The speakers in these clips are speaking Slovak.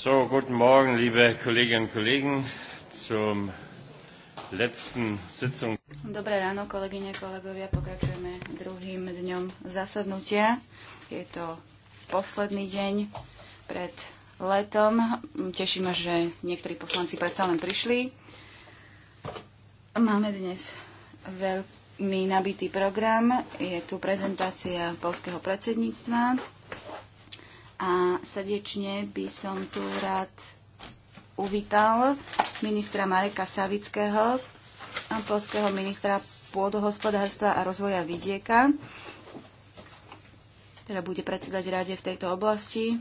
So, guten Morgen, liebe Kolleginnen und Kollegen, zum letzten Sitzung. Dobré ráno, kolegyne, kolegovia. Pokračujeme druhým dňom zasadnutia. Je to posledný deň pred letom. Teší ma, že niektorí poslanci predsa len prišli. Máme dnes veľmi nabitý program. Je tu prezentácia polského predsedníctva a srdečne by som tu rád uvítal ministra Mareka Savického, polského ministra pôdohospodárstva a rozvoja vidieka, teda bude predsedať rade v tejto oblasti.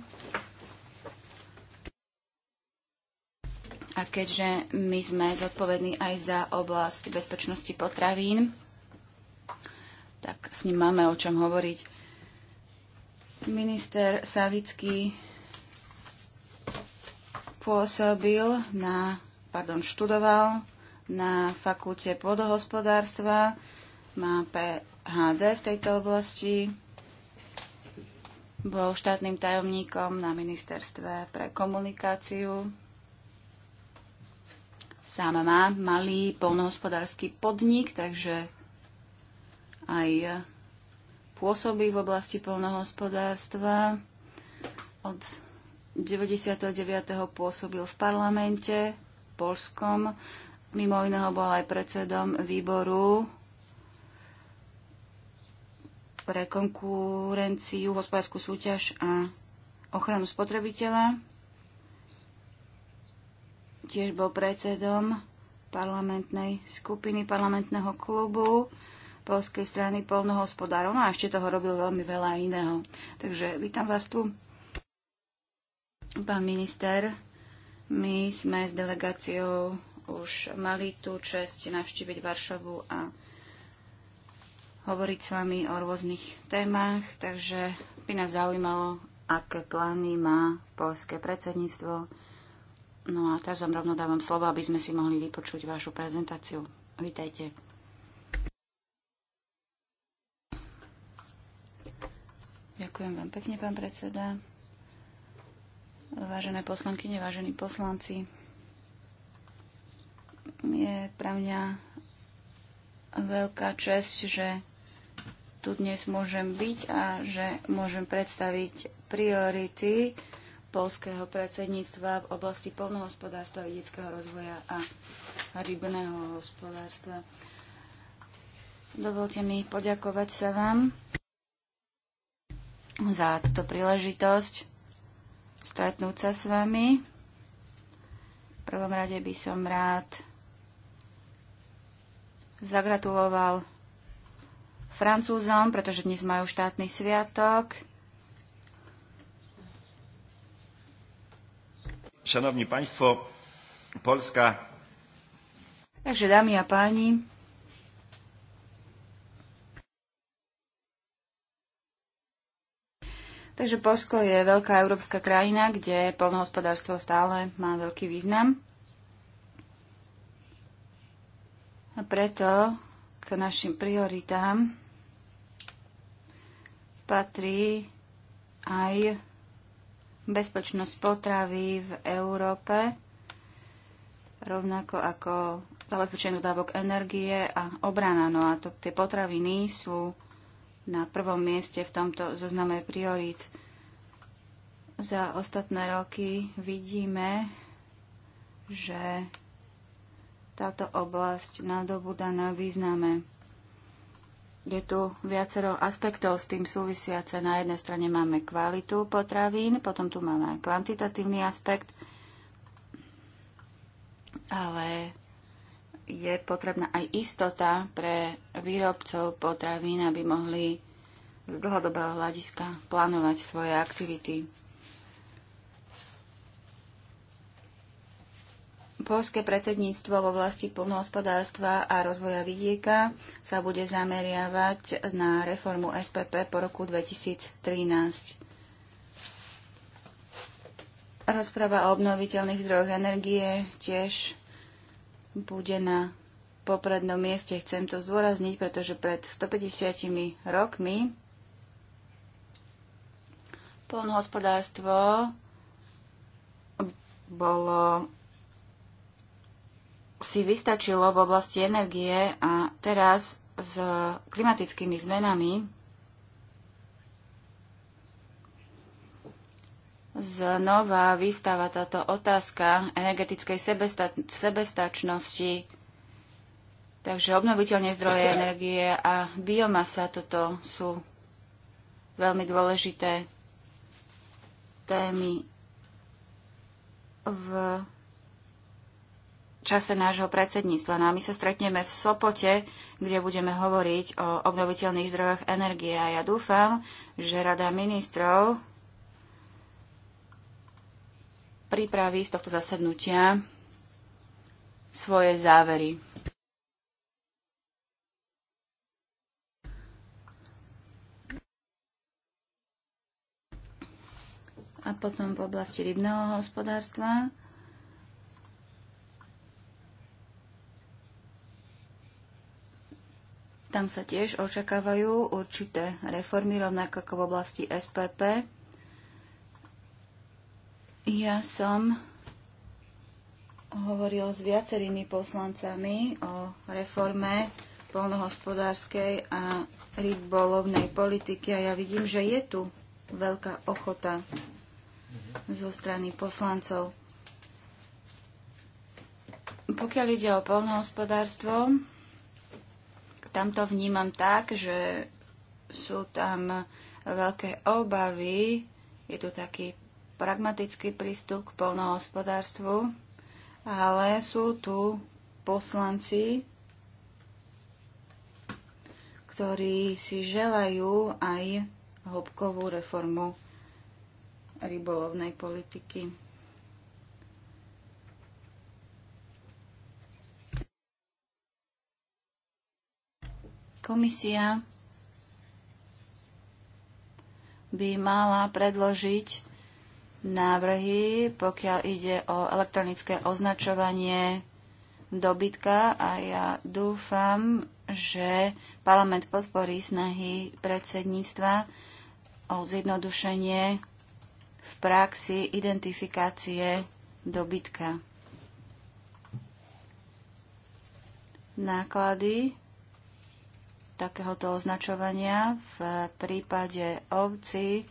A keďže my sme zodpovední aj za oblasť bezpečnosti potravín, tak s ním máme o čom hovoriť. Minister Savický pôsobil na, pardon, študoval na fakulte pôdohospodárstva, má PHD v tejto oblasti, bol štátnym tajomníkom na ministerstve pre komunikáciu. Sám má malý polnohospodársky podnik, takže aj pôsobí v oblasti polnohospodárstva. Od 99. pôsobil v parlamente polskom. Mimo iného bol aj predsedom výboru pre konkurenciu, hospodárskú súťaž a ochranu spotrebiteľa. Tiež bol predsedom parlamentnej skupiny, parlamentného klubu polskej strany polnohospodárov. No a ešte toho robil veľmi veľa iného. Takže vítam vás tu, pán minister. My sme s delegáciou už mali tú čest navštíviť Varšavu a hovoriť s vami o rôznych témach, takže by nás zaujímalo, aké plány má polské predsedníctvo. No a teraz vám rovno dávam slovo, aby sme si mohli vypočuť vašu prezentáciu. Vítajte. Ďakujem vám pekne, pán predseda. Vážené poslanky, vážení poslanci, je pre mňa veľká čest, že tu dnes môžem byť a že môžem predstaviť priority polského predsedníctva v oblasti polnohospodárstva, vedeckého rozvoja a rybného hospodárstva. Dovolte mi poďakovať sa vám za túto príležitosť stretnúť sa s vami. V prvom rade by som rád zagratuloval Francúzom, pretože dnes majú štátny sviatok. Szanowni Państwo, Polska. Takže dámy a páni, Takže Polsko je veľká európska krajina, kde polnohospodárstvo stále má veľký význam. A preto k našim prioritám patrí aj bezpečnosť potravy v Európe, rovnako ako zabezpečenie dodávok energie a obrana. No a to, tie potraviny sú na prvom mieste v tomto zozname priorít. Za ostatné roky vidíme, že táto oblasť nadobúda na význame. Je tu viacero aspektov s tým súvisiace. Na jednej strane máme kvalitu potravín, potom tu máme aj kvantitatívny aspekt, ale je potrebná aj istota pre výrobcov potravín, aby mohli z dlhodobého hľadiska plánovať svoje aktivity. Polské predsedníctvo vo vlasti poľnohospodárstva a rozvoja vidieka sa bude zameriavať na reformu SPP po roku 2013. Rozprava o obnoviteľných zdrojoch energie tiež bude na poprednom mieste. Chcem to zdôrazniť, pretože pred 150 rokmi Polnohospodárstvo bolo si vystačilo v oblasti energie a teraz s klimatickými zmenami znova vystáva táto otázka energetickej sebesta- sebestačnosti. Takže obnoviteľné zdroje energie a biomasa toto sú veľmi dôležité témy v čase nášho predsedníctva. No a my sa stretneme v Sopote, kde budeme hovoriť o obnoviteľných zdrojoch energie. A ja dúfam, že Rada ministrov pripraví z tohto zasadnutia svoje závery. a potom v oblasti rybného hospodárstva. Tam sa tiež očakávajú určité reformy, rovnako ako v oblasti SPP. Ja som hovoril s viacerými poslancami o reforme polnohospodárskej a rybolovnej politiky a ja vidím, že je tu veľká ochota zo strany poslancov. Pokiaľ ide o polnohospodárstvo, tam to vnímam tak, že sú tam veľké obavy, je tu taký pragmatický prístup k polnohospodárstvu, ale sú tu poslanci, ktorí si želajú aj hĺbkovú reformu rybolovnej politiky. Komisia by mala predložiť návrhy, pokiaľ ide o elektronické označovanie dobytka a ja dúfam, že parlament podporí snahy predsedníctva o zjednodušenie v praxi identifikácie dobytka. Náklady takéhoto označovania v prípade ovci,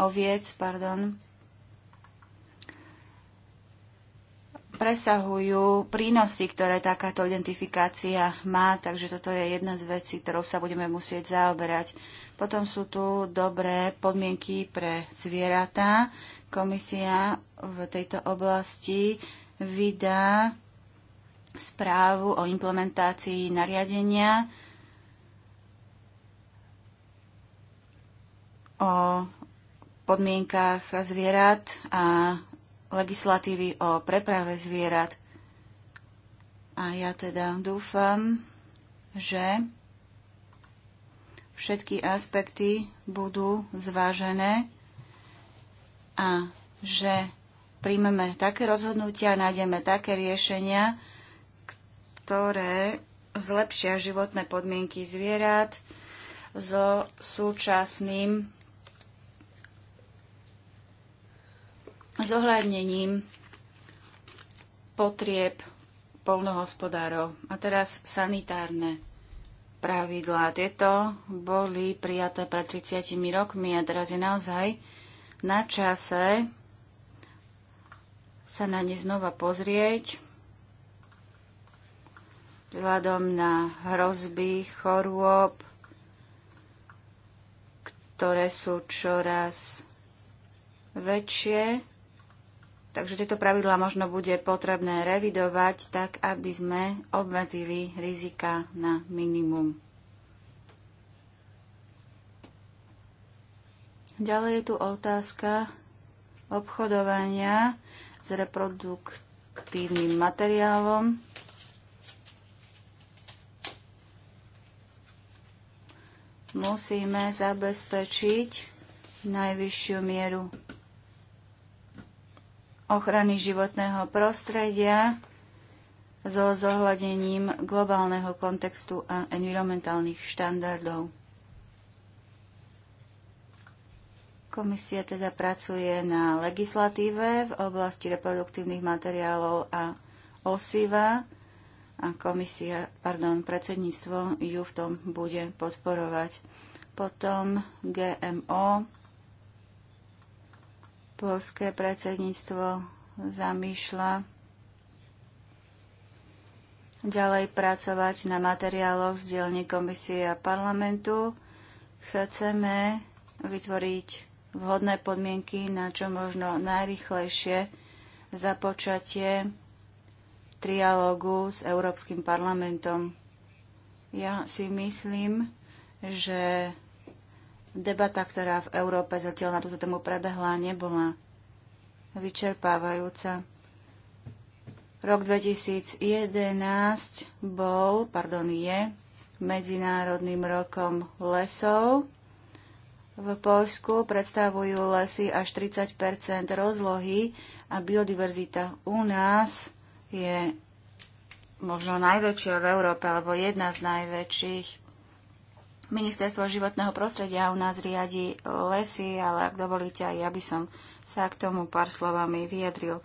oviec pardon, presahujú prínosy, ktoré takáto identifikácia má, takže toto je jedna z vecí, ktorou sa budeme musieť zaoberať. Potom sú tu dobré podmienky pre zvieratá. Komisia v tejto oblasti vydá správu o implementácii nariadenia o podmienkách zvierat a legislatívy o preprave zvierat. A ja teda dúfam, že všetky aspekty budú zvážené a že príjmeme také rozhodnutia, nájdeme také riešenia, ktoré zlepšia životné podmienky zvierat so súčasným zohľadnením potrieb polnohospodárov. A teraz sanitárne pravidlá. Tieto boli prijaté pred 30 rokmi a teraz je naozaj na čase sa na ne znova pozrieť vzhľadom na hrozby chorôb, ktoré sú čoraz väčšie Takže tieto pravidlá možno bude potrebné revidovať tak, aby sme obmedzili rizika na minimum. Ďalej je tu otázka obchodovania s reproduktívnym materiálom. Musíme zabezpečiť najvyššiu mieru ochrany životného prostredia so zohľadením globálneho kontextu a environmentálnych štandardov. Komisia teda pracuje na legislatíve v oblasti reproduktívnych materiálov a osiva a komisia, pardon, predsedníctvo ju v tom bude podporovať. Potom GMO, Polské predsedníctvo zamýšľa ďalej pracovať na materiáloch z dielne komisie a parlamentu. Chceme vytvoriť vhodné podmienky na čo možno najrychlejšie započatie trialógu s Európskym parlamentom. Ja si myslím, že Debata, ktorá v Európe zatiaľ na túto tému prebehla, nebola vyčerpávajúca. Rok 2011 bol, pardon, je Medzinárodným rokom lesov. V Polsku predstavujú lesy až 30 rozlohy a biodiverzita u nás je možno najväčšia v Európe, alebo jedna z najväčších. Ministerstvo životného prostredia u nás riadi lesy, ale ak dovolíte, aj ja by som sa k tomu pár slovami vyjadril.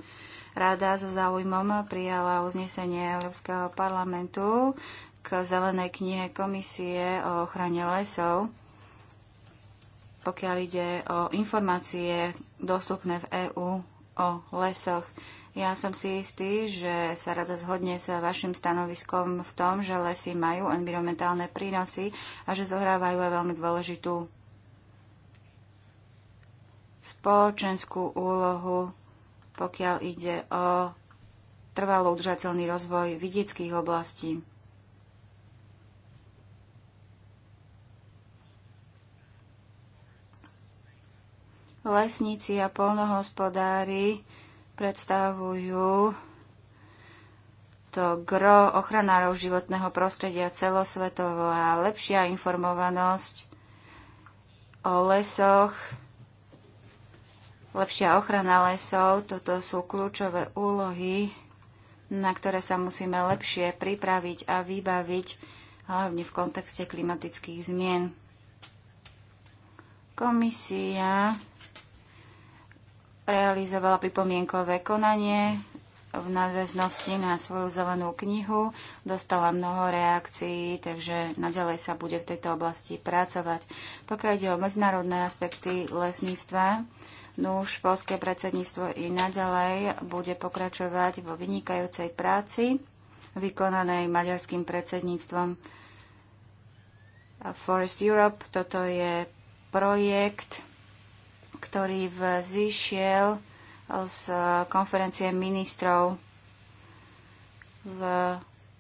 Rada so záujmom prijala uznesenie Európskeho parlamentu k zelenej knihe komisie o ochrane lesov, pokiaľ ide o informácie dostupné v EÚ o lesoch. Ja som si istý, že sa rada zhodne s vašim stanoviskom v tom, že lesy majú environmentálne prínosy a že zohrávajú aj veľmi dôležitú spoločenskú úlohu, pokiaľ ide o trvalo udržateľný rozvoj vidieckých oblastí. Lesníci a polnohospodári predstavujú to gro ochranárov životného prostredia celosvetovo a lepšia informovanosť o lesoch, lepšia ochrana lesov, toto sú kľúčové úlohy, na ktoré sa musíme lepšie pripraviť a vybaviť, hlavne v kontexte klimatických zmien. Komisia realizovala pripomienkové konanie v nadväznosti na svoju zelenú knihu. Dostala mnoho reakcií, takže naďalej sa bude v tejto oblasti pracovať. Pokiaľ ide o medzinárodné aspekty lesníctva, no už polské predsedníctvo i naďalej bude pokračovať vo vynikajúcej práci vykonanej maďarským predsedníctvom Forest Europe. Toto je projekt, ktorý vzýšiel z konferencie ministrov v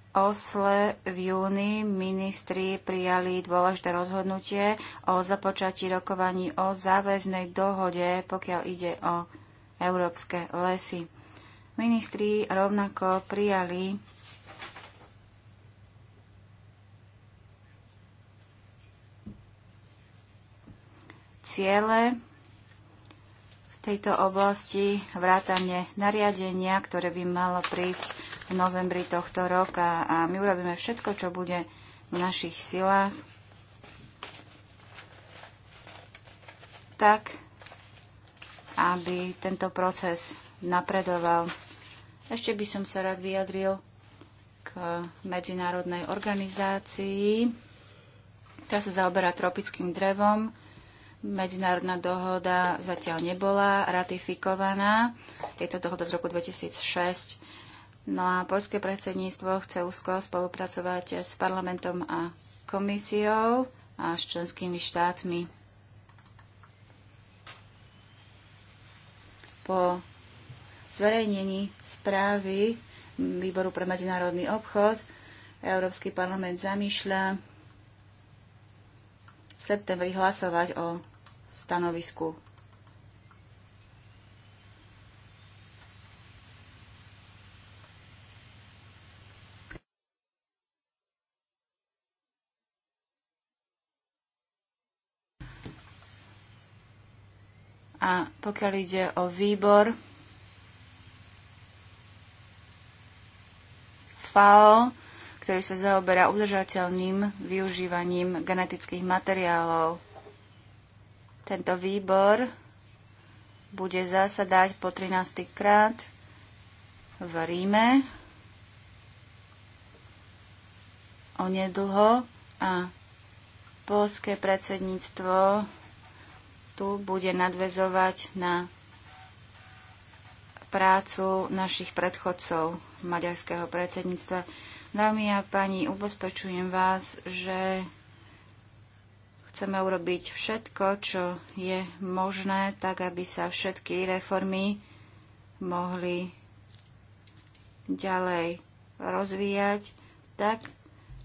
Osle v júni ministri prijali dôležité rozhodnutie o započatí rokovaní o záväznej dohode, pokiaľ ide o európske lesy. Ministri rovnako prijali ciele tejto oblasti, vrátane nariadenia, ktoré by malo prísť v novembri tohto roka. A my urobíme všetko, čo bude v našich silách, tak, aby tento proces napredoval. Ešte by som sa rád vyjadril k medzinárodnej organizácii, ktorá sa zaoberá tropickým drevom. Medzinárodná dohoda zatiaľ nebola ratifikovaná. Je to dohoda z roku 2006. No a poľské predsedníctvo chce úzko spolupracovať s parlamentom a komisiou a s členskými štátmi. Po zverejnení správy Výboru pre medzinárodný obchod Európsky parlament zamýšľa v septembri hlasovať o stanovisku. A pokiaľ ide o výbor FAO, ktorý sa zaoberá udržateľným využívaním genetických materiálov. Tento výbor bude zasadať po 13. krát v Ríme onedlho a polské predsedníctvo tu bude nadvezovať na prácu našich predchodcov maďarského predsedníctva. Dámy a páni, ubezpečujem vás, že Chceme urobiť všetko, čo je možné, tak aby sa všetky reformy mohli ďalej rozvíjať, tak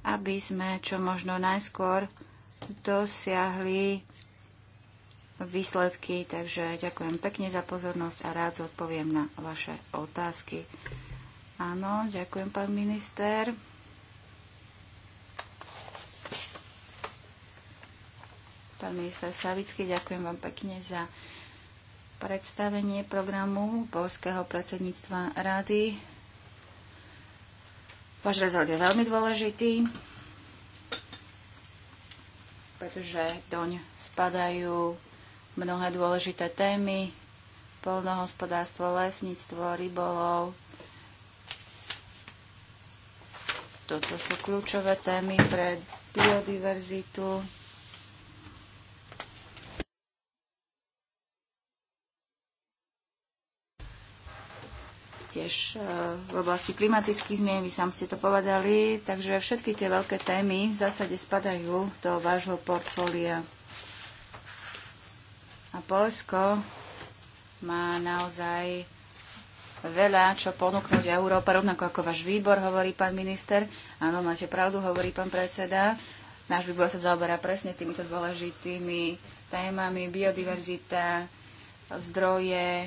aby sme čo možno najskôr dosiahli výsledky. Takže ďakujem pekne za pozornosť a rád zodpoviem na vaše otázky. Áno, ďakujem, pán minister. pán minister Savický. Ďakujem vám pekne za predstavenie programu polského predsedníctva rady. Váš rezort je veľmi dôležitý, pretože doň spadajú mnohé dôležité témy, polnohospodárstvo, lesníctvo, rybolov. Toto sú kľúčové témy pre biodiverzitu tiež e, v oblasti klimatických zmien, vy sám ste to povedali, takže všetky tie veľké témy v zásade spadajú do vášho portfólia. A Polsko má naozaj veľa čo ponúknuť Európa, rovnako ako váš výbor, hovorí pán minister. Áno, máte pravdu, hovorí pán predseda. Náš výbor sa zaoberá presne týmito dôležitými témami, biodiverzita, zdroje,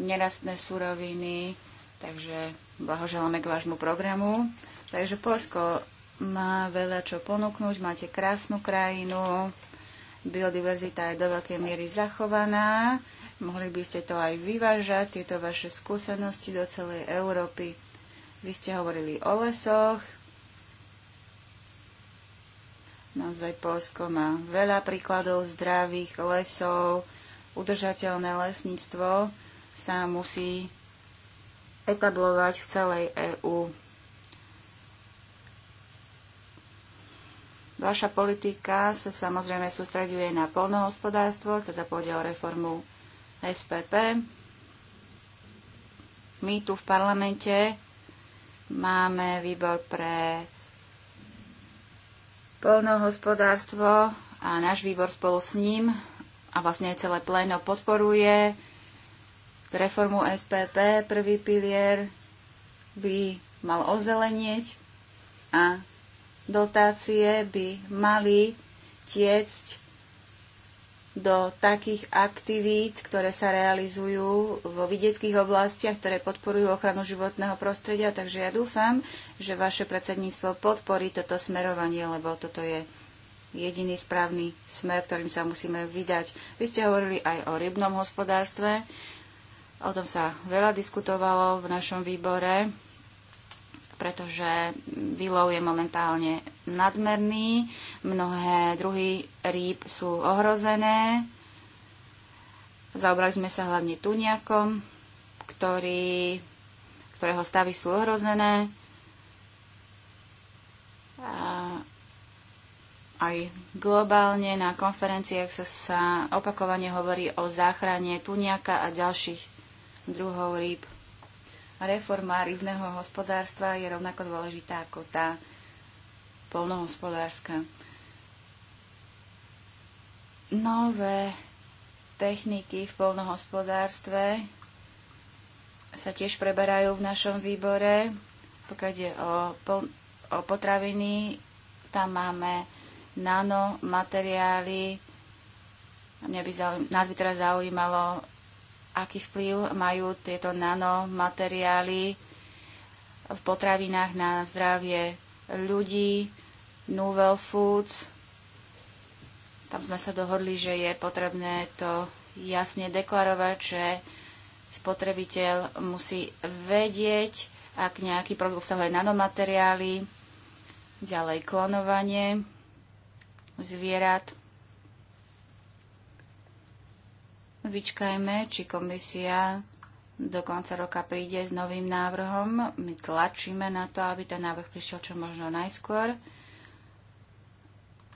nerastné suroviny, takže blahoželáme k vášmu programu. Takže Polsko má veľa čo ponúknuť, máte krásnu krajinu, biodiverzita je do veľkej miery zachovaná, mohli by ste to aj vyvážať, tieto vaše skúsenosti do celej Európy. Vy ste hovorili o lesoch, Naozaj Polsko má veľa príkladov zdravých lesov, udržateľné lesníctvo sa musí etablovať v celej EÚ. Vaša politika sa samozrejme sústreďuje na polnohospodárstvo, teda pôjde o reformu SPP. My tu v parlamente máme výbor pre polnohospodárstvo a náš výbor spolu s ním a vlastne celé pléno podporuje reformu SPP. Prvý pilier by mal ozelenieť a dotácie by mali tiecť do takých aktivít, ktoré sa realizujú vo vidieckých oblastiach, ktoré podporujú ochranu životného prostredia. Takže ja dúfam, že vaše predsedníctvo podporí toto smerovanie, lebo toto je jediný správny smer, ktorým sa musíme vydať. Vy ste hovorili aj o rybnom hospodárstve. O tom sa veľa diskutovalo v našom výbore, pretože výlov je momentálne nadmerný, mnohé druhy rýb sú ohrozené. Zaobrali sme sa hlavne tuniakom, ktorý, ktorého stavy sú ohrozené. A aj globálne na konferenciách sa, sa opakovane hovorí o záchrane tuniaka a ďalších druhov rýb. Reforma rybného hospodárstva je rovnako dôležitá ako tá polnohospodárska. Nové techniky v polnohospodárstve sa tiež preberajú v našom výbore. Pokiaľ ide o, o potraviny, tam máme nanomateriály. Mňa by nás by teraz zaujímalo, aký vplyv majú tieto nanomateriály v potravinách na zdravie ľudí, novel food. Tam sme sa dohodli, že je potrebné to jasne deklarovať, že spotrebiteľ musí vedieť, ak nejaký produkt obsahuje nanomateriály, ďalej klonovanie zvierat, Vyčkajme, či komisia do konca roka príde s novým návrhom. My tlačíme na to, aby ten návrh prišiel čo možno najskôr.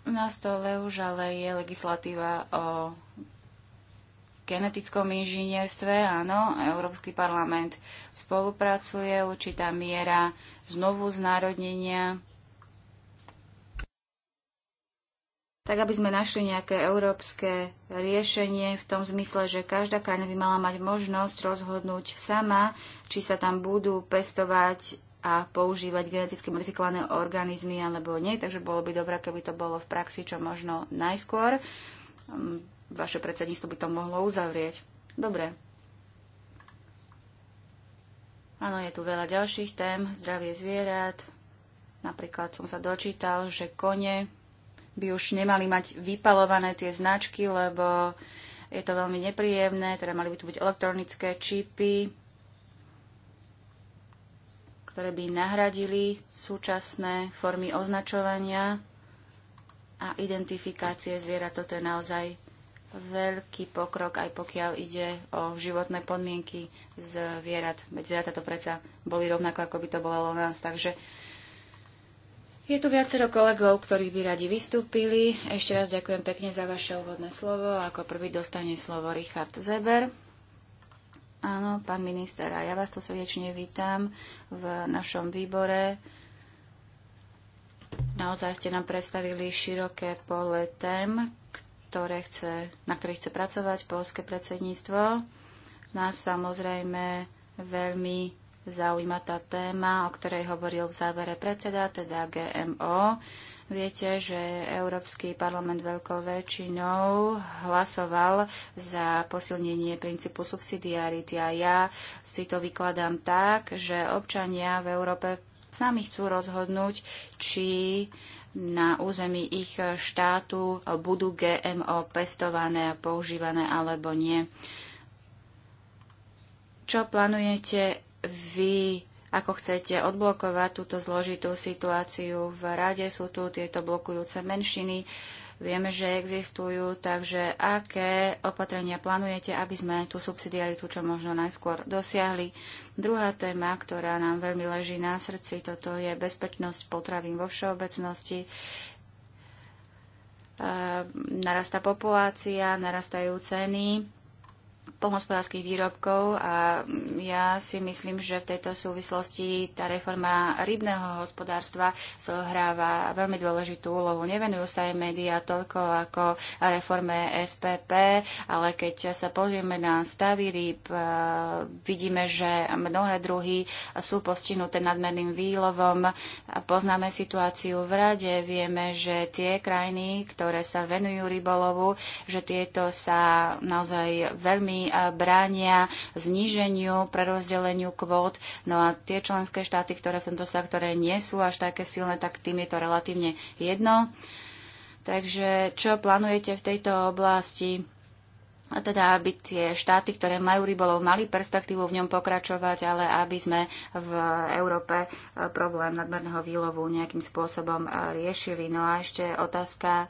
Na stole už ale je legislatíva o genetickom inžinierstve, áno, Európsky parlament spolupracuje, určitá miera znovu znárodnenia tak aby sme našli nejaké európske riešenie v tom zmysle, že každá krajina by mala mať možnosť rozhodnúť sama, či sa tam budú pestovať a používať geneticky modifikované organizmy alebo nie. Takže bolo by dobré, keby to bolo v praxi čo možno najskôr. Mm, vaše predsedníctvo by to mohlo uzavrieť. Dobre. Áno, je tu veľa ďalších tém. Zdravie zvierat. Napríklad som sa dočítal, že kone by už nemali mať vypalované tie značky, lebo je to veľmi nepríjemné, teda mali by tu byť elektronické čipy, ktoré by nahradili súčasné formy označovania a identifikácie zvierat. Toto je naozaj veľký pokrok, aj pokiaľ ide o životné podmienky zvierat. Veď zvieratá teda to predsa boli rovnako, ako by to bolo u nás. Takže je tu viacero kolegov, ktorí by radi vystúpili. Ešte raz ďakujem pekne za vaše úvodné slovo. Ako prvý dostane slovo Richard Zeber. Áno, pán minister, a ja vás tu srdečne vítam v našom výbore. Naozaj ste nám predstavili široké pole tém, ktoré chce, na ktorých chce pracovať polské predsedníctvo. Nás samozrejme veľmi zaujíma tá téma, o ktorej hovoril v závere predseda, teda GMO. Viete, že Európsky parlament veľkou väčšinou hlasoval za posilnenie princípu subsidiarity a ja si to vykladám tak, že občania v Európe sami chcú rozhodnúť, či na území ich štátu budú GMO pestované a používané alebo nie. Čo plánujete vy ako chcete odblokovať túto zložitú situáciu v rade. Sú tu tieto blokujúce menšiny. Vieme, že existujú, takže aké opatrenia plánujete, aby sme tú subsidiaritu čo možno najskôr dosiahli. Druhá téma, ktorá nám veľmi leží na srdci, toto je bezpečnosť potravín vo všeobecnosti ehm, Narasta populácia, narastajú ceny polnohospodárských výrobkov a ja si myslím, že v tejto súvislosti tá reforma rybného hospodárstva zohráva veľmi dôležitú úlohu. Nevenujú sa aj médiá toľko ako reforme SPP, ale keď sa pozrieme na stavy rýb, e, vidíme, že mnohé druhy sú postihnuté nadmerným výlovom. Poznáme situáciu v rade, vieme, že tie krajiny, ktoré sa venujú rybolovu, že tieto sa naozaj veľmi bránia zníženiu, prerozdeleniu kvót. No a tie členské štáty, ktoré v tomto sektore nie sú až také silné, tak tým je to relatívne jedno. Takže čo plánujete v tejto oblasti? A teda, aby tie štáty, ktoré majú rybolov, mali perspektívu v ňom pokračovať, ale aby sme v Európe e, problém nadmerného výlovu nejakým spôsobom e, riešili. No a ešte otázka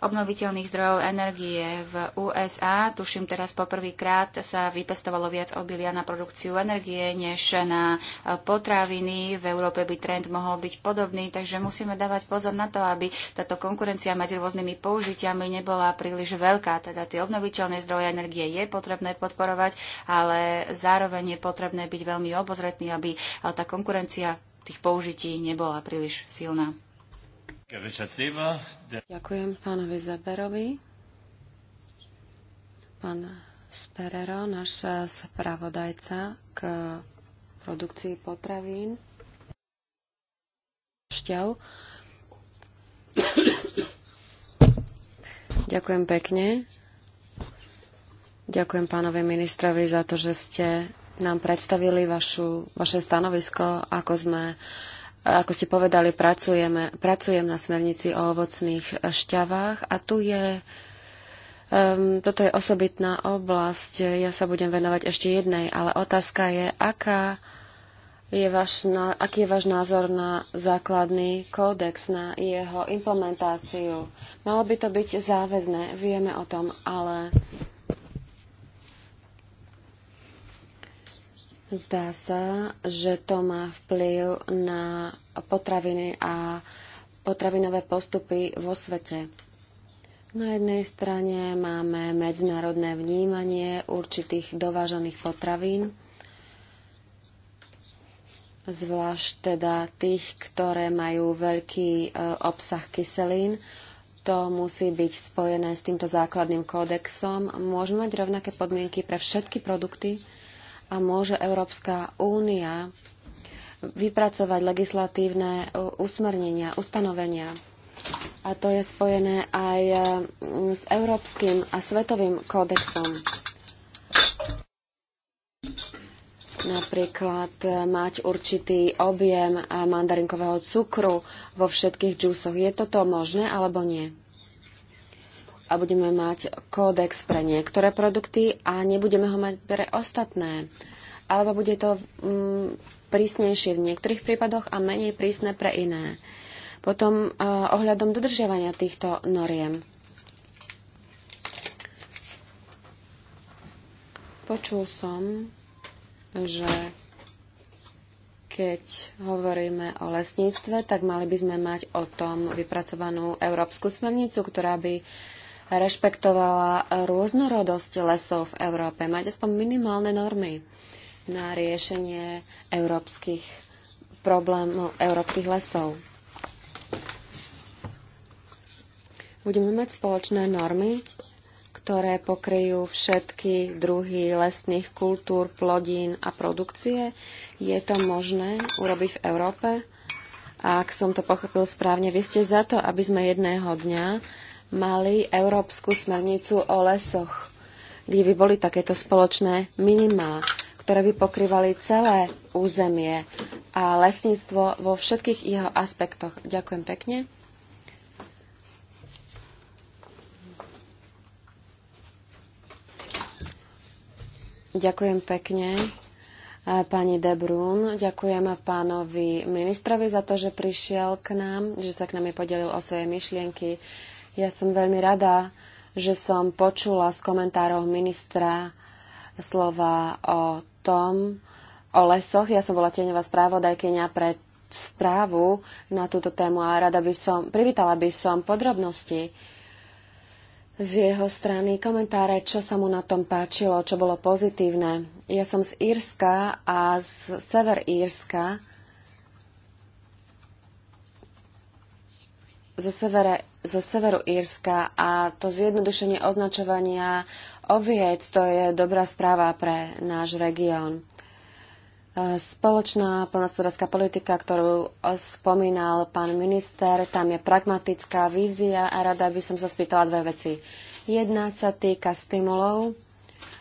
obnoviteľných zdrojov energie. V USA, tuším teraz poprvýkrát, sa vypestovalo viac obilia na produkciu energie než na eh, potraviny. V Európe by trend mohol byť podobný, takže musíme dávať pozor na to, aby táto konkurencia medzi rôznymi použitiami nebola príliš veľká. Teda tie obnoviteľné zdroje energie je potrebné podporovať, ale zároveň je potrebné byť veľmi obozretný, aby eh, tá konkurencia tých použití nebola príliš silná. Ďakujem pánovi Zeberovi. Pán Sperero, náš spravodajca k produkcii potravín šťav. Ďakujem pekne. Ďakujem pánovi ministrovi za to, že ste nám predstavili vašu, vaše stanovisko, ako sme uh, ako ste povedali, pracujeme, pracujem na smernici o ovocných šťavách a tu je Um, toto je osobitná oblasť. Ja sa budem venovať ešte jednej, ale otázka je, aká je vaš, na, aký je váš názor na základný kódex, na jeho implementáciu. Malo by to byť záväzné, vieme o tom, ale Zdá sa, že to má vplyv na potraviny a potravinové postupy vo svete. Na jednej strane máme medzinárodné vnímanie určitých dovážaných potravín, zvlášť teda tých, ktoré majú veľký e, obsah kyselín. To musí byť spojené s týmto základným kódexom. Môžeme mať rovnaké podmienky pre všetky produkty, a môže Európska únia vypracovať legislatívne usmernenia, ustanovenia. A to je spojené aj e, s Európskym a Svetovým kódexom. Napríklad e, mať určitý objem e, mandarinkového cukru vo všetkých džúsoch. Je toto možné alebo nie? a budeme mať kódex pre niektoré produkty a nebudeme ho mať pre ostatné. Alebo bude to mm, prísnejšie v niektorých prípadoch a menej prísne pre iné. Potom eh, ohľadom dodržiavania týchto noriem. Počul som, že keď hovoríme o lesníctve, tak mali by sme mať o tom vypracovanú európsku smernicu, ktorá by eh, rešpektovala rôznorodosť lesov v Európe, mať aspoň minimálne normy na riešenie európskych problémov európskych lesov. Budeme mať spoločné normy, ktoré pokryjú všetky druhy lesných kultúr, plodín a produkcie. Je to možné urobiť v Európe? A ak som to pochopil správne, vy ste za to, aby sme jedného dňa mali európsku smernicu o lesoch, kde by boli takéto spoločné minimá, ktoré by pokrývali celé územie a lesníctvo vo všetkých jeho aspektoch. Ďakujem pekne. Ďakujem pekne pani Debrún. Ďakujem pánovi ministrovi za to, že prišiel k nám, že sa k nám podelil o svoje myšlienky. Ja som veľmi rada, že som počula z komentárov ministra slova o tom, o lesoch. Ja som bola tieňová správodajkynia pre správu na túto tému a rada by som, privítala by som podrobnosti z jeho strany, komentáre, čo sa mu na tom páčilo, čo bolo pozitívne. Ja som z Írska a z sever Írska zo, severe, zo severu Írska a to zjednodušenie označovania oviec, to je dobrá správa pre náš región. E, spoločná plnospodárska politika, ktorú spomínal pán minister, tam je pragmatická vízia a rada by som sa spýtala dve veci. Jedna sa týka stimulov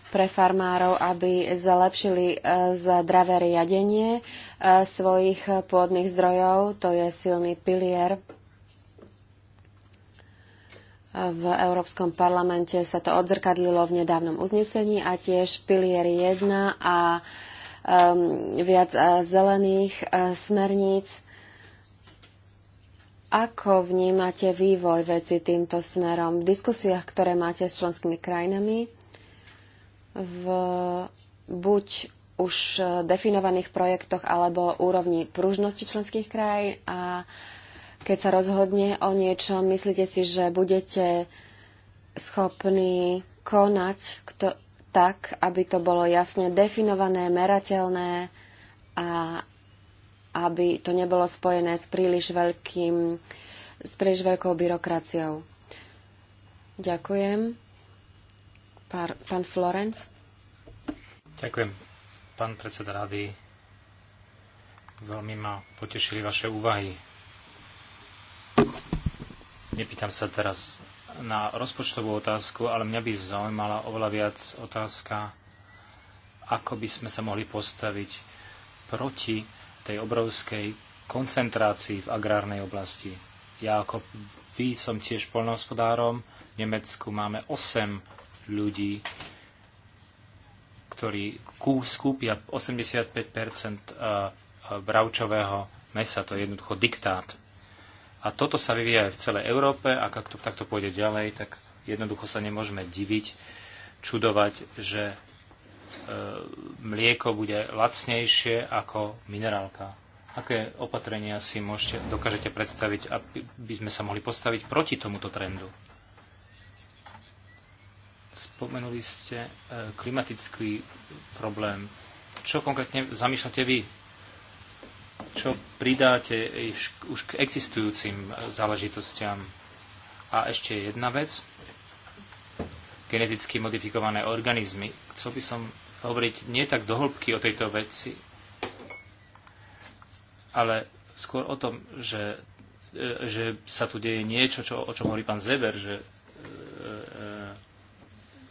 pre farmárov, aby zlepšili e, zdravé riadenie e, svojich pôdnych zdrojov. To je silný pilier v Európskom parlamente sa to odzrkadlilo v nedávnom uznesení a tiež pilier 1 a um, viac uh, zelených uh, smerníc. Ako vnímate vývoj veci týmto smerom v diskusiách, ktoré máte s členskými krajinami? V buď už uh, definovaných projektoch alebo úrovni pružnosti členských krajín a uh, keď sa rozhodne o niečom, myslíte si, že budete schopní konať kto, tak, aby to bolo jasne definované, merateľné a aby to nebolo spojené s príliš, veľkým, s príliš veľkou byrokraciou. Ďakujem. Pár, pán Florence. Ďakujem, pán predseda rady. Veľmi ma potešili vaše úvahy Nepýtam sa teraz na rozpočtovú otázku, ale mňa by zaujímala oveľa viac otázka, ako by sme sa mohli postaviť proti tej obrovskej koncentrácii v agrárnej oblasti. Ja ako vy som tiež poľnohospodárom, v Nemecku máme 8 ľudí, ktorí skúpia 85% eh, eh, bravčového mesa, to je jednoducho diktát a toto sa vyvíja aj v celej Európe a ak to takto pôjde ďalej, tak jednoducho sa nemôžeme diviť, čudovať, že e, mlieko bude lacnejšie ako minerálka. Aké opatrenia si môžete, dokážete predstaviť, aby sme sa mohli postaviť proti tomuto trendu? Spomenuli ste e, klimatický problém. Čo konkrétne zamýšľate vy čo pridáte už k existujúcim záležitostiam. A ešte jedna vec. Geneticky modifikované organizmy. Chcel by som hovoriť nie tak dohlbky o tejto veci, ale skôr o tom, že, e, že sa tu deje niečo, čo, o čom hovorí pán Zeber, že e, e,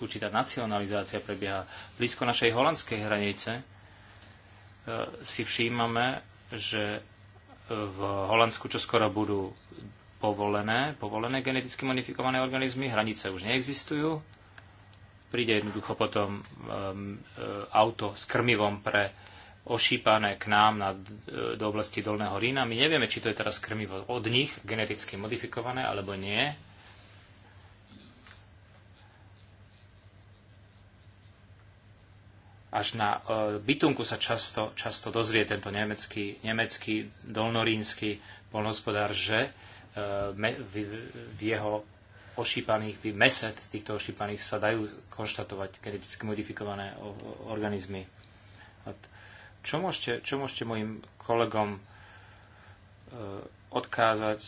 určitá nacionalizácia prebieha blízko našej holandskej hranice, si všímame, že e, v Holandsku čoskoro budú povolené, povolené geneticky modifikované organizmy, hranice už neexistujú. Príde jednoducho potom um, auto s krmivom pre ošípané k nám na, e, do oblasti Dolného Rína. My nevieme, či to je teraz krmivo od nich geneticky modifikované alebo nie. až na e, bytunku sa často, často dozvie tento nemecký, nemecký dolnorínsky polnospodár, že e, v jeho ošípaných, v mese týchto ošípaných sa dajú konštatovať geneticky modifikované organizmy. Čo môžete, čo môžete mojim kolegom e, odkázať,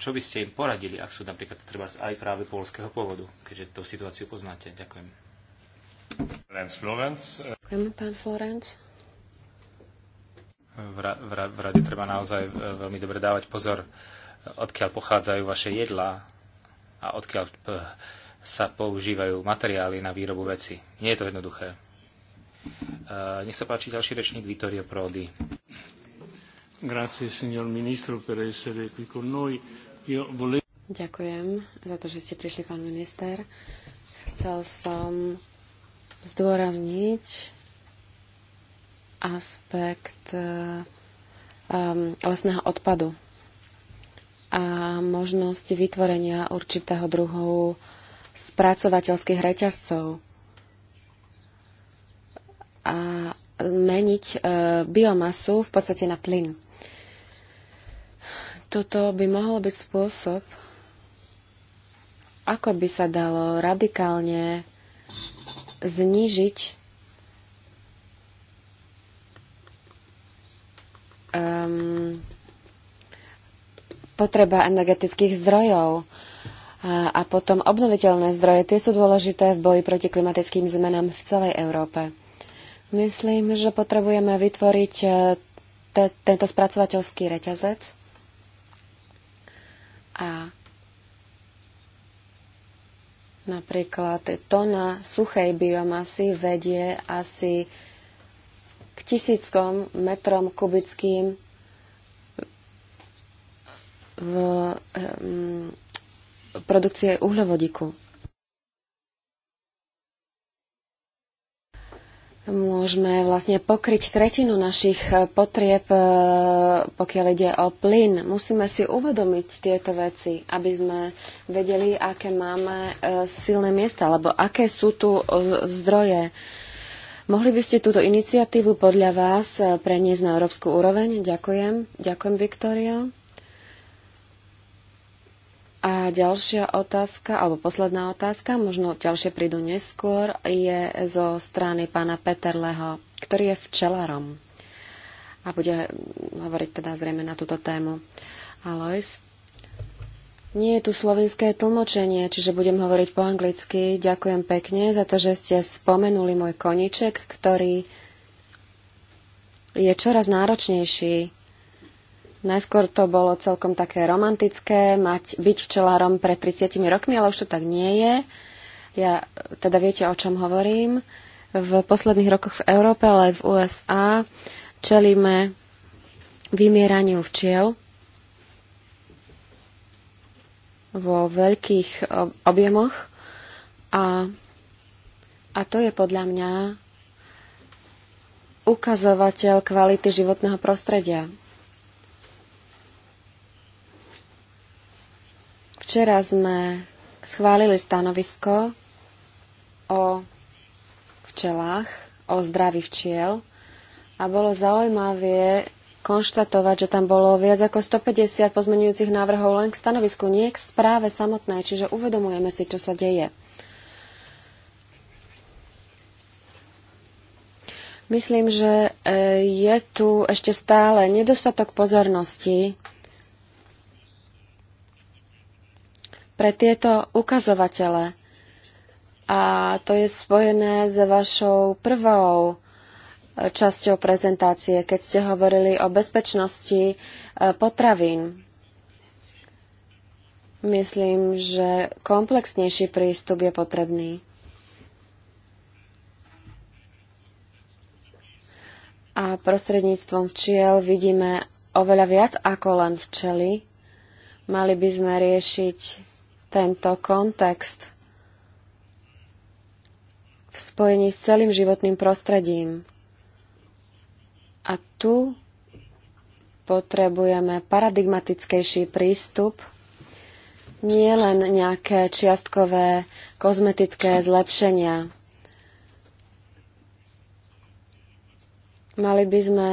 čo by ste im poradili, ak sú napríklad treba aj práve polského pôvodu, keďže tú situáciu poznáte? Ďakujem. Lance pán Florence. V, ra- v, ra- v rade treba naozaj e, veľmi dobre dávať pozor, e, odkiaľ pochádzajú vaše jedlá a odkiaľ e, sa používajú materiály na výrobu veci. Nie je to jednoduché. Nech sa páči ďalší rečník Vittorio Prodi. Grazie, signor ministro, per essere qui con noi. Io vole... Ďakujem za to, že ste prišli, pán minister. Chcel som zdôrazniť aspekt e, um, lesného odpadu a možnosť vytvorenia určitého druhu spracovateľských reťazcov a meniť e, biomasu v podstate na plyn. Toto by mohol byť spôsob, ako by sa dalo radikálne znížiť um, potreba energetických zdrojov a, a potom obnoviteľné zdroje. Tie sú dôležité v boji proti klimatickým zmenám v celej Európe. Myslím, že potrebujeme vytvoriť e, te, tento spracovateľský reťazec a Napríklad tona suchej biomasy vedie asi k tisíckom metrom kubickým v produkcie uhľovodíku. môžeme vlastne pokryť tretinu našich e, potrieb, e, pokiaľ ide o plyn. Musíme si uvedomiť tieto veci, aby sme vedeli, aké máme e, silné miesta, alebo aké sú tu zdroje. Mohli by ste túto iniciatívu podľa vás preniesť na európsku úroveň? Ďakujem. Ďakujem, Viktoria. A ďalšia otázka, alebo posledná otázka, možno ďalšie prídu neskôr, je zo strany pána Peterleho, ktorý je včelarom. A bude hovoriť teda zrejme na túto tému. Alois, nie je tu slovinské tlmočenie, čiže budem hovoriť po anglicky. Ďakujem pekne za to, že ste spomenuli môj koniček, ktorý je čoraz náročnejší Najskôr to bolo celkom také romantické, mať, byť včelárom pred 30 rokmi, ale už to tak nie je. Ja teda viete, o čom hovorím. V posledných rokoch v Európe, ale aj v USA čelíme vymieraniu včiel vo veľkých objemoch a, a to je podľa mňa ukazovateľ kvality životného prostredia Včera sme schválili stanovisko o včelách, o zdraví včiel a bolo zaujímavé konštatovať, že tam bolo viac ako 150 pozmenujúcich návrhov len k stanovisku, nie k správe samotnej, čiže uvedomujeme si, čo sa deje. Myslím, že e, je tu ešte stále nedostatok pozornosti pre tieto ukazovatele. A to je spojené s vašou prvou e, časťou prezentácie, keď ste hovorili o bezpečnosti e, potravín. Myslím, že komplexnejší prístup je potrebný. A prostredníctvom včiel vidíme oveľa viac ako len včely. Mali by sme riešiť tento kontext v spojení s celým životným prostredím. A tu potrebujeme paradigmatickejší prístup, nie len nejaké čiastkové kozmetické zlepšenia. Mali by sme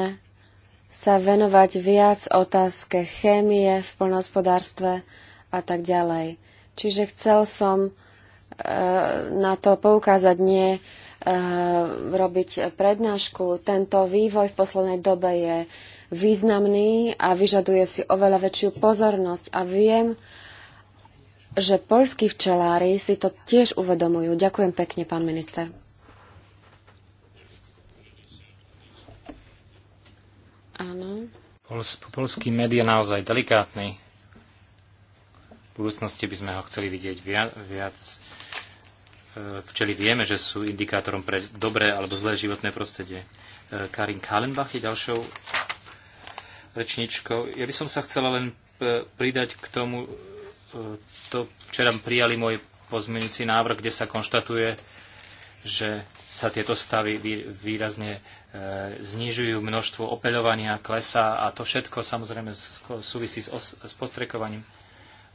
sa venovať viac otázke chémie v poľnohospodárstve a tak ďalej. Čiže chcel som e, na to poukázať, nie e, robiť prednášku. Tento vývoj v poslednej dobe je významný a vyžaduje si oveľa väčšiu pozornosť. A viem, že polskí včelári si to tiež uvedomujú. Ďakujem pekne, pán minister. Áno. polský med je naozaj delikátny v budúcnosti by sme ho chceli vidieť viac. viac. E, včeli vieme, že sú indikátorom pre dobré alebo zlé životné prostredie. E, Karin Kalenbach je ďalšou rečničkou. Ja by som sa chcela len e, pridať k tomu, to včera prijali môj pozmeňujúci návrh, kde sa konštatuje, že sa tieto stavy výrazne znižujú, množstvo opeľovania klesa a to všetko samozrejme súvisí s postrekovaním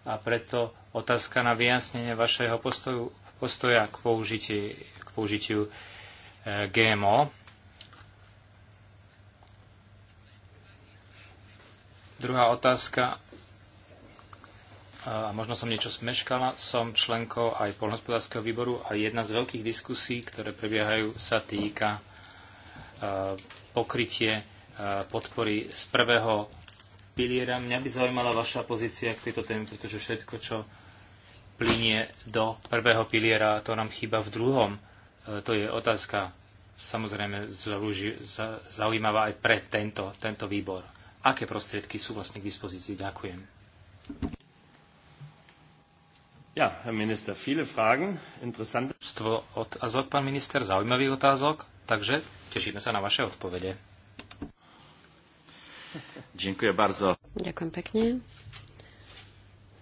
a preto otázka na vyjasnenie vašeho postoju, postoja k, použití, k použitiu e, GMO. Druhá otázka, e, a možno som niečo smeškala, som členkou aj polnospodárskeho výboru a jedna z veľkých diskusí, ktoré prebiehajú, sa týka e, pokrytie podpory z prvého piliera. Mňa by zaujímala vaša pozícia k tejto téme, pretože všetko, čo plinie do prvého piliera, to nám chýba v druhom. E, to je otázka samozrejme zaujímavá aj pre tento, tento výbor. Aké prostriedky sú vlastne k dispozícii? Ďakujem. Ja, Herr Minister, viele Fragen, interessante... Azok, pán minister, zaujímavých otázok, takže tešíme sa na vaše odpovede. Ďakujem bardzo. Dziękuję pekne.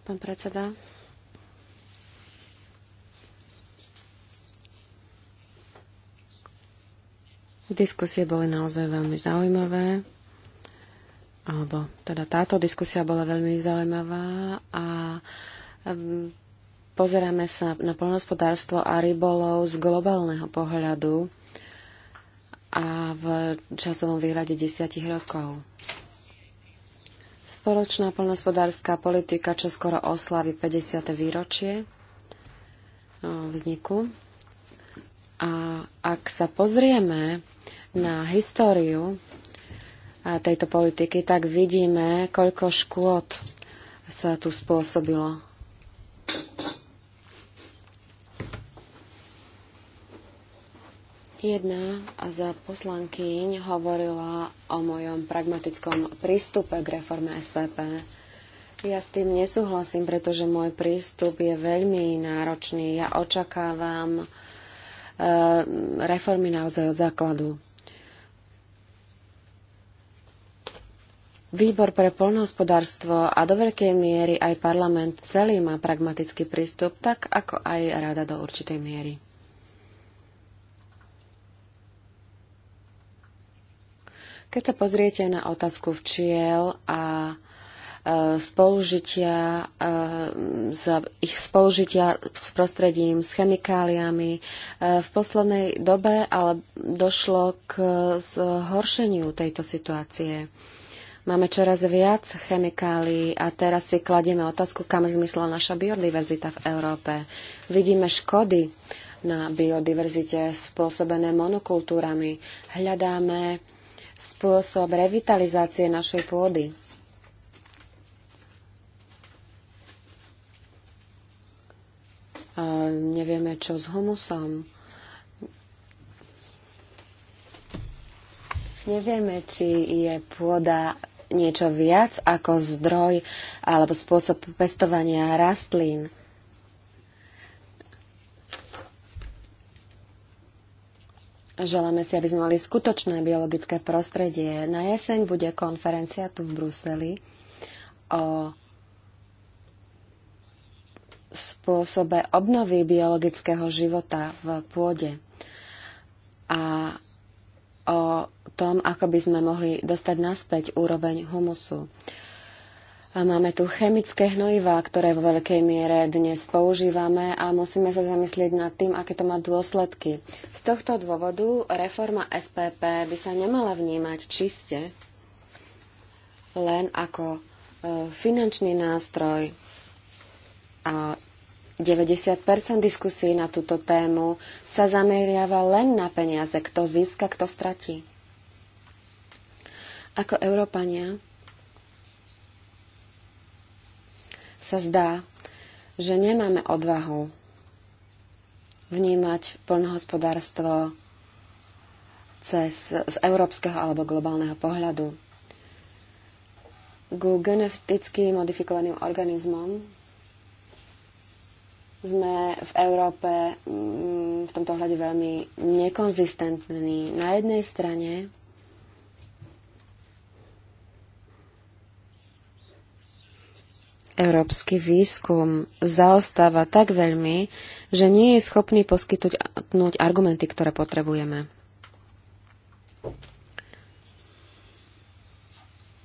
Pán predseda. Diskusie boli naozaj veľmi zaujímavé. Alebo teda táto diskusia bola veľmi zaujímavá a ehm, pozeráme sa na plnospodárstvo a rybolov z globálneho pohľadu a v časovom výhľade desiatich rokov. Spoločná plnospodárska politika čo skoro oslaví 50. výročie e, vzniku. A ak sa pozrieme na históriu e, tejto politiky, tak vidíme, koľko škôd sa tu spôsobilo. Jedna z poslankyň hovorila o mojom pragmatickom prístupe k reforme SPP. Ja s tým nesúhlasím, pretože môj prístup je veľmi náročný. Ja očakávam e, reformy naozaj od základu. Výbor pre poľnohospodárstvo a do veľkej miery aj parlament celý má pragmatický prístup, tak ako aj rada do určitej miery. Keď sa pozriete na otázku včiel a e, spolužitia, e, ich spolužitia s prostredím, s chemikáliami. E, v poslednej dobe ale došlo k zhoršeniu tejto situácie. Máme čoraz viac chemikálií a teraz si kladieme otázku, kam zmysla naša biodiverzita v Európe. Vidíme škody na biodiverzite spôsobené monokultúrami. Hľadáme spôsob revitalizácie našej pôdy. A nevieme, čo s humusom. Nevieme, či je pôda niečo viac ako zdroj alebo spôsob pestovania rastlín. Želáme si, aby sme mali skutočné biologické prostredie. Na jeseň bude konferencia tu v Bruseli o spôsobe obnovy biologického života v pôde a o tom, ako by sme mohli dostať naspäť úroveň humusu. A máme tu chemické hnojivá, ktoré vo veľkej miere dnes používame a musíme sa zamyslieť nad tým, aké to má dôsledky. Z tohto dôvodu reforma SPP by sa nemala vnímať čiste len ako e, finančný nástroj a 90% diskusí na túto tému sa zameriava len na peniaze, kto získa, kto stratí. Ako Európania sa zdá, že nemáme odvahu vnímať poľnohospodárstvo cez, z európskeho alebo globálneho pohľadu. Ku geneticky modifikovaným organizmom sme v Európe mm, v tomto hľade veľmi nekonzistentní. Na jednej strane Európsky výskum zaostáva tak veľmi, že nie je schopný poskytnúť argumenty, ktoré potrebujeme.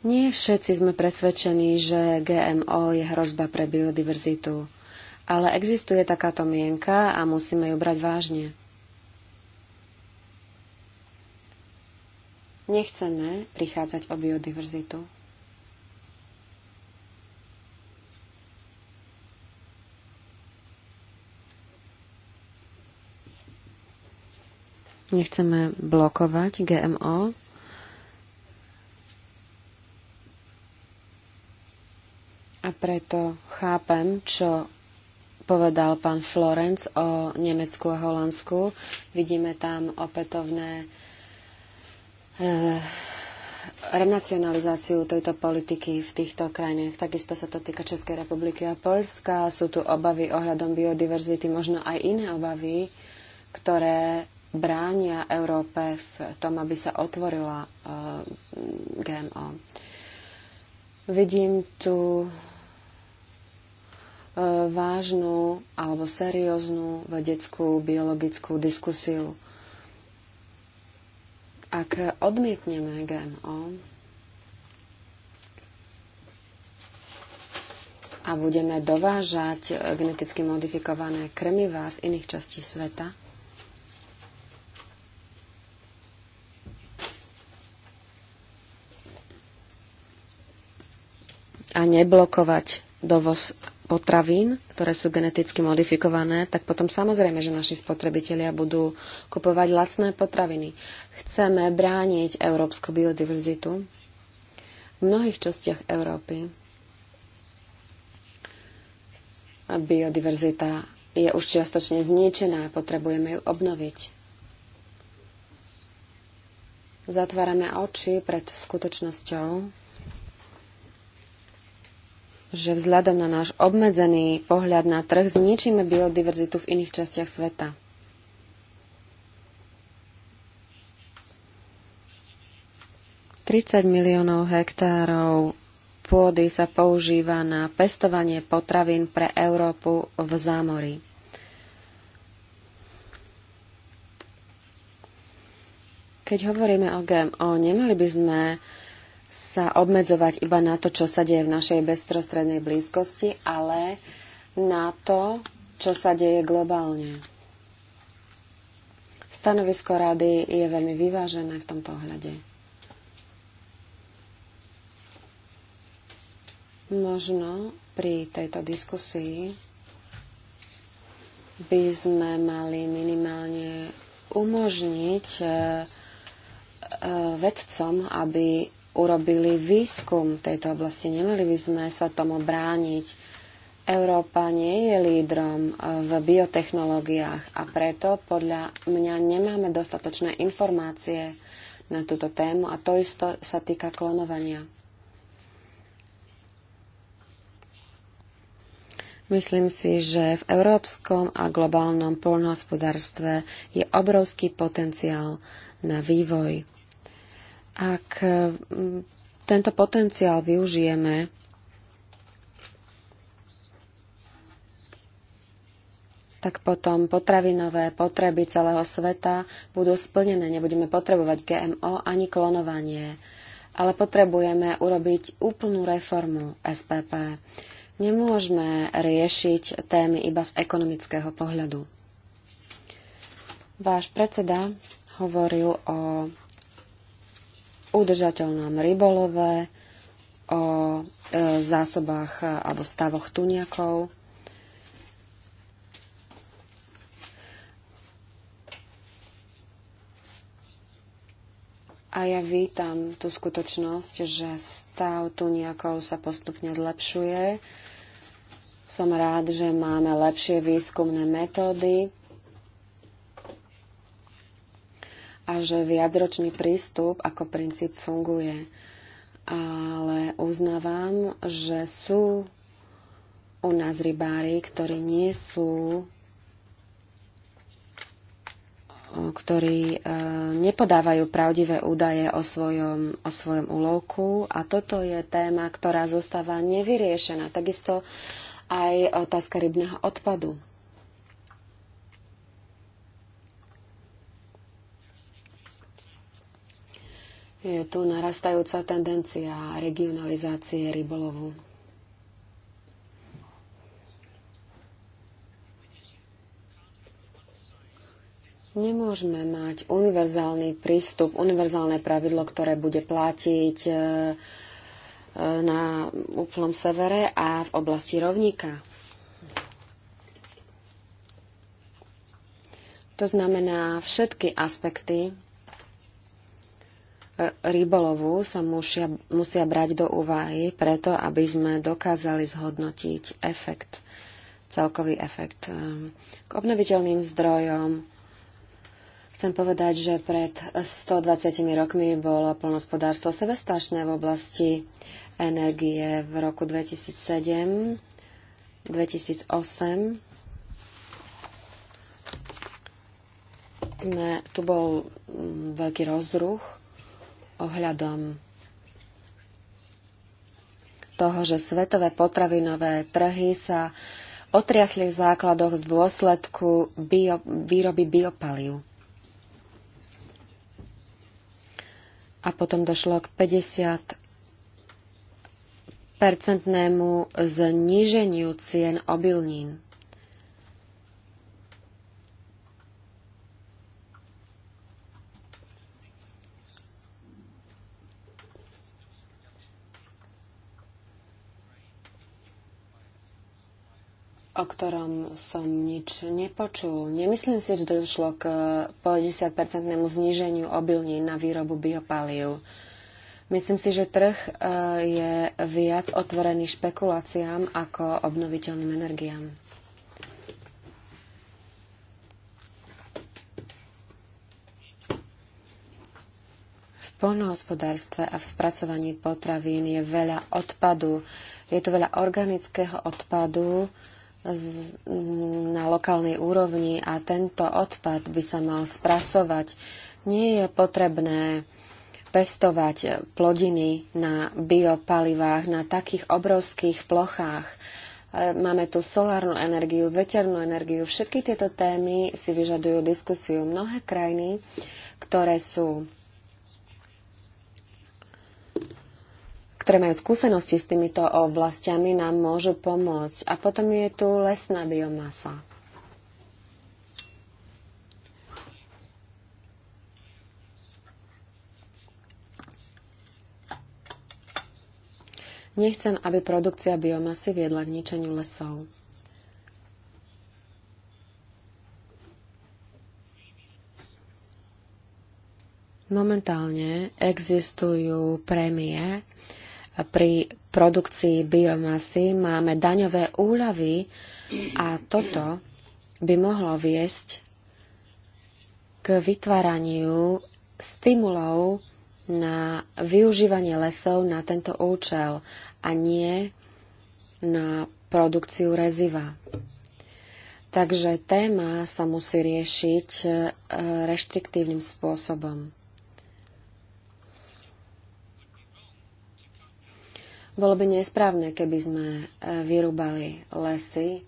Nie všetci sme presvedčení, že GMO je hrozba pre biodiverzitu, ale existuje takáto mienka a musíme ju brať vážne. Nechceme prichádzať o biodiverzitu. Nechceme blokovať GMO. A preto chápem, čo povedal pán Florenc o Nemecku a Holandsku. Vidíme tam opätovné e, renacionalizáciu tejto politiky v týchto krajinách. Takisto sa to týka Českej republiky a Polska. Sú tu obavy ohľadom biodiverzity, možno aj iné obavy, ktoré bránia Európe v tom, aby sa otvorila e, GMO. Vidím tu e, vážnu alebo serióznu vedeckú biologickú diskusiu. Ak odmietneme GMO a budeme dovážať geneticky modifikované krmivá z iných častí sveta, a neblokovať dovoz potravín, ktoré sú geneticky modifikované, tak potom samozrejme, že naši spotrebitelia budú kupovať lacné potraviny. Chceme brániť európsku biodiverzitu v mnohých častiach Európy. A biodiverzita je už čiastočne zničená a potrebujeme ju obnoviť. Zatvárame oči pred skutočnosťou, že vzhľadom na náš obmedzený pohľad na trh zničíme biodiverzitu v iných častiach sveta. Tridsať miliónov hektárov pôdy sa používa na pestovanie potravín pre Európu v zámorí. Keď hovoríme o GMO, nemali by sme sa obmedzovať iba na to, čo sa deje v našej bezprostrednej blízkosti, ale na to, čo sa deje globálne. Stanovisko rady je veľmi vyvážené v tomto ohľade. Možno pri tejto diskusii by sme mali minimálne umožniť eh, eh, vedcom, aby urobili výskum v tejto oblasti. Nemali by sme sa tomu brániť. Európa nie je lídrom v biotechnológiách a preto podľa mňa nemáme dostatočné informácie na túto tému a to isto sa týka klonovania. Myslím si, že v európskom a globálnom poľnohospodárstve je obrovský potenciál na vývoj. Ak mm, tento potenciál využijeme, tak potom potravinové potreby celého sveta budú splnené. Nebudeme potrebovať GMO ani klonovanie, ale potrebujeme urobiť úplnú reformu SPP. Nemôžeme riešiť témy iba z ekonomického pohľadu. Váš predseda hovoril o udržateľnom rybolove, o e, zásobách e, alebo stavoch tuniakov. A ja vítam tú skutočnosť, že stav tuniakov sa postupne zlepšuje. Som rád, že máme lepšie výskumné metódy a že viacročný prístup ako princíp funguje. Ale uznávam, že sú u nás rybári, ktorí nie sú ktorí e, nepodávajú pravdivé údaje o svojom, o svojom úlovku a toto je téma, ktorá zostáva nevyriešená. Takisto aj otázka rybného odpadu. je tu narastajúca tendencia regionalizácie rybolovu. Nemôžeme mať univerzálny prístup, univerzálne pravidlo, ktoré bude platiť e, e, na úplnom severe a v oblasti rovníka. To znamená všetky aspekty rybolovu sa musia, musia brať do úvahy preto, aby sme dokázali zhodnotiť efekt, celkový efekt. Eh, k obnoviteľným zdrojom chcem povedať, že pred 120 rokmi bolo plnospodárstvo sebestačné v oblasti energie v roku 2007, 2008 sme, tu bol mm, veľký rozdruh ohľadom toho, že svetové potravinové trhy sa otriasli v základoch v dôsledku bio, výroby biopaliu. A potom došlo k 50 percentnému zníženiu cien obilnín. o ktorom som nič nepočul. Nemyslím si, že došlo k 50-percentnému zníženiu obilní na výrobu biopalív. Myslím si, že trh e, je viac otvorený špekuláciám ako obnoviteľným energiám. V polnohospodárstve a v spracovaní potravín je veľa odpadu. Je tu veľa organického odpadu, z, na lokálnej úrovni a tento odpad by sa mal spracovať. Nie je potrebné pestovať plodiny na biopalivách na takých obrovských plochách. E, máme tu solárnu energiu, veternú energiu. Všetky tieto témy si vyžadujú diskusiu. Mnohé krajiny, ktoré sú ktoré majú skúsenosti s týmito oblastiami, nám môžu pomôcť. A potom je tu lesná biomasa. Nechcem, aby produkcia biomasy viedla k ničeniu lesov. Momentálne existujú prémie pri produkcii biomasy máme daňové úľavy a toto by mohlo viesť k vytváraniu stimulov na využívanie lesov na tento účel a nie na produkciu reziva. Takže téma sa musí riešiť eh, reštriktívnym spôsobom. Bolo by nesprávne, keby sme e, vyrúbali lesy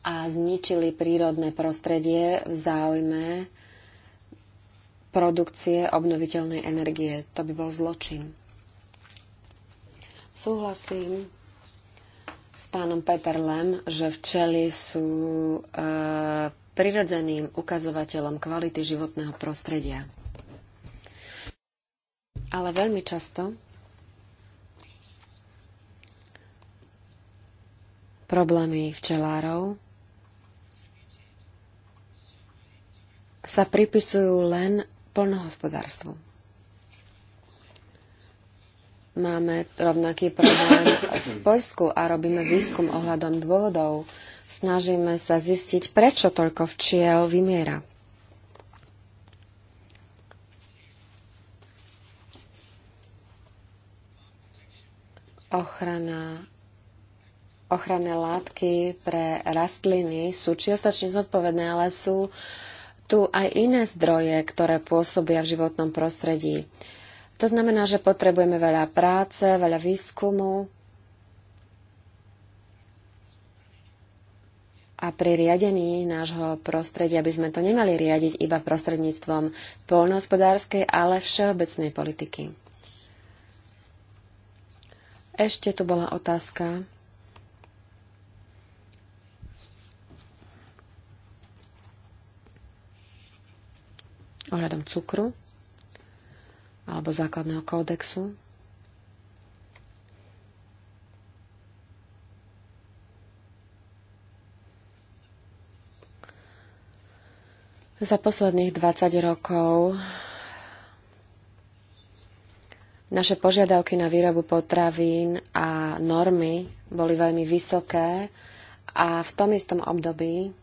a zničili prírodné prostredie v záujme produkcie obnoviteľnej energie. To by bol zločin. Súhlasím s pánom Peterlem, že včely sú e, prirodzeným ukazovateľom kvality životného prostredia. Ale veľmi často problémy včelárov sa pripisujú len plnohospodárstvu. Máme rovnaký problém v Polsku a robíme výskum ohľadom dôvodov. Snažíme sa zistiť, prečo toľko včiel vymiera. Ochrana ochranné látky pre rastliny sú čiastočne zodpovedné, ale sú tu aj iné zdroje, ktoré pôsobia v životnom prostredí. To znamená, že potrebujeme veľa práce, veľa výskumu a pri riadení nášho prostredia by sme to nemali riadiť iba prostredníctvom poľnohospodárskej, ale všeobecnej politiky. Ešte tu bola otázka. ohľadom cukru alebo základného kódexu. Za posledných 20 rokov naše požiadavky na výrobu potravín a normy boli veľmi vysoké a v tom istom období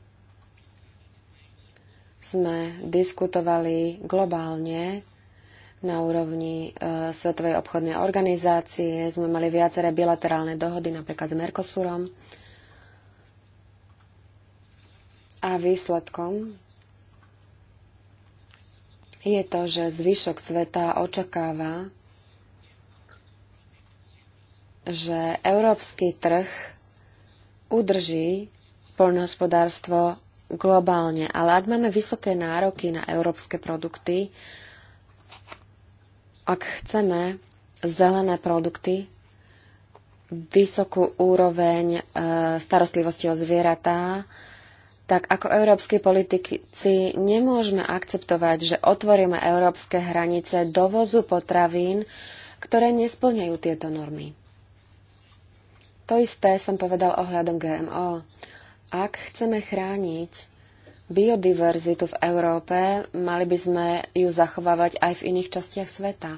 sme diskutovali globálne na úrovni e, Svetovej obchodnej organizácie. Sme mali viaceré bilaterálne dohody, napríklad s Mercosurom. A výsledkom je to, že zvyšok sveta očakáva, že európsky trh udrží poľnohospodárstvo globálne. Ale ak máme vysoké nároky na európske produkty, ak chceme zelené produkty, vysokú úroveň e, starostlivosti o zvieratá, tak ako európsky politici nemôžeme akceptovať, že otvoríme európske hranice dovozu potravín, ktoré nesplňajú tieto normy. To isté som povedal ohľadom GMO. Ak chceme chrániť biodiverzitu v Európe, mali by sme ju zachovávať aj v iných častiach sveta,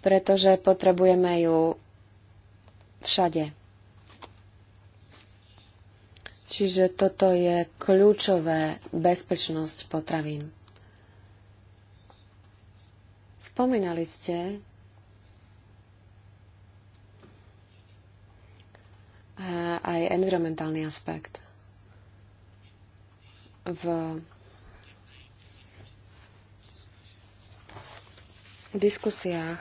pretože potrebujeme ju všade. Čiže toto je kľúčové bezpečnosť potravín. Spomínali ste Eh, aj environmentálny aspekt. V diskusiách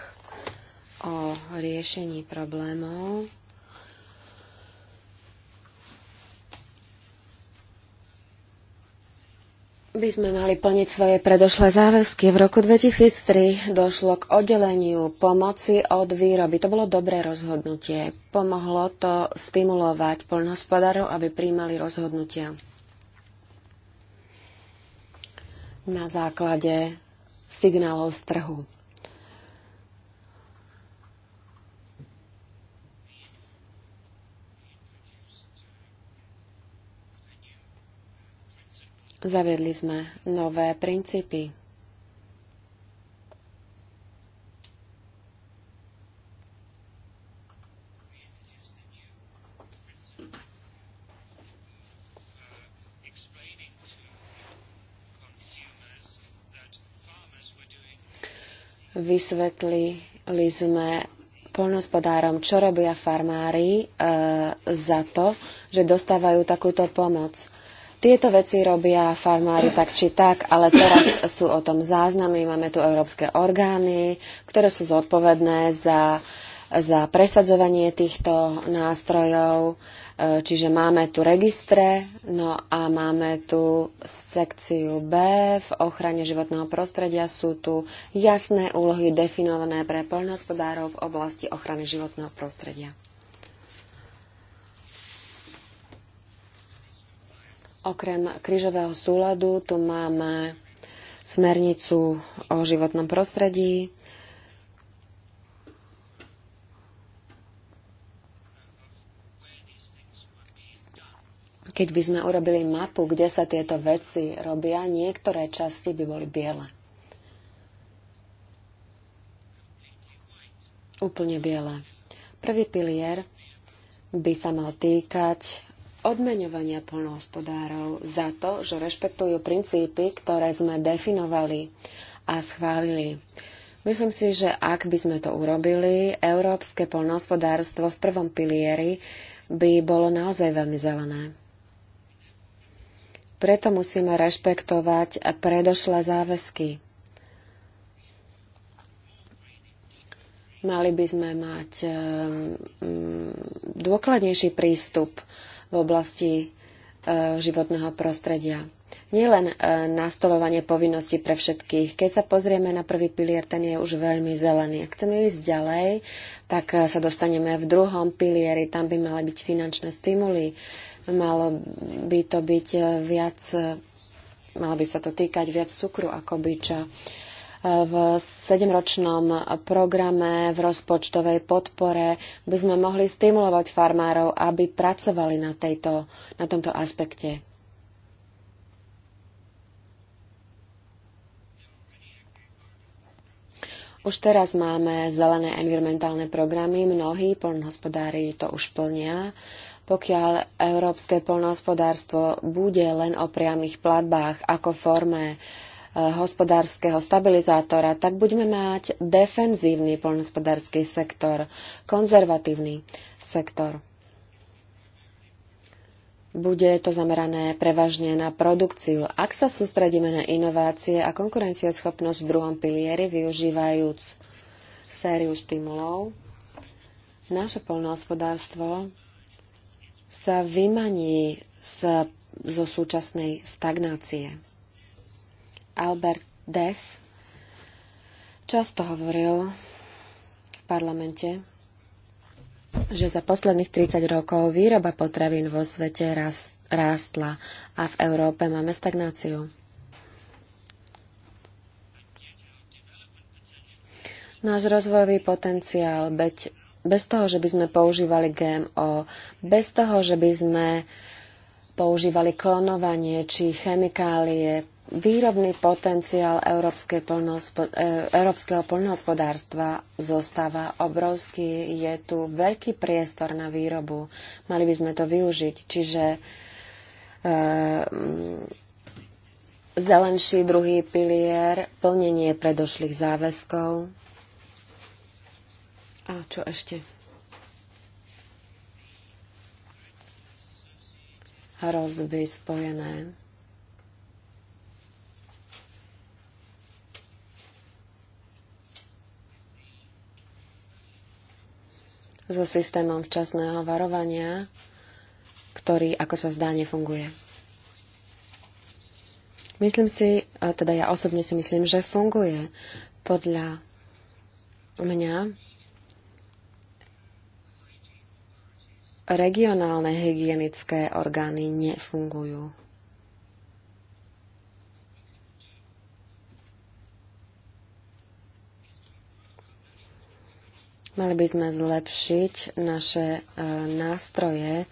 o riešení problémov by sme mali plniť svoje predošlé záväzky. V roku 2003 došlo k oddeleniu pomoci od výroby. To bolo dobré rozhodnutie. Pomohlo to stimulovať poľnohospodárov, aby príjmali rozhodnutia na základe signálov z trhu. Zaviedli sme nové princípy. Vysvetlili sme poľnospodárom, čo robia farmári e, za to, že dostávajú takúto pomoc tieto veci robia farmári tak či tak, ale teraz sú o tom záznamy. Máme tu európske orgány, ktoré sú zodpovedné za, za presadzovanie týchto nástrojov. E, čiže máme tu registre, no a máme tu sekciu B v ochrane životného prostredia. Sú tu jasné úlohy definované pre poľnohospodárov v oblasti ochrany životného prostredia. Okrem krížového súladu tu máme smernicu o životnom prostredí, keď by sme urobili mapu, kde sa tieto veci robia, niektoré časti by boli biele. Úplne biele. Prvý pilier by sa mal týkať odmeňovania polnohospodárov za to, že rešpektujú princípy, ktoré sme definovali a schválili. Myslím si, že ak by sme to urobili, európske polnohospodárstvo v prvom pilieri by bolo naozaj veľmi zelené. Preto musíme rešpektovať predošlé záväzky. Mali by sme mať ehm, dôkladnejší prístup v oblasti e, životného prostredia. Nielen e, nastolovanie povinností pre všetkých. Keď sa pozrieme na prvý pilier, ten je už veľmi zelený. Ak chceme ísť ďalej, tak e, sa dostaneme v druhom pilieri. Tam by mali byť finančné stimuly. Malo by to byť viac, malo by sa to týkať viac cukru ako byča. Uh, v sedemročnom programe v rozpočtovej podpore by sme mohli stimulovať farmárov, aby pracovali na, tejto, na tomto aspekte. Už teraz máme zelené environmentálne programy, mnohí poľnohospodári to už plnia. Pokiaľ európske poľnohospodárstvo bude len o priamých platbách ako forme uh, hospodárskeho stabilizátora, tak budeme mať defenzívny poľnohospodársky sektor, konzervatívny sektor. Bude to zamerané prevažne na produkciu. Ak sa sústredíme na inovácie a konkurencieschopnosť v druhom pilieri, využívajúc sériu štimulov, naše poľnohospodárstvo sa vymaní z, zo súčasnej stagnácie. Albert Des často hovoril v parlamente, že za posledných 30 rokov výroba potravín vo svete rástla a v Európe máme stagnáciu. Náš rozvojový potenciál beď bez toho, že by sme používali GMO, bez toho, že by sme používali klonovanie či chemikálie, Výrobný potenciál e, európskeho poľnohospodárstva zostáva obrovský. Je tu veľký priestor na výrobu. Mali by sme to využiť. Čiže e, mm, zelenší druhý pilier, plnenie predošlých záväzkov. A čo ešte? Hrozby spojené so systémom včasného varovania, ktorý, ako sa zdá, nefunguje. Myslím si, teda ja osobne si myslím, že funguje. Podľa mňa regionálne hygienické orgány nefungujú. Mali by sme zlepšiť naše e, nástroje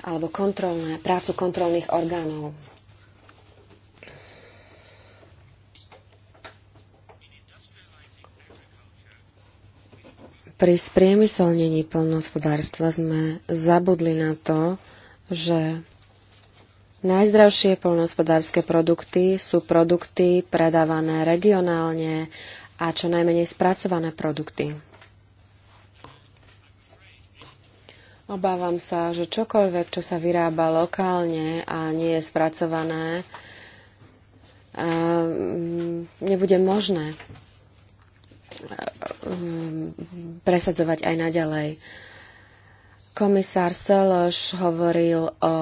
alebo kontrolné, prácu kontrolných orgánov. Pri spriemyselnení polnohospodárstva sme zabudli na to, že najzdravšie polnohospodárske produkty sú produkty predávané regionálne a čo najmenej spracované produkty. Obávam sa, že čokoľvek, čo sa vyrába lokálne a nie je spracované, ehm, nebude možné ehm, presadzovať aj naďalej. Komisár Sološ hovoril o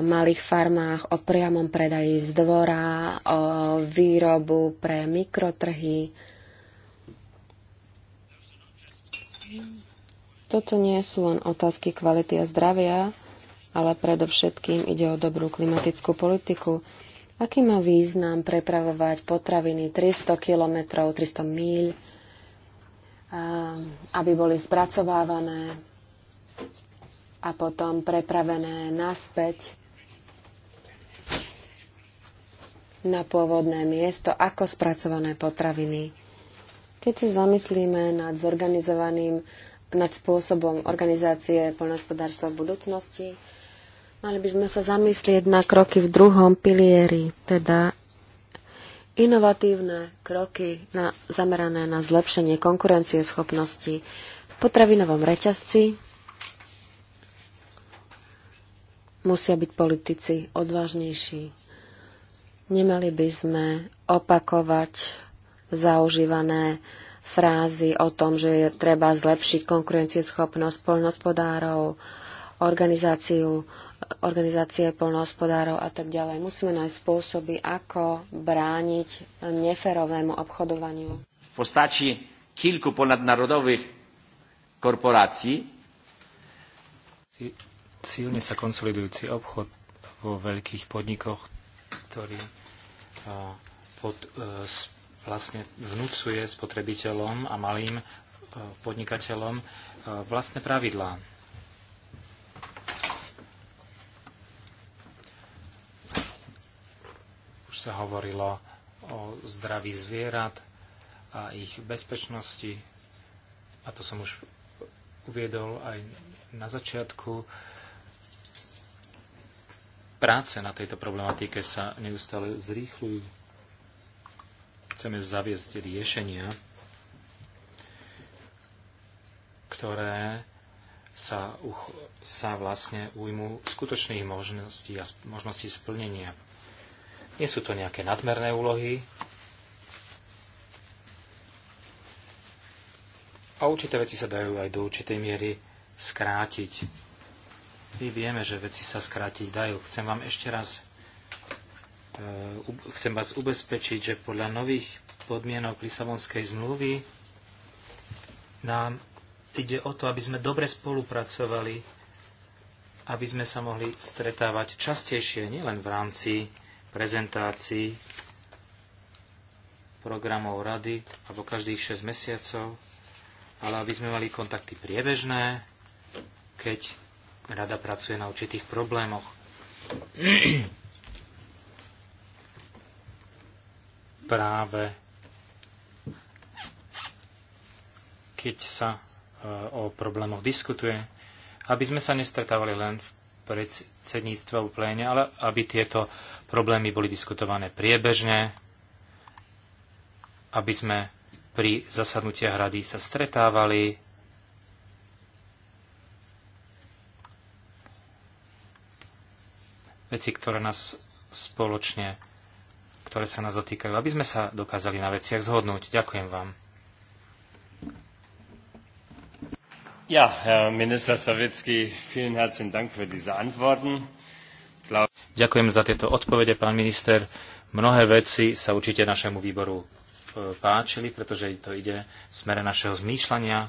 malých farmách, o priamom predaji z dvora, o výrobu pre mikrotrhy Toto nie sú len otázky kvality a zdravia, ale predovšetkým ide o dobrú klimatickú politiku. Aký má význam prepravovať potraviny 300 kilometrov, 300 míľ, aby boli spracovávané a potom prepravené naspäť na pôvodné miesto ako spracované potraviny keď sa zamyslíme nad zorganizovaným, nad spôsobom organizácie poľnohospodárstva v budúcnosti, mali by sme sa zamyslieť na kroky v druhom pilieri, teda inovatívne kroky na, zamerané na zlepšenie konkurencieschopnosti v potravinovom reťazci. Musia byť politici odvážnejší. Nemali by sme opakovať zaužívané frázy o tom, že je treba zlepšiť konkurencieschopnosť poľnohospodárov, organizáciu, organizácie poľnohospodárov a tak ďalej. Musíme nájsť spôsoby, ako brániť neferovému obchodovaniu. V postači kilku ponadnarodových korporácií silne sa konsolidujúci obchod vo veľkých podnikoch, ktorý pod, e, vlastne vnúcuje spotrebiteľom a malým e, podnikateľom e, vlastné pravidlá. Už sa hovorilo o zdraví zvierat a ich bezpečnosti. A to som už uviedol aj na začiatku. Práce na tejto problematike sa neustále zrýchľujú chceme zaviesť riešenia, ktoré sa, uch, sa vlastne ujmú skutočných možností a možností splnenia. Nie sú to nejaké nadmerné úlohy a určité veci sa dajú aj do určitej miery skrátiť. My vieme, že veci sa skrátiť dajú. Chcem vám ešte raz E, chcem vás ubezpečiť, že podľa nových podmienok Lisabonskej zmluvy nám ide o to, aby sme dobre spolupracovali, aby sme sa mohli stretávať častejšie, nielen v rámci prezentácií programov rady alebo každých 6 mesiacov, ale aby sme mali kontakty priebežné, keď rada pracuje na určitých problémoch práve keď sa e, o problémoch diskutuje, aby sme sa nestretávali len v predsedníctve v pléne, ale aby tieto problémy boli diskutované priebežne, aby sme pri zasadnutia hrady sa stretávali, veci, ktoré nás spoločne ktoré sa nás dotýkajú, aby sme sa dokázali na veciach zhodnúť. Ďakujem vám. Ja, Herr Minister Savický, vielen herzlichen Dank für diese Antworten. Ďakujem za tieto odpovede, pán minister. Mnohé veci sa určite našemu výboru e, páčili, pretože to ide v smere našeho zmýšľania.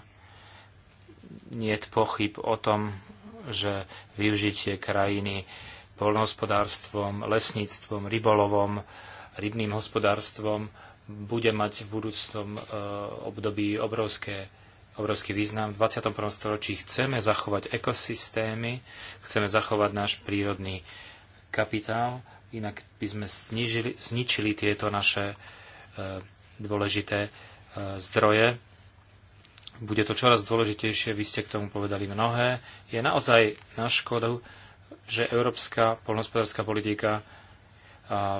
Nie je pochyb o tom, že využitie krajiny polnohospodárstvom, lesníctvom, rybolovom, rybným hospodárstvom bude mať v budúcom e, období obrovské, obrovský význam. V 21. storočí chceme zachovať ekosystémy, chceme zachovať náš prírodný kapitál, inak by sme znižili, zničili tieto naše e, dôležité e, zdroje. Bude to čoraz dôležitejšie, vy ste k tomu povedali mnohé. Je naozaj na škodu, že európska polnospodárska politika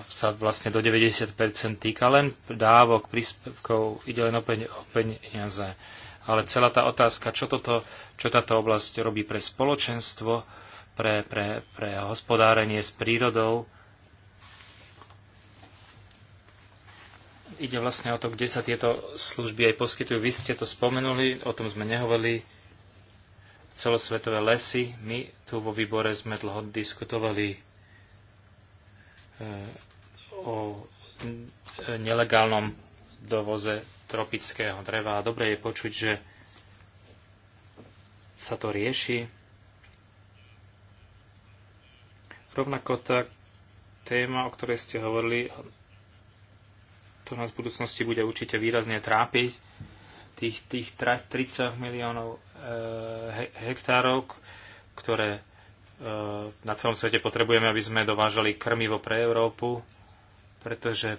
sa vlastne do 90% týka len dávok, príspevkov, ide len o peniaze. Ale celá tá otázka, čo, toto, čo táto oblasť robí pre spoločenstvo, pre, pre, pre hospodárenie s prírodou, ide vlastne o to, kde sa tieto služby aj poskytujú. Vy ste to spomenuli, o tom sme nehovorili. Celosvetové lesy, my tu vo výbore sme dlho diskutovali Eh, o nelegálnom dovoze tropického dreva. A dobre je počuť, že sa to rieši. Rovnako tak téma, o ktorej ste hovorili, to nás v budúcnosti bude určite výrazne trápiť. Tých, tých 30 miliónov e, hektárov, ktoré E, na celom svete potrebujeme, aby sme dovážali krmivo pre Európu, pretože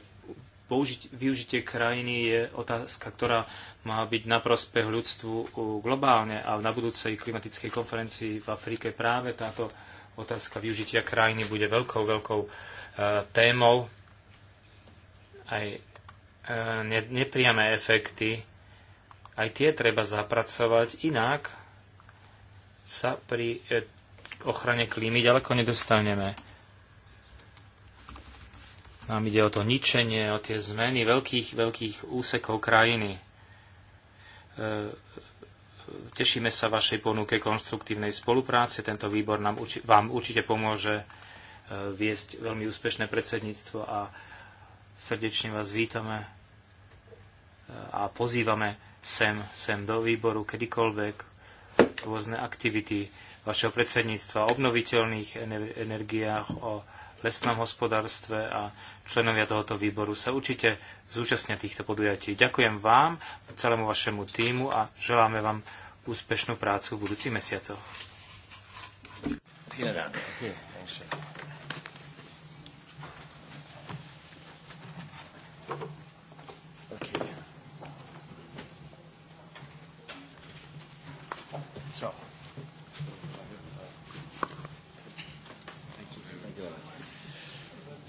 použiť, využitie krajiny je otázka, ktorá má byť na prospech ľudstvu globálne a na budúcej klimatickej konferencii v Afrike práve táto otázka využitia krajiny bude veľkou, veľkou e, témou. Aj e, ne, nepriame efekty, aj tie treba zapracovať, inak sa pri e, ochrane klímy ďaleko nedostaneme. Nám ide o to ničenie, o tie zmeny veľkých, veľkých úsekov krajiny. E, tešíme sa vašej ponuke konštruktívnej spolupráce. Tento výbor nám, vám určite pomôže e, viesť veľmi úspešné predsedníctvo a srdečne vás vítame e, a pozývame sem, sem do výboru kedykoľvek rôzne aktivity vašeho predsedníctva o obnoviteľných energiách, o lesnom hospodárstve a členovia tohoto výboru sa určite zúčastnia týchto podujatí. Ďakujem vám, celému vašemu týmu a želáme vám úspešnú prácu v budúcich mesiacoch.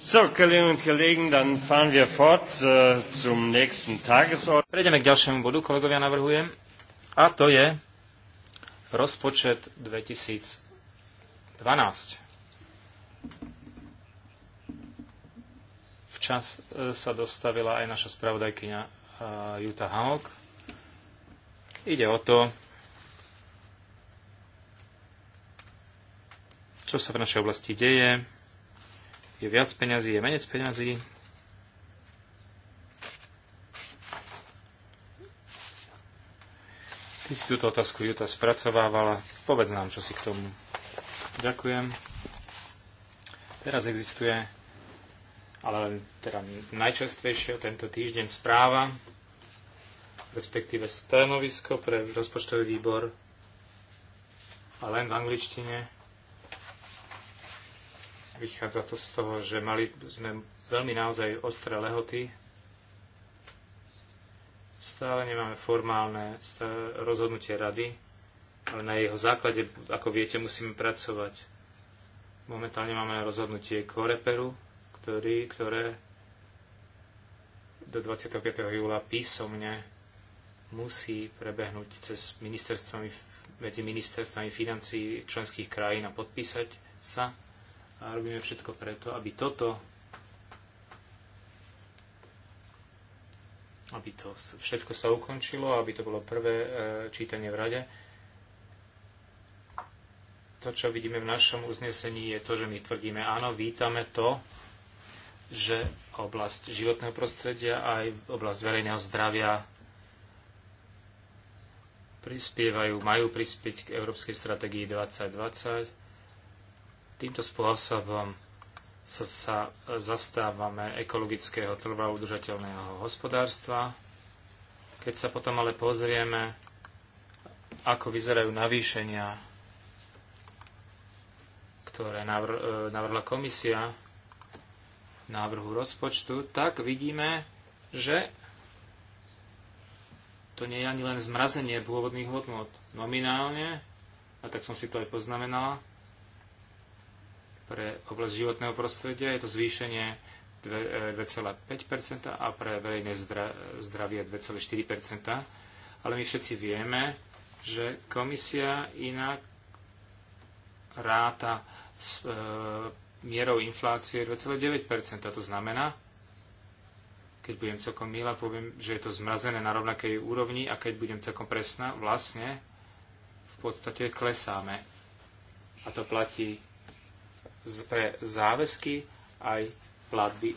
So, Kolleginnen und Kollegen, dann fahren wir fort äh, zum nächsten Tagesordnung. Prejdeme k ďalšiemu bodu, kolegovia, navrhujem. A to je rozpočet 2012. Včas e, sa dostavila aj naša spravodajkyňa e, Juta Hamok. Ide o to, čo sa v našej oblasti deje, je viac peňazí, je menej peňazí. Ty si túto otázku Juta spracovávala. Povedz nám, čo si k tomu. Ďakujem. Teraz existuje, ale teda najčastejšie tento týždeň správa, respektíve stanovisko pre rozpočtový výbor Ale len v angličtine. Vychádza to z toho, že mali sme veľmi naozaj ostré lehoty. Stále nemáme formálne rozhodnutie rady, ale na jeho základe, ako viete, musíme pracovať. Momentálne máme rozhodnutie Koreperu, ktorý, ktoré do 25. júla písomne musí prebehnúť cez ministerstvami, medzi ministerstvami financií členských krajín a podpísať sa a robíme všetko preto, aby toto aby to všetko sa ukončilo, aby to bolo prvé e, čítanie v rade. To, čo vidíme v našom uznesení, je to, že my tvrdíme, áno, vítame to, že oblasť životného prostredia aj oblasť verejného zdravia prispievajú, majú prispieť k Európskej strategii 2020 Týmto spôsobom sa, sa zastávame ekologického trvalo udržateľného hospodárstva. Keď sa potom ale pozrieme, ako vyzerajú navýšenia, ktoré navr- e, navrhla komisia návrhu rozpočtu, tak vidíme, že to nie je ani len zmrazenie pôvodných hodnot. Nominálne, a tak som si to aj poznamenala, pre oblasť životného prostredia je to zvýšenie 2,5% e, a pre verejné zdravie 2,4%. Ale my všetci vieme, že komisia inak ráta s e, mierou inflácie 2,9%. To znamená, keď budem celkom milá, poviem, že je to zmrazené na rovnakej úrovni a keď budem celkom presná, vlastne v podstate klesáme. A to platí pre záväzky aj platby.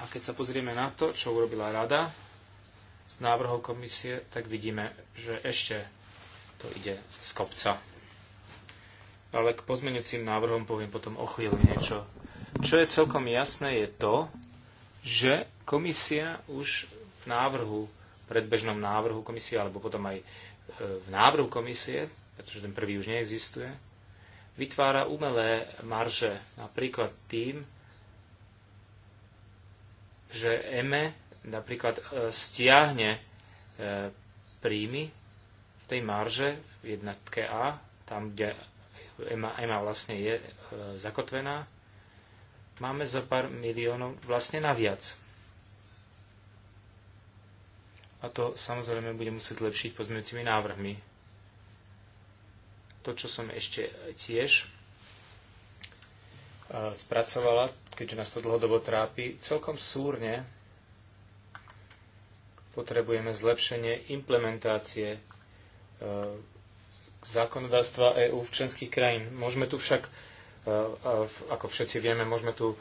A keď sa pozrieme na to, čo urobila rada z návrhov komisie, tak vidíme, že ešte to ide z kopca. Ale k pozmenujúcim návrhom poviem potom o chvíľu niečo. Čo je celkom jasné, je to, že komisia už v návrhu, predbežnom návrhu komisie, alebo potom aj e, v návrhu komisie, pretože ten prvý už neexistuje, vytvára umelé marže. Napríklad tým, že EME napríklad e, stiahne e, príjmy v tej marže v jednotke A, tam, kde EMA, EMA vlastne je e, zakotvená, máme za pár miliónov vlastne naviac. A to samozrejme bude musieť lepšiť pozmeňujúcimi návrhmi. To, čo som ešte tiež e, spracovala, keďže nás to dlhodobo trápi, celkom súrne potrebujeme zlepšenie implementácie e, zákonodárstva EÚ v členských krajín. Môžeme tu však, e, ako všetci vieme, môžeme tu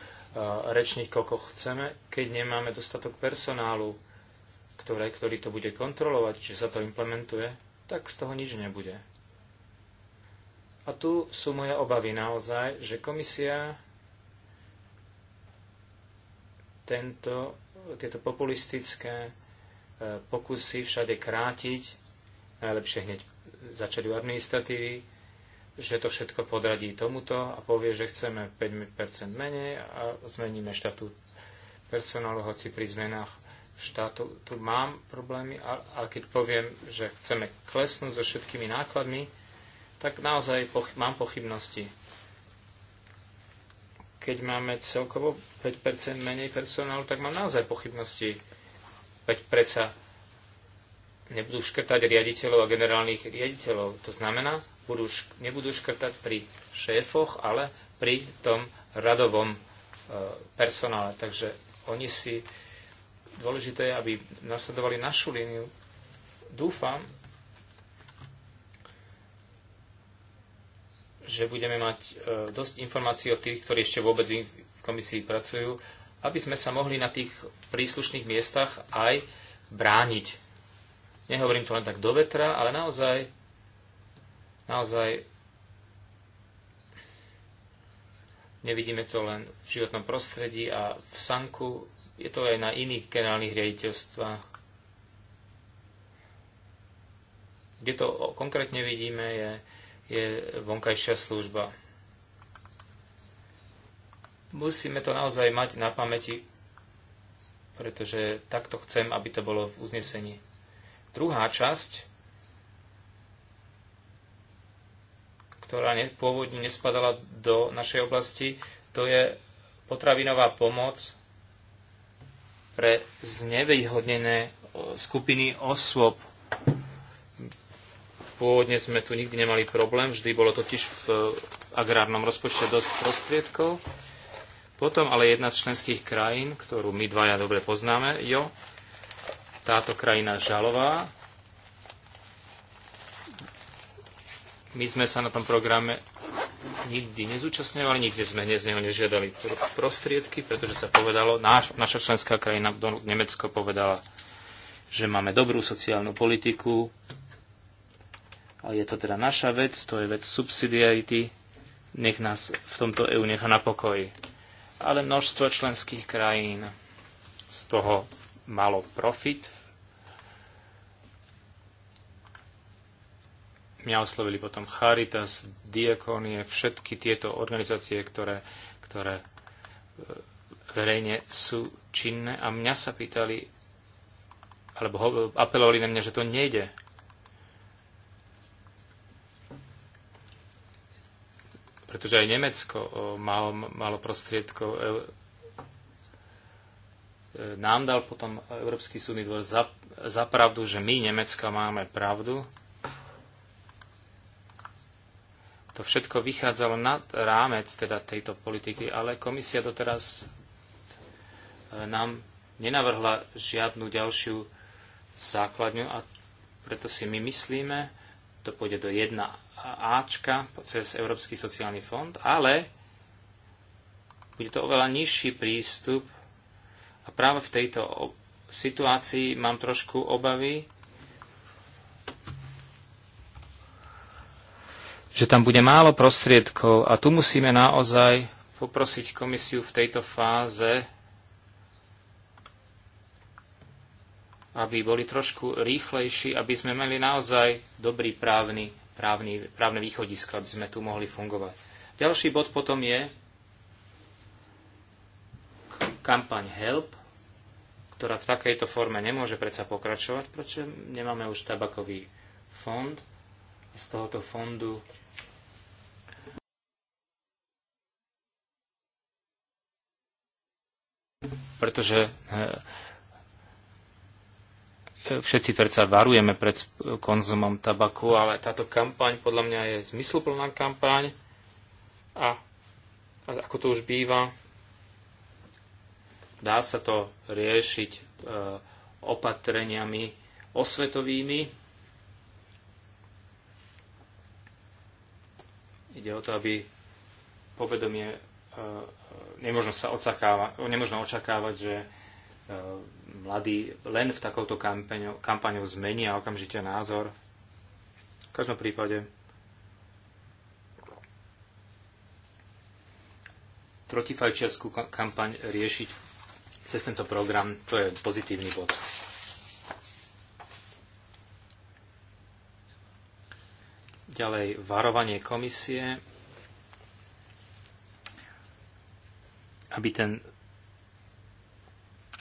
rečniť, koľko chceme, keď nemáme dostatok personálu, ktoré, ktorý to bude kontrolovať, či sa to implementuje, tak z toho nič nebude. A tu sú moje obavy naozaj, že komisia tento, tieto populistické e, pokusy všade krátiť, najlepšie hneď začať u administratívy, že to všetko podradí tomuto a povie, že chceme 5% menej a zmeníme štatút personálu, hoci pri zmenách štátu tu mám problémy, ale keď poviem, že chceme klesnúť so všetkými nákladmi, tak naozaj poch- mám pochybnosti. Keď máme celkovo 5% menej personálu, tak mám naozaj pochybnosti. Veď predsa nebudú škrtať riaditeľov a generálnych riaditeľov. To znamená, budú šk- nebudú škrtať pri šéfoch, ale pri tom radovom e, personále. Takže oni si dôležité, aby nasledovali našu líniu. Dúfam, že budeme mať e, dosť informácií od tých, ktorí ešte vôbec v komisii pracujú, aby sme sa mohli na tých príslušných miestach aj brániť. Nehovorím to len tak do vetra, ale naozaj, naozaj nevidíme to len v životnom prostredí a v sanku, je to aj na iných generálnych riaditeľstvách. Kde to konkrétne vidíme, je je vonkajšia služba. Musíme to naozaj mať na pamäti, pretože takto chcem, aby to bolo v uznesení. Druhá časť, ktorá pôvodne nespadala do našej oblasti, to je potravinová pomoc pre znevýhodnené skupiny osôb Pôvodne sme tu nikdy nemali problém, vždy bolo totiž v agrárnom rozpočte dosť prostriedkov. Potom ale jedna z členských krajín, ktorú my dvaja dobre poznáme, jo, táto krajina žalová. My sme sa na tom programe nikdy nezúčastňovali, nikdy sme z neho nežiadali prostriedky, pretože sa povedalo, náš, naša členská krajina, Nemecko povedala, že máme dobrú sociálnu politiku, je to teda naša vec, to je vec subsidiarity, nech nás v tomto EÚ nechá na pokoj. Ale množstvo členských krajín z toho malo profit. Mňa oslovili potom Charitas, Diakonie, všetky tieto organizácie, ktoré, ktoré e, verejne sú činné a mňa sa pýtali, alebo apelovali na mňa, že to nejde, pretože aj Nemecko malo, malo prostriedkov. E, e, nám dal potom Európsky súdny dvor za, za pravdu, že my, Nemecka, máme pravdu. To všetko vychádzalo nad rámec teda tejto politiky, ale komisia doteraz e, nám nenavrhla žiadnu ďalšiu základňu a preto si my myslíme, to pôjde do 1 Ačka cez Európsky sociálny fond, ale bude to oveľa nižší prístup a práve v tejto situácii mám trošku obavy, že tam bude málo prostriedkov a tu musíme naozaj poprosiť komisiu v tejto fáze, aby boli trošku rýchlejší, aby sme mali naozaj dobrý právny právny, právne východisko, aby sme tu mohli fungovať. Ďalší bod potom je kampaň HELP, ktorá v takejto forme nemôže predsa pokračovať, prečo nemáme už tabakový fond. Z tohoto fondu pretože eh, všetci predsa varujeme pred konzumom tabaku, ale táto kampaň podľa mňa je zmysluplná kampaň a, a ako to už býva, dá sa to riešiť e, opatreniami osvetovými. Ide o to, aby povedomie e, e nemôžno, sa očakáva, nemôžno očakávať, že e, mladí len v takouto kampaňou, zmenia okamžite názor. V každom prípade protifajčiarskú kampaň riešiť cez tento program, to je pozitívny bod. Ďalej varovanie komisie, aby ten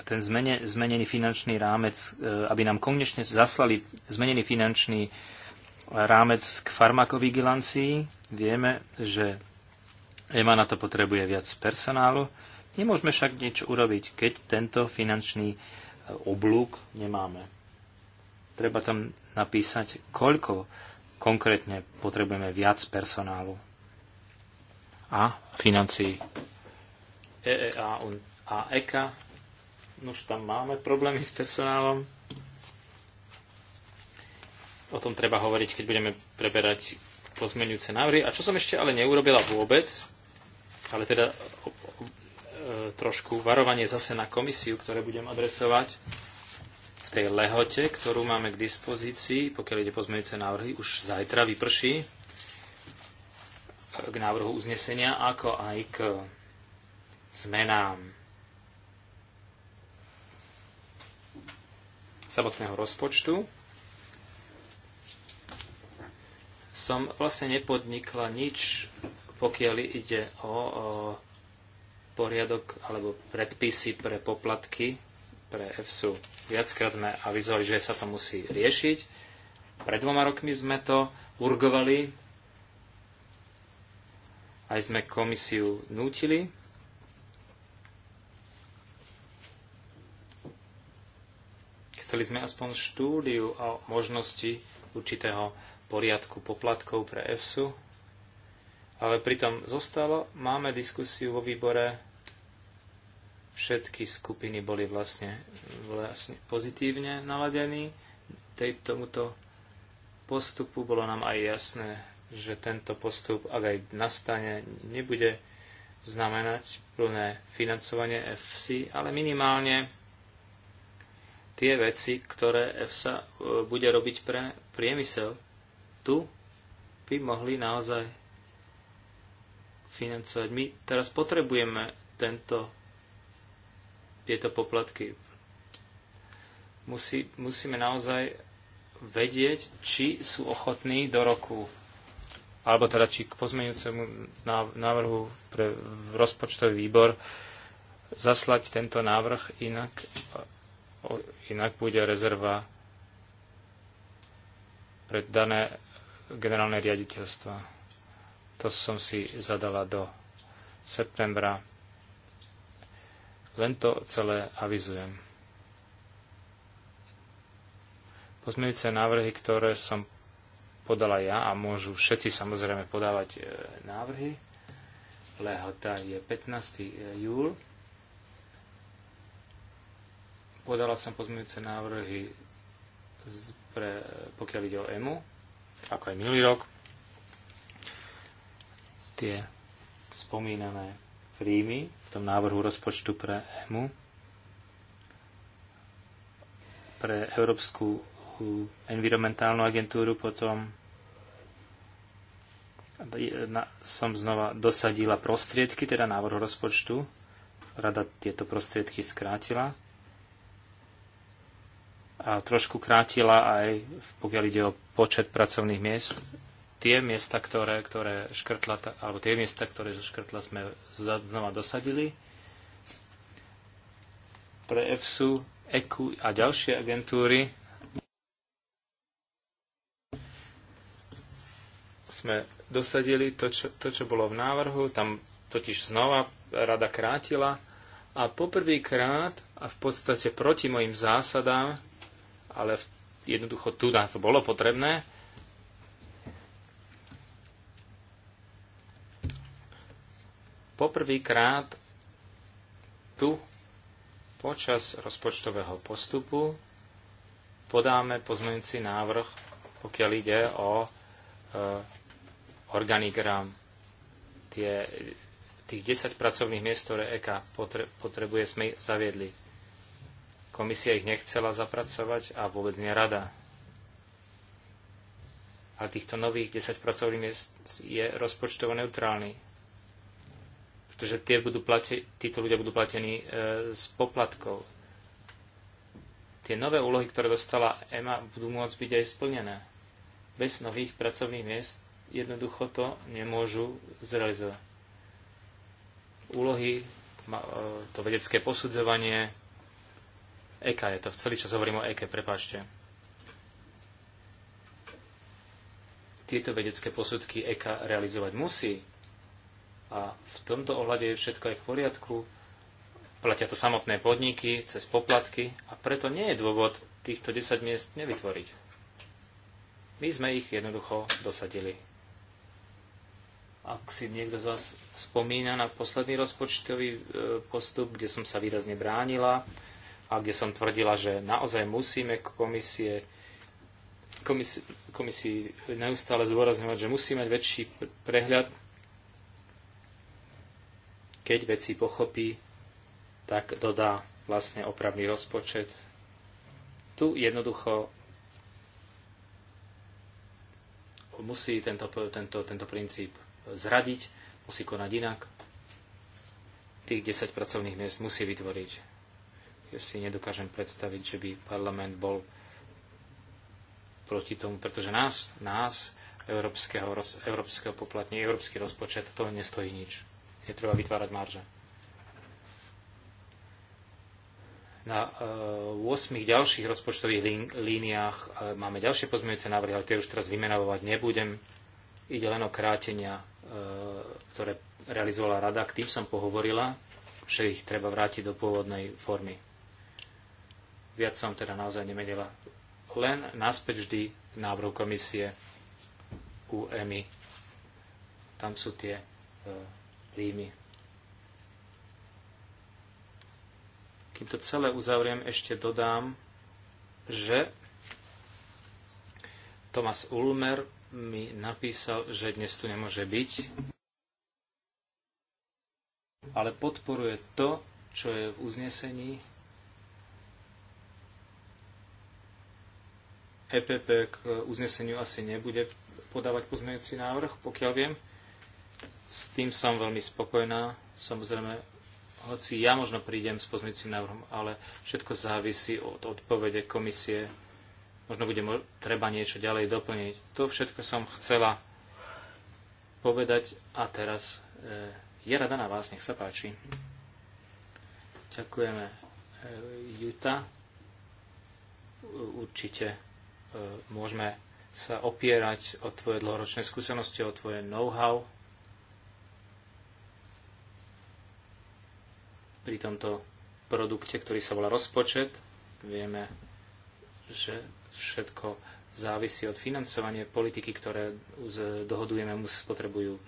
ten zmene, zmenený finančný rámec, e, aby nám konečne zaslali zmenený finančný rámec k farmakovigilancii. Vieme, že EMA na to potrebuje viac personálu. Nemôžeme však niečo urobiť, keď tento finančný e, oblúk nemáme. Treba tam napísať, koľko konkrétne potrebujeme viac personálu a financií. EEA a EKA e už tam máme problémy s personálom. O tom treba hovoriť, keď budeme preberať pozmeňujúce návrhy. A čo som ešte ale neurobila vôbec, ale teda o, o, o, e, trošku varovanie zase na komisiu, ktoré budem adresovať v tej lehote, ktorú máme k dispozícii, pokiaľ ide pozmeňujúce návrhy, už zajtra vyprší e, k návrhu uznesenia, ako aj k zmenám samotného rozpočtu, som vlastne nepodnikla nič, pokiaľ ide o, o poriadok alebo predpisy pre poplatky pre EFSU. Viackrát sme avizovali, že sa to musí riešiť. Pred dvoma rokmi sme to urgovali, aj sme komisiu nútili, Chceli sme aspoň štúdiu o možnosti určitého poriadku poplatkov pre EFSU, ale pritom zostalo, máme diskusiu vo výbore, všetky skupiny boli vlastne, vlastne pozitívne naladení tej, tomuto postupu. Bolo nám aj jasné, že tento postup, ak aj nastane, nebude znamenať plné financovanie FC, ale minimálne tie veci, ktoré EFSA e, bude robiť pre priemysel, tu by mohli naozaj financovať. My teraz potrebujeme tento, tieto poplatky. Musí, musíme naozaj vedieť, či sú ochotní do roku alebo teda či k pozmeňujúcemu návrhu pre rozpočtový výbor zaslať tento návrh, inak Inak bude rezerva pre dané generálne riaditeľstva. To som si zadala do septembra. Len to celé avizujem. Pozmeňujúce návrhy, ktoré som podala ja a môžu všetci samozrejme podávať e, návrhy. Lehota je 15. E, júl Podala som pozmeňujúce návrhy pre, pokiaľ ide o EMU, ako aj minulý rok. Tie spomínané príjmy v tom návrhu rozpočtu pre EMU pre Európsku environmentálnu agentúru potom som znova dosadila prostriedky, teda návrh rozpočtu. Rada tieto prostriedky skrátila a trošku krátila aj pokiaľ ide o počet pracovných miest. Tie miesta, ktoré, ktoré škrtla, alebo tie miesta, ktoré škrtla sme znova dosadili pre EFSU, EKU a ďalšie agentúry sme dosadili to čo, to, čo bolo v návrhu. Tam totiž znova rada krátila a poprvýkrát a v podstate proti mojim zásadám ale jednoducho tu nás to bolo potrebné. Poprvýkrát tu počas rozpočtového postupu podáme pozmeňujúci návrh, pokiaľ ide o e, organigram. Tie, tých 10 pracovných miest, ktoré EK potrebuje, sme zaviedli Komisia ich nechcela zapracovať a vôbec nie rada. Ale týchto nových 10 pracovných miest je rozpočtovo neutrálny. Pretože tie budú plate- títo ľudia budú platení e, z poplatkov. Tie nové úlohy, ktoré dostala EMA, budú môcť byť aj splnené. Bez nových pracovných miest jednoducho to nemôžu zrealizovať. Úlohy, e, to vedecké posudzovanie, EKA je to, celý čas hovorím o EKE, prepáčte. Tieto vedecké posudky EKA realizovať musí. A v tomto ohľade je všetko aj v poriadku. Platia to samotné podniky cez poplatky a preto nie je dôvod týchto 10 miest nevytvoriť. My sme ich jednoducho dosadili. Ak si niekto z vás spomína na posledný rozpočtový e, postup, kde som sa výrazne bránila, a kde som tvrdila, že naozaj musíme komisie, komisii, neustále zdôrazňovať, že musí mať väčší prehľad, keď veci pochopí, tak dodá vlastne opravný rozpočet. Tu jednoducho musí tento, tento, tento princíp zradiť, musí konať inak. Tých 10 pracovných miest musí vytvoriť si nedokážem predstaviť, že by parlament bol proti tomu, pretože nás, nás európskeho, európskeho poplatní, európsky rozpočet, to nestojí nič. treba vytvárať marže. Na uh, eh, 8 ďalších rozpočtových lín, líniách uh, máme ďalšie pozmeňujúce návrhy, ale tie už teraz vymenovať nebudem. Ide len o krátenia, uh, ktoré realizovala rada, k tým som pohovorila, že ich treba vrátiť do pôvodnej formy. Viac som teda naozaj nemenila. Len naspäť vždy k návrhu komisie u EMI. Tam sú tie e, príjmy. Kým to celé uzavriem, ešte dodám, že Tomas Ulmer mi napísal, že dnes tu nemôže byť, ale podporuje to, čo je v uznesení EPP k uzneseniu asi nebude podávať pozmeňujúci návrh, pokiaľ viem. S tým som veľmi spokojná. Samozrejme, hoci ja možno prídem s pozmeňujúcim návrhom, ale všetko závisí od odpovede komisie. Možno bude treba niečo ďalej doplniť. To všetko som chcela povedať a teraz e, je rada na vás, nech sa páči. Ďakujeme, e, Juta. Určite E, môžeme sa opierať o tvoje dlhoročné skúsenosti, o tvoje know-how pri tomto produkte, ktorý sa volá rozpočet. Vieme, že všetko závisí od financovania politiky, ktoré dohodujeme, mus potrebujú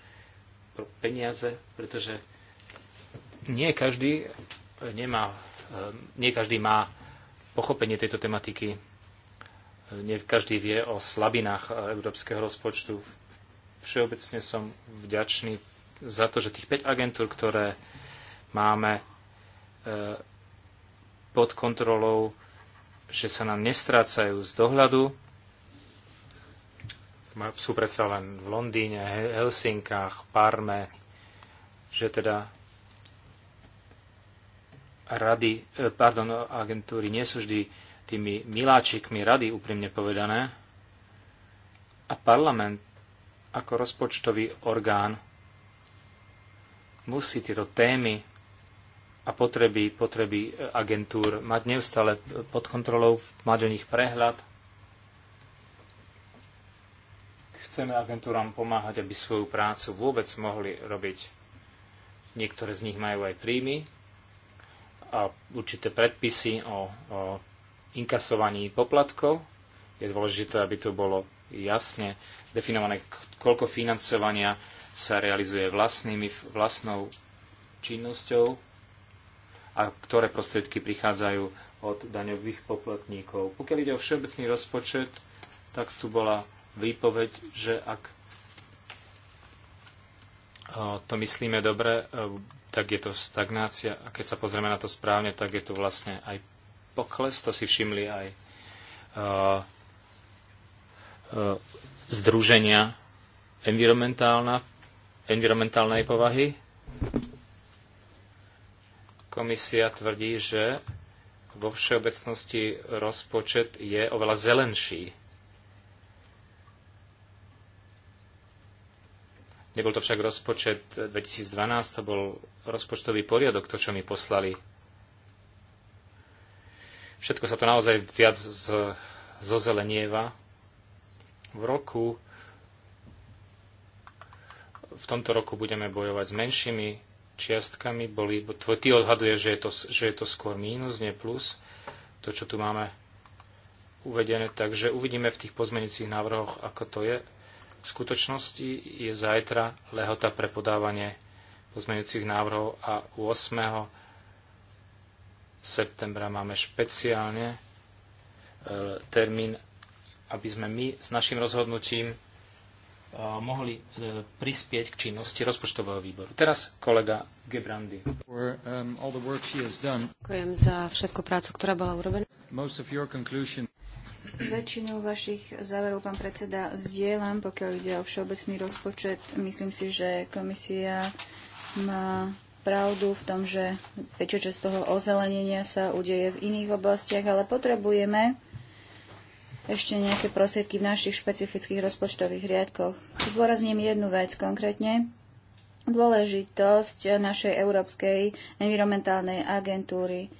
peniaze, pretože nie každý e, nemá, e, nie každý má pochopenie tejto tematiky nie každý vie o slabinách eh, európskeho rozpočtu. Všeobecne som vďačný za to, že tých 5 agentúr, ktoré máme eh, pod kontrolou, že sa nám nestrácajú z dohľadu. Sú predsa len v Londýne, Helsinkách, Parme, že teda rady, eh, pardon, agentúry nie sú vždy tými miláčikmi rady, úprimne povedané. A parlament ako rozpočtový orgán musí tieto témy a potreby, potreby e, agentúr mať neustále pod kontrolou, mať o nich prehľad. Chceme agentúram pomáhať, aby svoju prácu vôbec mohli robiť. Niektoré z nich majú aj príjmy a určité predpisy o, o inkasovaní poplatkov. Je dôležité, aby to bolo jasne definované, koľko financovania sa realizuje vlastnými, vlastnou činnosťou a ktoré prostriedky prichádzajú od daňových poplatníkov. Pokiaľ ide o všeobecný rozpočet, tak tu bola výpoveď, že ak to myslíme dobre, tak je to stagnácia a keď sa pozrieme na to správne, tak je to vlastne aj pokles, to si všimli aj eh, eh, združenia environmentálnej povahy. Komisia tvrdí, že vo všeobecnosti rozpočet je oveľa zelenší. Nebol to však rozpočet 2012, to bol rozpočtový poriadok, to, čo mi poslali Všetko sa to naozaj viac z, zozelenieva. V roku v tomto roku budeme bojovať s menšími čiastkami. Boli, tvoj, ty odhaduješ, že je, to, že je to skôr mínus, nie plus. To, čo tu máme uvedené. Takže uvidíme v tých pozmenicích návrhoch, ako to je. V skutočnosti je zajtra lehota pre podávanie pozmenujúcich návrhov a 8 septembra máme špeciálne e, termín, aby sme my s našim rozhodnutím e, mohli e, prispieť k činnosti rozpočtového výboru. Teraz kolega Gebrandy. Um, Ďakujem za všetku prácu, ktorá bola urobená. Väčšinu vašich záverov, pán predseda, zdieľam, pokiaľ ide o všeobecný rozpočet. Myslím si, že komisia má pravdu v tom, že väčšia časť toho ozelenenia sa udeje v iných oblastiach, ale potrebujeme ešte nejaké prostriedky v našich špecifických rozpočtových riadkoch. Zdôrazním jednu vec konkrétne. Dôležitosť našej Európskej environmentálnej agentúry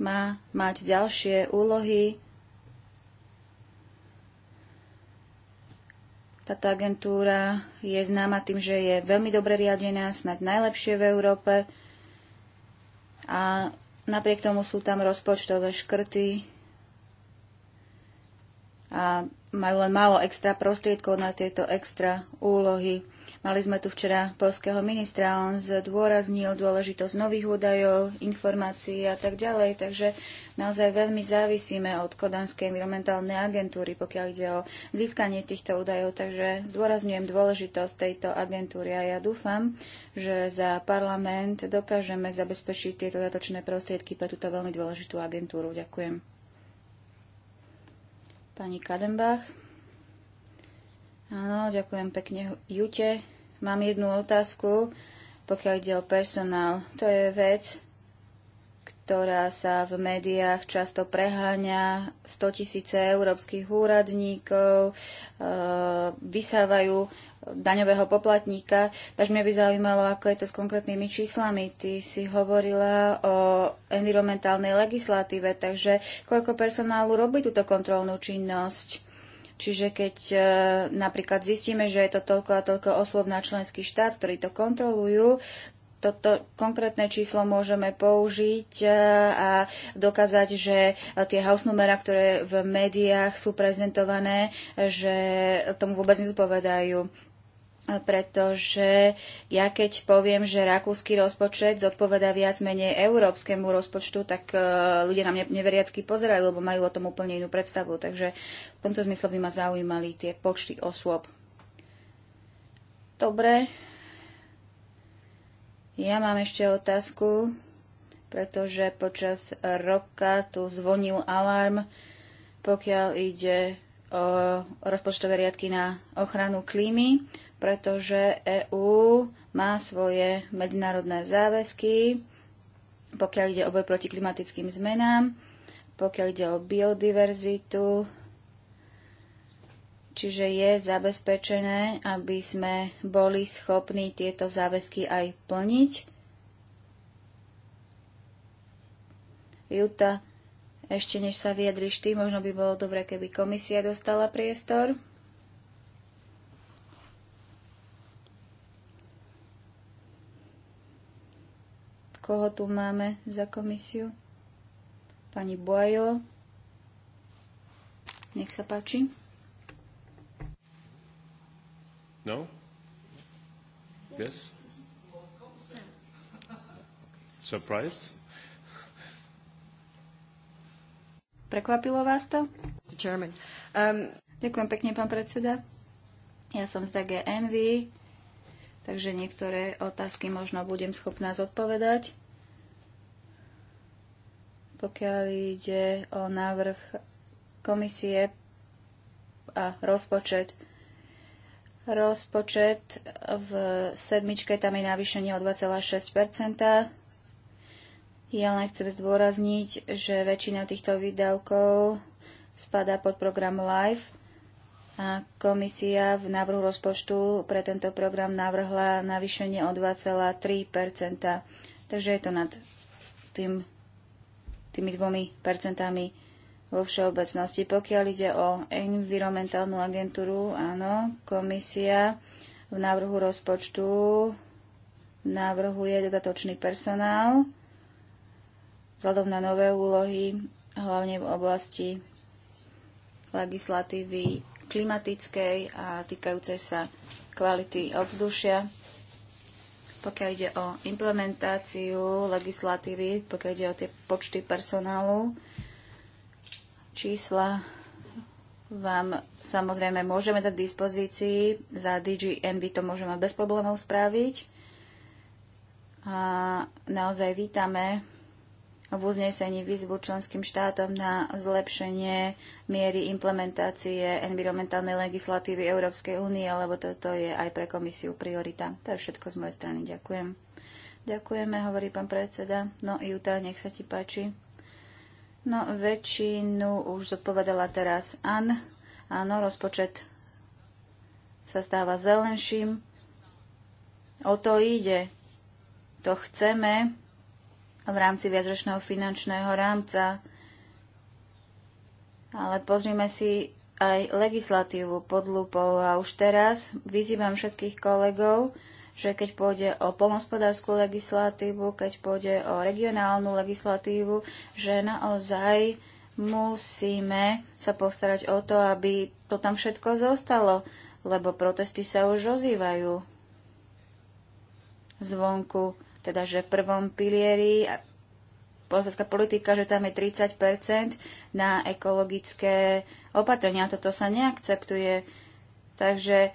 má mať ďalšie úlohy, Táto agentúra je známa tým, že je veľmi dobre riadená, snad najlepšie v Európe. A napriek tomu sú tam rozpočtové škrty a majú len málo extra prostriedkov na tieto extra úlohy. Mali sme tu včera polského ministra, on zdôraznil dôležitosť nových údajov, informácií a tak ďalej, takže naozaj veľmi závisíme od Kodanskej environmentálnej agentúry, pokiaľ ide o získanie týchto údajov, takže zdôrazňujem dôležitosť tejto agentúry a ja dúfam, že za parlament dokážeme zabezpečiť tieto dodatočné prostriedky pre túto veľmi dôležitú agentúru. Ďakujem. Pani Kadenbach. Áno, ďakujem pekne Jute. Mám jednu otázku, pokiaľ ide o personál. To je vec, ktorá sa v médiách často preháňa. 100 tisíce európskych úradníkov e, vysávajú daňového poplatníka. Takže mňa by zaujímalo, ako je to s konkrétnymi číslami. Ty si hovorila o environmentálnej legislatíve, takže koľko personálu robí túto kontrolnú činnosť? Čiže keď e, napríklad zistíme, že je to toľko a toľko osôb na členský štát, ktorí to kontrolujú, toto konkrétne číslo môžeme použiť e, a dokázať, že tie house numera, ktoré v médiách sú prezentované, že tomu vôbec nezodpovedajú pretože ja keď poviem, že rakúsky rozpočet zodpoveda viac menej európskemu rozpočtu, tak e, ľudia na mňa neveriacky pozerajú, lebo majú o tom úplne inú predstavu. Takže v tomto zmysle by ma zaujímali tie počty osôb. Dobre. Ja mám ešte otázku, pretože počas roka tu zvonil alarm, pokiaľ ide o rozpočtové riadky na ochranu klímy pretože EÚ má svoje medzinárodné záväzky, pokiaľ ide o boj proti klimatickým zmenám, pokiaľ ide o biodiverzitu, čiže je zabezpečené, aby sme boli schopní tieto záväzky aj plniť. Juta, ešte než sa vyjadriš ty, možno by bolo dobre, keby komisia dostala priestor. Koho tu máme za komisiu? Pani Boajo. Nech sa páči. No? Yes? Surprise? Prekvapilo vás to? Um... Ďakujem pekne, pán predseda. Ja som z DGNV takže niektoré otázky možno budem schopná zodpovedať. Pokiaľ ide o návrh komisie a rozpočet, Rozpočet v sedmičke tam je navýšenie o 2,6 Ja len chcem zdôrazniť, že väčšina týchto výdavkov spadá pod program LIFE Komisia v návrhu rozpočtu pre tento program navrhla navýšenie o 2,3 Takže je to nad tým, tými dvomi percentami vo všeobecnosti. Pokiaľ ide o environmentálnu agentúru, áno, komisia v návrhu rozpočtu navrhuje dodatočný personál vzhľadom na nové úlohy, hlavne v oblasti legislatívy klimatickej a týkajúcej sa kvality ovzdušia. Pokiaľ ide o implementáciu legislatívy, pokiaľ ide o tie počty personálu, čísla vám samozrejme môžeme dať dispozícii. Za DGMV to môžeme bez problémov spraviť. A naozaj vítame v uznesení výzvu členským štátom na zlepšenie miery implementácie environmentálnej legislatívy Európskej únie, lebo toto je aj pre komisiu priorita. To je všetko z mojej strany. Ďakujem. Ďakujeme, hovorí pán predseda. No, Juta, nech sa ti páči. No, väčšinu už zodpovedala teraz An. Áno, rozpočet sa stáva zelenším. O to ide. To chceme v rámci viacročného finančného rámca. Ale pozrime si aj legislatívu pod lupou a už teraz vyzývam všetkých kolegov, že keď pôjde o polnospodárskú legislatívu, keď pôjde o regionálnu legislatívu, že naozaj musíme sa postarať o to, aby to tam všetko zostalo, lebo protesty sa už ozývajú zvonku teda že v prvom pilieri polská politika, že tam je 30 na ekologické opatrenia. Toto sa neakceptuje. Takže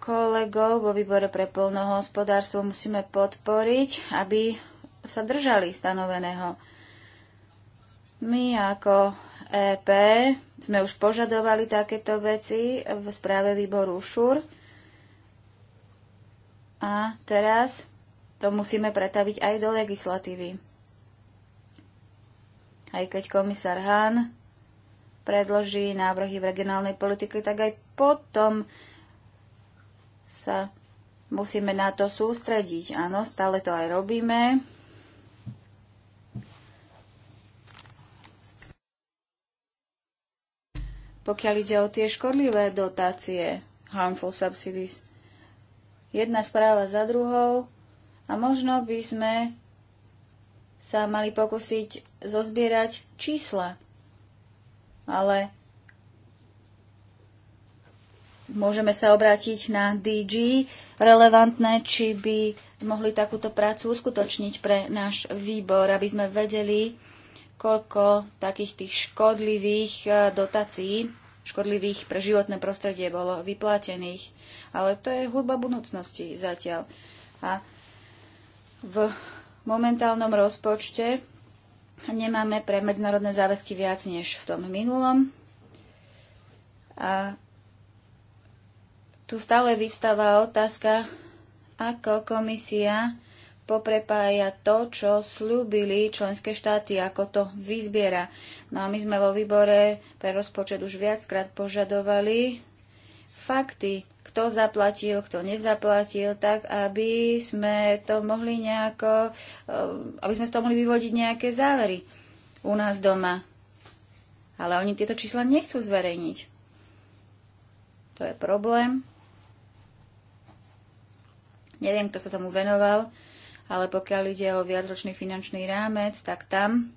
kolegov vo výbore pre polnohospodárstvo musíme podporiť, aby sa držali stanoveného. My ako EP sme už požadovali takéto veci v správe výboru ŠUR. A teraz to musíme pretaviť aj do legislatívy. Aj keď komisár Hahn predloží návrhy v regionálnej politike, tak aj potom sa musíme na to sústrediť. Áno, stále to aj robíme. Pokiaľ ide o tie škodlivé dotácie, harmful subsidies, jedna správa za druhou, a možno by sme sa mali pokúsiť zozbierať čísla. Ale môžeme sa obrátiť na DG relevantné, či by mohli takúto prácu uskutočniť pre náš výbor, aby sme vedeli, koľko takých tých škodlivých e, dotácií, škodlivých pre životné prostredie bolo vyplatených. Ale to je hudba budúcnosti zatiaľ. A v momentálnom rozpočte nemáme pre medzinárodné záväzky viac než v tom minulom. A tu stále vystáva otázka, ako komisia poprepája to, čo slúbili členské štáty, ako to vyzbiera. No a my sme vo výbore pre rozpočet už viackrát požadovali fakty, kto zaplatil, kto nezaplatil, tak aby sme to mohli nejako, eh, aby sme z toho mohli vyvodiť nejaké závery u nás doma. Ale oni tieto čísla nechcú zverejniť. To je problém. Neviem, kto sa tomu venoval, ale pokiaľ ide o viacročný finančný rámec, tak tam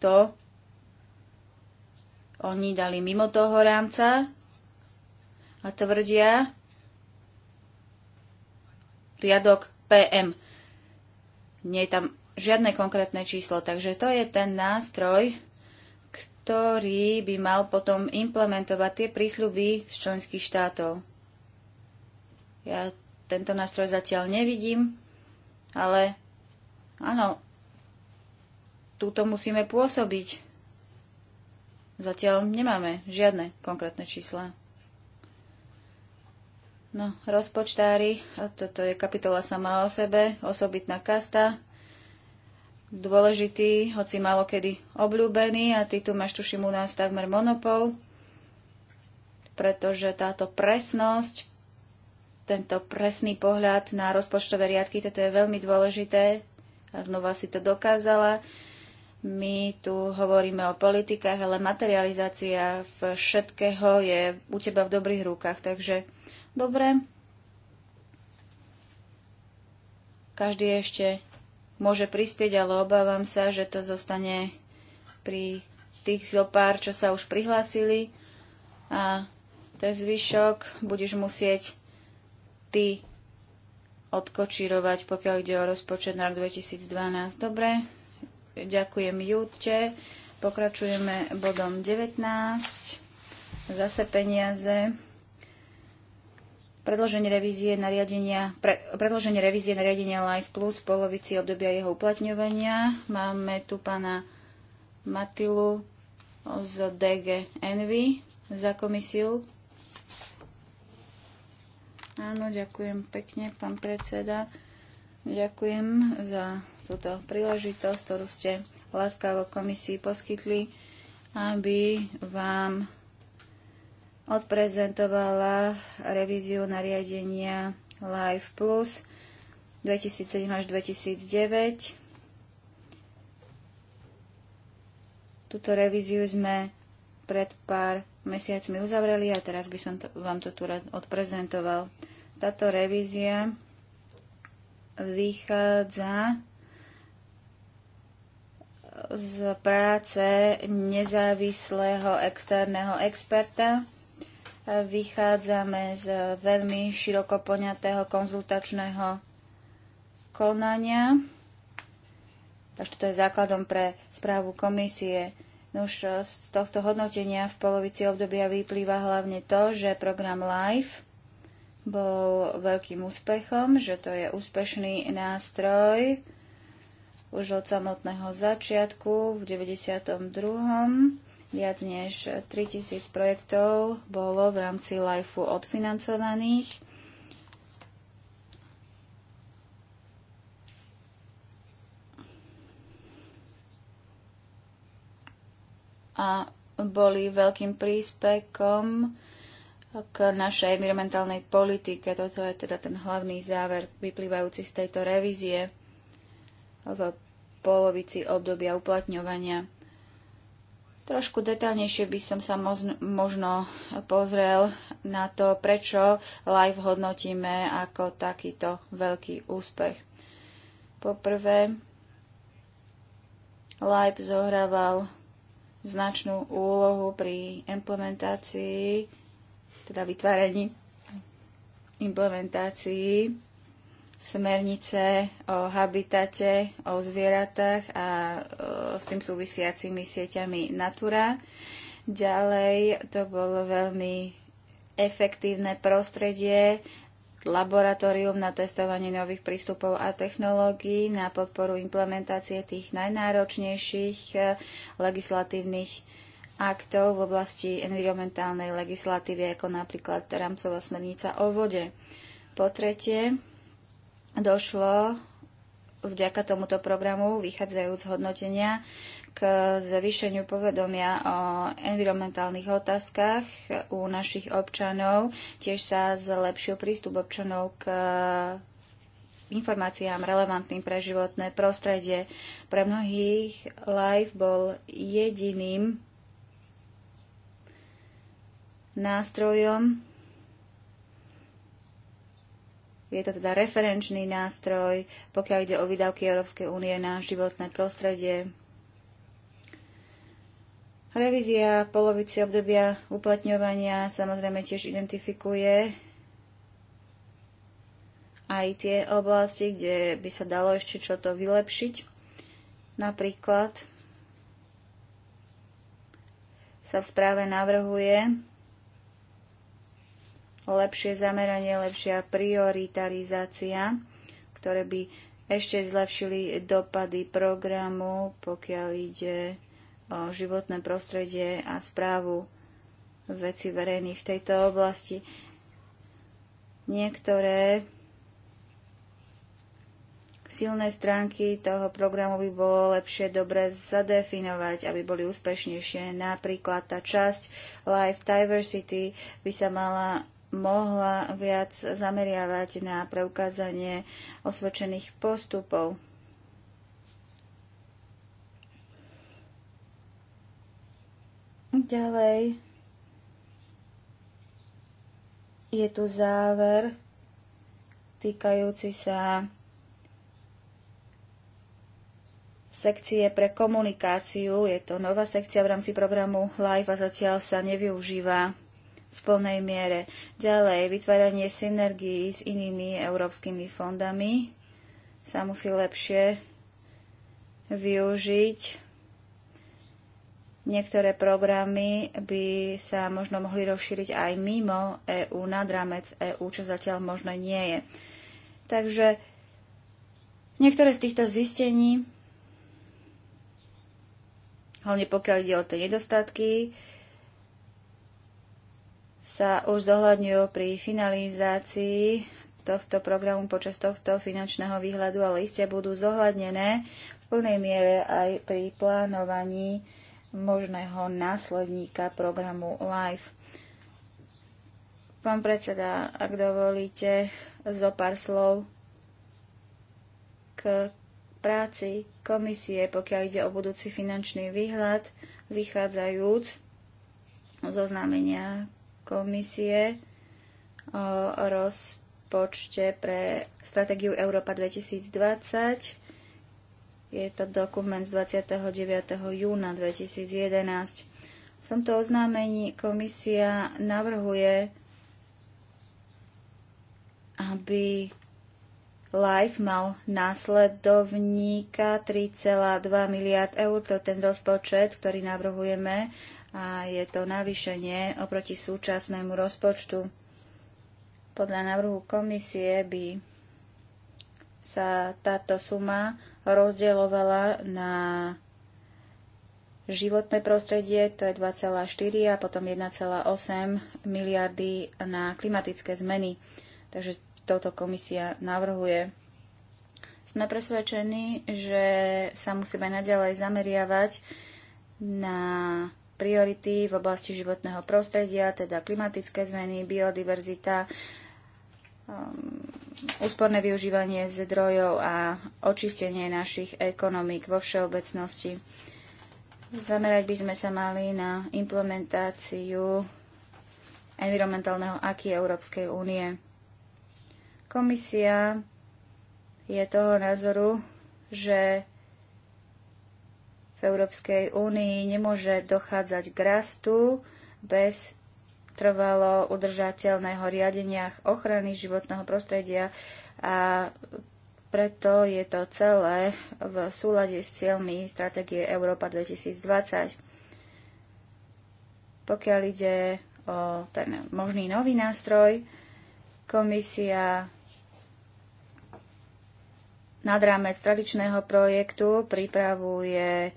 to oni dali mimo toho rámca tvrdia riadok PM. Nie je tam žiadne konkrétne číslo, takže to je ten nástroj, ktorý by mal potom implementovať tie prísľuby z členských štátov. Ja tento nástroj zatiaľ nevidím, ale áno, túto musíme pôsobiť. Zatiaľ nemáme žiadne konkrétne čísla. No, rozpočtári, toto je kapitola sama o sebe, osobitná kasta, dôležitý, hoci malokedy obľúbený a ty tu máš tuším u nás takmer monopol, pretože táto presnosť, tento presný pohľad na rozpočtové riadky, toto je veľmi dôležité a znova si to dokázala. My tu hovoríme o politikách, ale materializácia všetkého je u teba v dobrých rukách, takže Dobre. Každý ešte môže prispieť, ale obávam sa, že to zostane pri tých zo pár, čo sa už prihlásili. A ten zvyšok budeš musieť ty odkočírovať, pokiaľ ide o rozpočet na rok 2012. Dobre, ďakujem Júte. Pokračujeme bodom 19. Zase peniaze. Predloženie revízie nariadenia, pre, predloženie revízie nariadenia Life Plus v polovici obdobia jeho uplatňovania. Máme tu pána Matilu z DG Envy za komisiu. Áno, ďakujem pekne, pán predseda. Ďakujem za túto príležitosť, ktorú ste láskavo komisii poskytli, aby vám odprezentovala revíziu nariadenia Live Plus 2007 až 2009. Tuto revíziu sme pred pár mesiacmi uzavreli a teraz by som to, vám to tu odprezentoval. Táto revízia vychádza z práce nezávislého externého experta, vychádzame z veľmi široko poňatého konzultačného konania. Takže to je základom pre správu komisie. Už z tohto hodnotenia v polovici obdobia vyplýva hlavne to, že program LIFE bol veľkým úspechom, že to je úspešný nástroj už od samotného začiatku v 92. Viac než 3000 projektov bolo v rámci LIFE odfinancovaných. A boli veľkým príspekom k našej environmentálnej politike. Toto je teda ten hlavný záver vyplývajúci z tejto revízie v polovici obdobia uplatňovania. Trošku detaľnejšie by som sa možno pozrel na to, prečo live hodnotíme ako takýto veľký úspech. Poprvé, live zohrával značnú úlohu pri implementácii, teda vytváraní implementácii smernice o habitate, o zvieratách a o, e, s tým súvisiacimi sieťami Natura. Ďalej to bolo veľmi efektívne prostredie, laboratórium na testovanie nových prístupov a technológií na podporu implementácie tých najnáročnejších e, legislatívnych aktov v oblasti environmentálnej legislatívy, ako napríklad rámcová smernica o vode. Po tretie, došlo vďaka tomuto programu, vychádzajúc z hodnotenia, k zvýšeniu povedomia o environmentálnych otázkach u našich občanov. Tiež sa zlepšil prístup občanov k informáciám relevantným pre životné prostredie. Pre mnohých live bol jediným nástrojom, je to teda referenčný nástroj, pokiaľ ide o výdavky Európskej únie na životné prostredie. Revízia polovici obdobia uplatňovania samozrejme tiež identifikuje aj tie oblasti, kde by sa dalo ešte čo to vylepšiť. Napríklad sa v správe navrhuje lepšie zameranie, lepšia prioritarizácia, ktoré by ešte zlepšili dopady programu, pokiaľ ide o životné prostredie a správu veci verejných v tejto oblasti. Niektoré silné stránky toho programu by bolo lepšie dobre zadefinovať, aby boli úspešnejšie. Napríklad tá časť Life Diversity by sa mala mohla viac zameriavať na preukázanie osvedčených postupov. Ďalej je tu záver týkajúci sa sekcie pre komunikáciu. Je to nová sekcia v rámci programu Live a zatiaľ sa nevyužíva v plnej miere. Ďalej, vytváranie synergií s inými európskymi fondami sa musí lepšie využiť. Niektoré programy by sa možno mohli rozšíriť aj mimo EÚ, nad rámec EÚ, čo zatiaľ možno nie je. Takže niektoré z týchto zistení, hlavne pokiaľ ide o tie nedostatky, sa už zohľadňujú pri finalizácii tohto programu počas tohto finančného výhľadu, ale iste budú zohľadnené v plnej miere aj pri plánovaní možného následníka programu LIFE. Pán predseda, ak dovolíte, zo pár slov k práci komisie, pokiaľ ide o budúci finančný výhľad, vychádzajúc zo znamenia komisie o rozpočte pre stratégiu Európa 2020. Je to dokument z 29. júna 2011. V tomto oznámení komisia navrhuje, aby Life mal následovníka 3,2 miliard eur, to je ten rozpočet, ktorý navrhujeme a je to navýšenie oproti súčasnému rozpočtu. Podľa návrhu komisie by sa táto suma rozdielovala na životné prostredie, to je 2,4 a potom 1,8 miliardy na klimatické zmeny. Takže toto komisia navrhuje. Sme presvedčení, že sa musíme naďalej zameriavať na priority v oblasti životného prostredia, teda klimatické zmeny, biodiverzita, um, úsporné využívanie zdrojov a očistenie našich ekonomík vo všeobecnosti. Zamerať by sme sa mali na implementáciu environmentálneho aky Európskej únie. Komisia je toho názoru, že Európskej únii nemôže dochádzať k rastu bez trvalo udržateľného riadenia ochrany životného prostredia a preto je to celé v súlade s cieľmi stratégie Európa 2020. Pokiaľ ide o ten možný nový nástroj, komisia nad rámec tradičného projektu pripravuje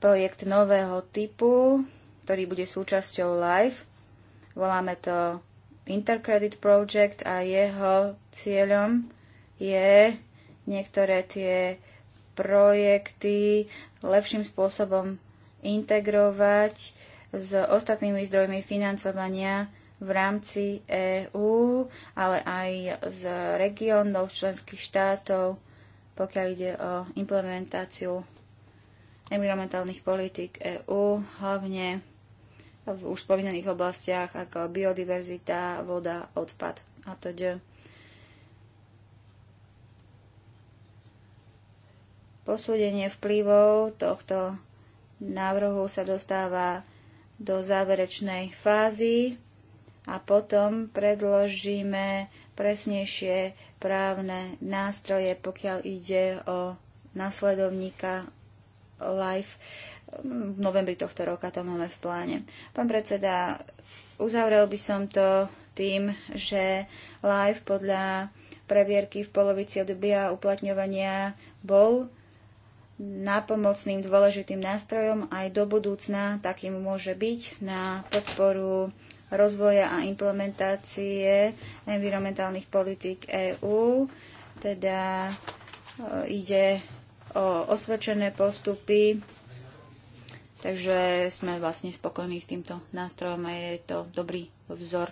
projekt nového typu, ktorý bude súčasťou LIFE. Voláme to Intercredit Project a jeho cieľom je niektoré tie projekty lepším spôsobom integrovať s ostatnými zdrojmi financovania v rámci EÚ, ale aj z regiónov členských štátov, pokiaľ ide o implementáciu environmentálnych politík EÚ, hlavne v už spomínaných oblastiach ako biodiverzita, voda, odpad a td. Posúdenie vplyvov tohto návrhu sa dostáva do záverečnej fázy a potom predložíme presnejšie právne nástroje, pokiaľ ide o nasledovníka Life. Mm, v novembri tohto roka to máme v pláne. Pán predseda, uzavrel by som to tým, že Life podľa previerky v polovici obdobia uplatňovania bol nápomocným dôležitým nástrojom aj do budúcna takým môže byť na podporu rozvoja a implementácie environmentálnych politík EÚ. Teda e, ide o osvedčené postupy, takže sme vlastne spokojní s týmto nástrojom a je to dobrý vzor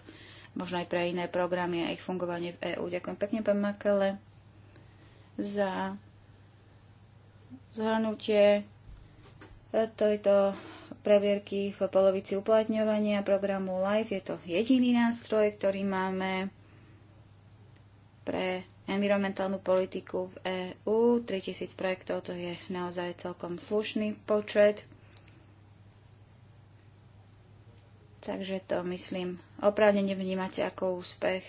možno aj pre iné programy a ich fungovanie v EÚ. Ďakujem pekne, pán Makele, za zhrnutie tejto previerky v polovici uplatňovania programu LIFE. Je to jediný nástroj, ktorý máme pre environmentálnu politiku v EÚ. 3000 projektov to je naozaj celkom slušný počet. Takže to, myslím, opravne nevnímate ako úspech.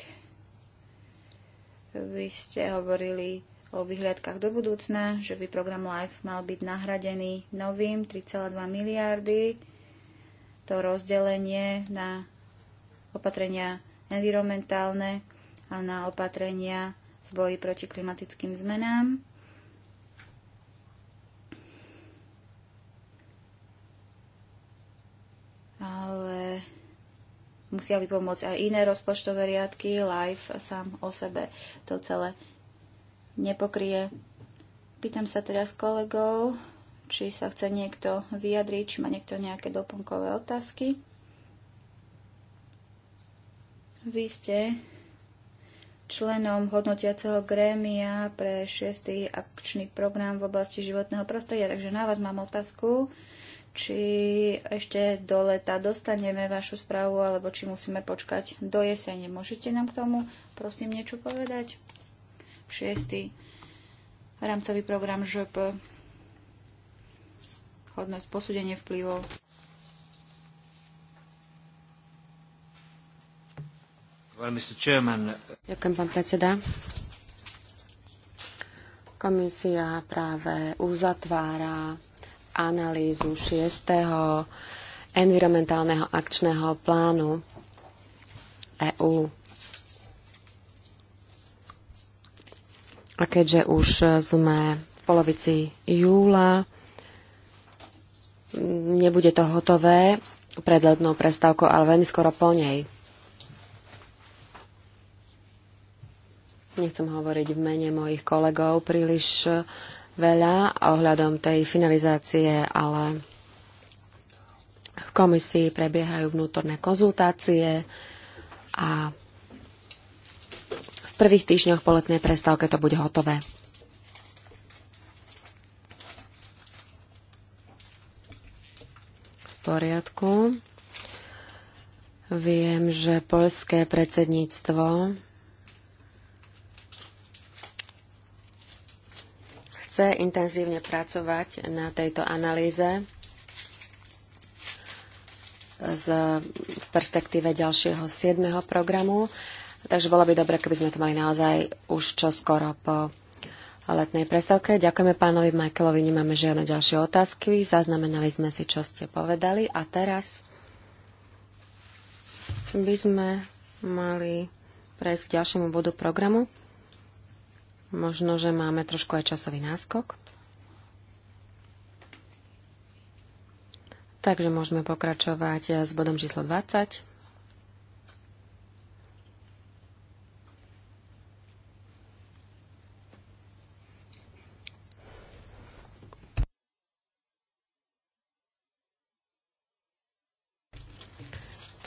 Vy ste hovorili o vyhliadkách do budúcna, že by program LIFE mal byť nahradený novým 3,2 miliardy. To rozdelenie na opatrenia environmentálne a na opatrenia v boji proti klimatickým zmenám. Ale musia vypomôcť aj iné rozpočtové riadky, life sám o sebe to celé nepokrie. Pýtam sa teraz kolegov, či sa chce niekto vyjadriť, či má niekto nejaké doplnkové otázky. Vy ste členom hodnotiaceho grémia pre 6. akčný program v oblasti životného prostredia. Takže na vás mám otázku, či ešte do leta dostaneme vašu správu, alebo či musíme počkať do jesene. Môžete nám k tomu prosím niečo povedať? 6. rámcový program ŽP hodnoť posúdenie vplyvov. Uh, Ďakujem, pán predseda. Komisia práve uzatvára analýzu 6. environmentálneho akčného plánu EÚ. A keďže už sme v polovici júla, nebude to hotové pred letnou prestávkou, ale veľmi skoro po nej. Nechcem hovoriť v mene mojich kolegov príliš e, veľa ohľadom tej finalizácie, ale v komisii prebiehajú vnútorné konzultácie a v prvých týždňoch po letnej prestávke to bude hotové. V poriadku. Viem, že poľské predsedníctvo chce intenzívne pracovať na tejto analýze z, v perspektíve ďalšieho 7. programu. Takže bolo by dobre, keby sme to mali naozaj už čo skoro po letnej prestávke. Ďakujeme pánovi Michaelovi, nemáme žiadne ďalšie otázky. Zaznamenali sme si, čo ste povedali. A teraz by sme mali prejsť k ďalšiemu bodu programu. Možno, že máme trošku aj časový náskok. Takže môžeme pokračovať eh, s bodom číslo 20.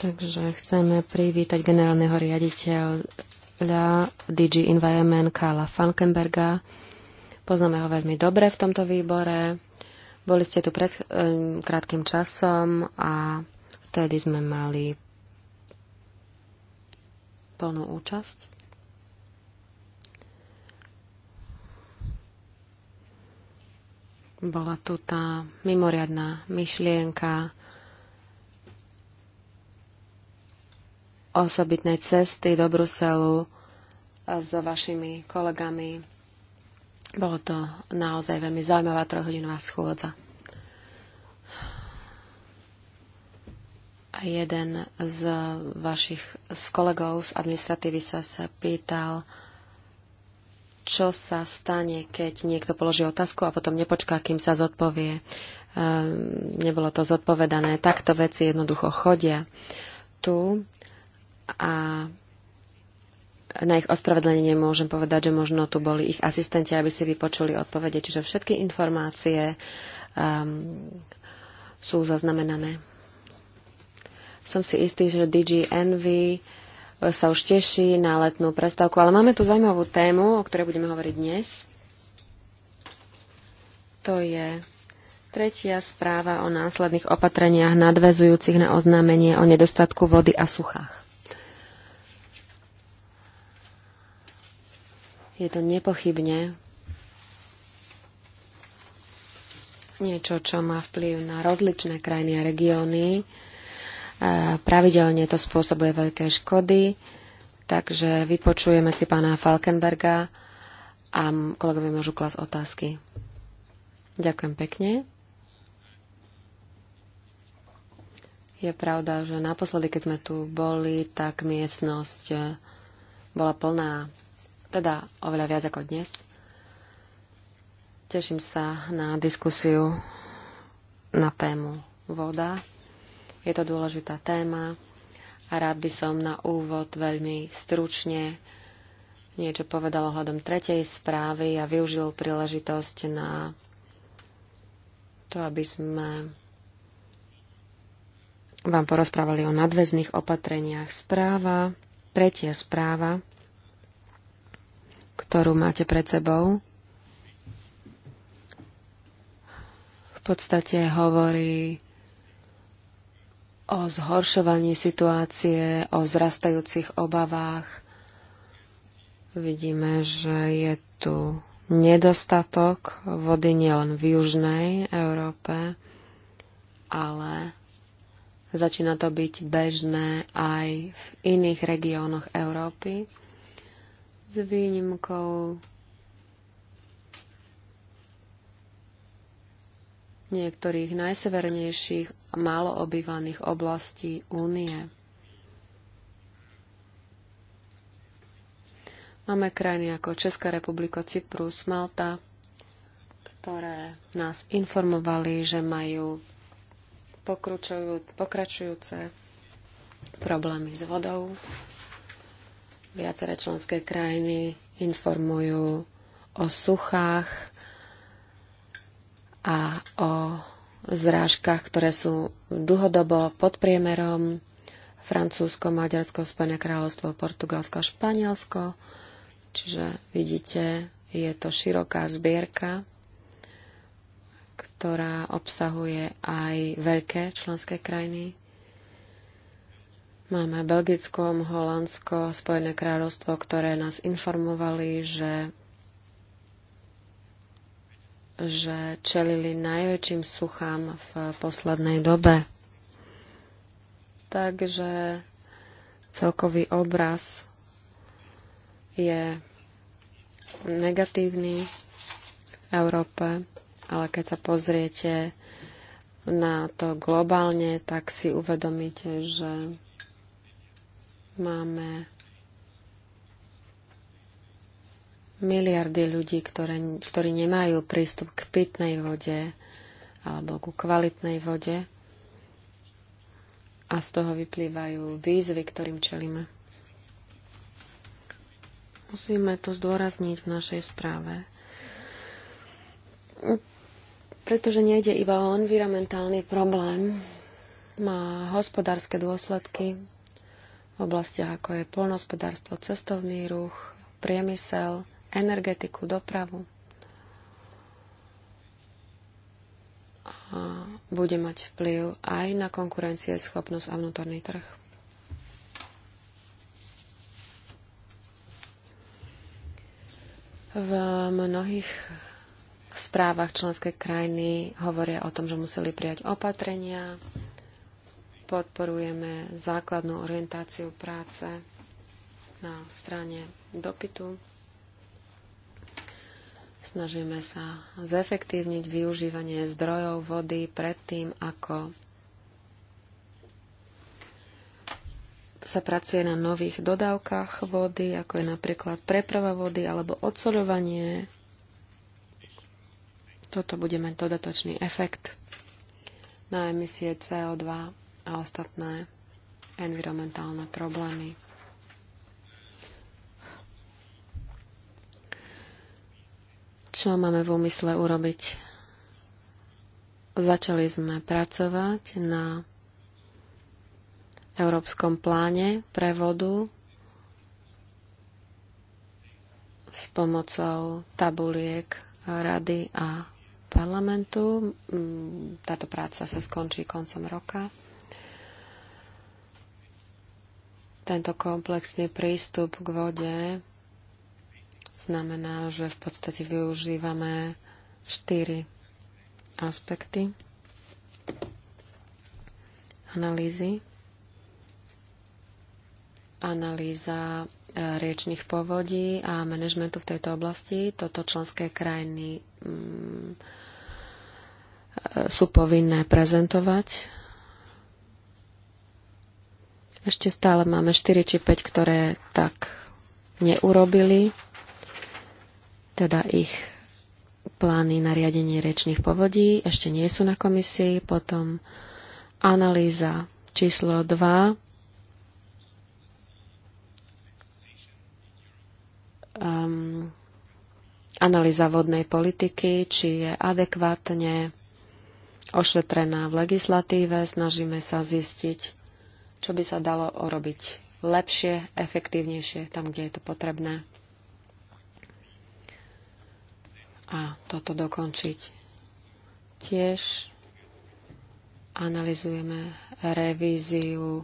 Takže chceme privítať generálneho riaditeľ, riaditeľa DG Environment Karla Falkenberga. Poznáme ho veľmi dobre v tomto výbore. Boli ste tu pred eh, krátkým časom a vtedy sme mali plnú účasť. Bola tu tá mimoriadná myšlienka osobitnej cesty do Bruselu s vašimi kolegami. Bolo to naozaj veľmi zaujímavá trojhodinová schôdza. A jeden z vašich z kolegov z administratívy sa, sa pýtal, čo sa stane, keď niekto položí otázku a potom nepočká, kým sa zodpovie. Ehm, nebolo to zodpovedané. Takto veci jednoducho chodia. Tu a na ich ospravedlenie môžem povedať, že možno tu boli ich asistenti, aby si vypočuli odpovede. Čiže všetky informácie um, sú zaznamenané. Som si istý, že DG Envy e, sa už teší na letnú prestávku, ale máme tu zaujímavú tému, o ktorej budeme hovoriť dnes. To je tretia správa o následných opatreniach nadvezujúcich na oznámenie o nedostatku vody a suchách. Je to nepochybne niečo, čo má vplyv na rozličné krajiny a regióny. E, pravidelne to spôsobuje veľké škody, takže vypočujeme si pána Falkenberga a kolegovi môžu klas otázky. Ďakujem pekne. Je pravda, že naposledy, keď sme tu boli, tak miestnosť e, bola plná teda oveľa viac ako dnes. Teším sa na diskusiu na tému voda. Je to dôležitá téma a rád by som na úvod veľmi stručne niečo povedal ohľadom tretej správy a využil príležitosť na to, aby sme vám porozprávali o nadväzných opatreniach. Správa, tretia správa, ktorú máte pred sebou, v podstate hovorí o zhoršovaní situácie, o zrastajúcich obavách. Vidíme, že je tu nedostatok vody nielen v južnej Európe, ale začína to byť bežné aj v iných regiónoch Európy s výnimkou niektorých najsevernejších a málo obývaných oblastí únie. Máme krajiny ako Česká republika, Cyprus, Malta, ktoré nás informovali, že majú pokračujúce problémy s vodou. Viaceré členské krajiny informujú o suchách a o zrážkach, ktoré sú dlhodobo pod priemerom. Francúzsko, Maďarsko, Spojené kráľovstvo, Portugalsko a Španielsko. Čiže vidíte, je to široká zbierka, ktorá obsahuje aj veľké členské krajiny. Máme Belgicko, Holandsko, Spojené kráľovstvo, ktoré nás informovali, že že čelili najväčším suchám v poslednej dobe. Takže celkový obraz je negatívny v Európe, ale keď sa pozriete na to globálne, tak si uvedomíte, že Máme miliardy ľudí, ktoré, ktorí nemajú prístup k pitnej vode alebo ku kvalitnej vode a z toho vyplývajú výzvy, ktorým čelíme. Musíme to zdôrazniť v našej správe. Pretože nejde iba o environmentálny problém, má hospodárske dôsledky, v oblastiach ako je polnohospodárstvo, cestovný ruch, priemysel, energetiku, dopravu. A bude mať vplyv aj na schopnosť a vnútorný trh. V mnohých správach členské krajiny hovoria o tom, že museli prijať opatrenia, podporujeme základnú orientáciu práce na strane dopytu. Snažíme sa zefektívniť využívanie zdrojov vody predtým, ako sa pracuje na nových dodávkach vody, ako je napríklad preprava vody alebo odsoľovanie. Toto bude mať dodatočný efekt na emisie CO2 a ostatné environmentálne problémy. Čo máme v úmysle urobiť? Začali sme pracovať na európskom pláne prevodu s pomocou tabuliek rady a parlamentu. Mm, táto práca sa skončí koncom roka. Tento komplexný prístup k vode znamená, že v podstate využívame štyri aspekty analýzy. Analýza e, riečných povodí a manažmentu v tejto oblasti. Toto členské krajiny mm, e, sú povinné prezentovať ešte stále máme 4 či 5, ktoré tak neurobili, teda ich plány na riadenie riečných povodí ešte nie sú na komisii, potom analýza číslo 2 um, ehm, analýza vodnej politiky, či je adekvátne ošetrená v legislatíve. Snažíme sa zistiť, čo by sa dalo urobiť lepšie, efektívnejšie, tam, kde je to potrebné. A toto dokončiť. Tiež analizujeme revíziu e,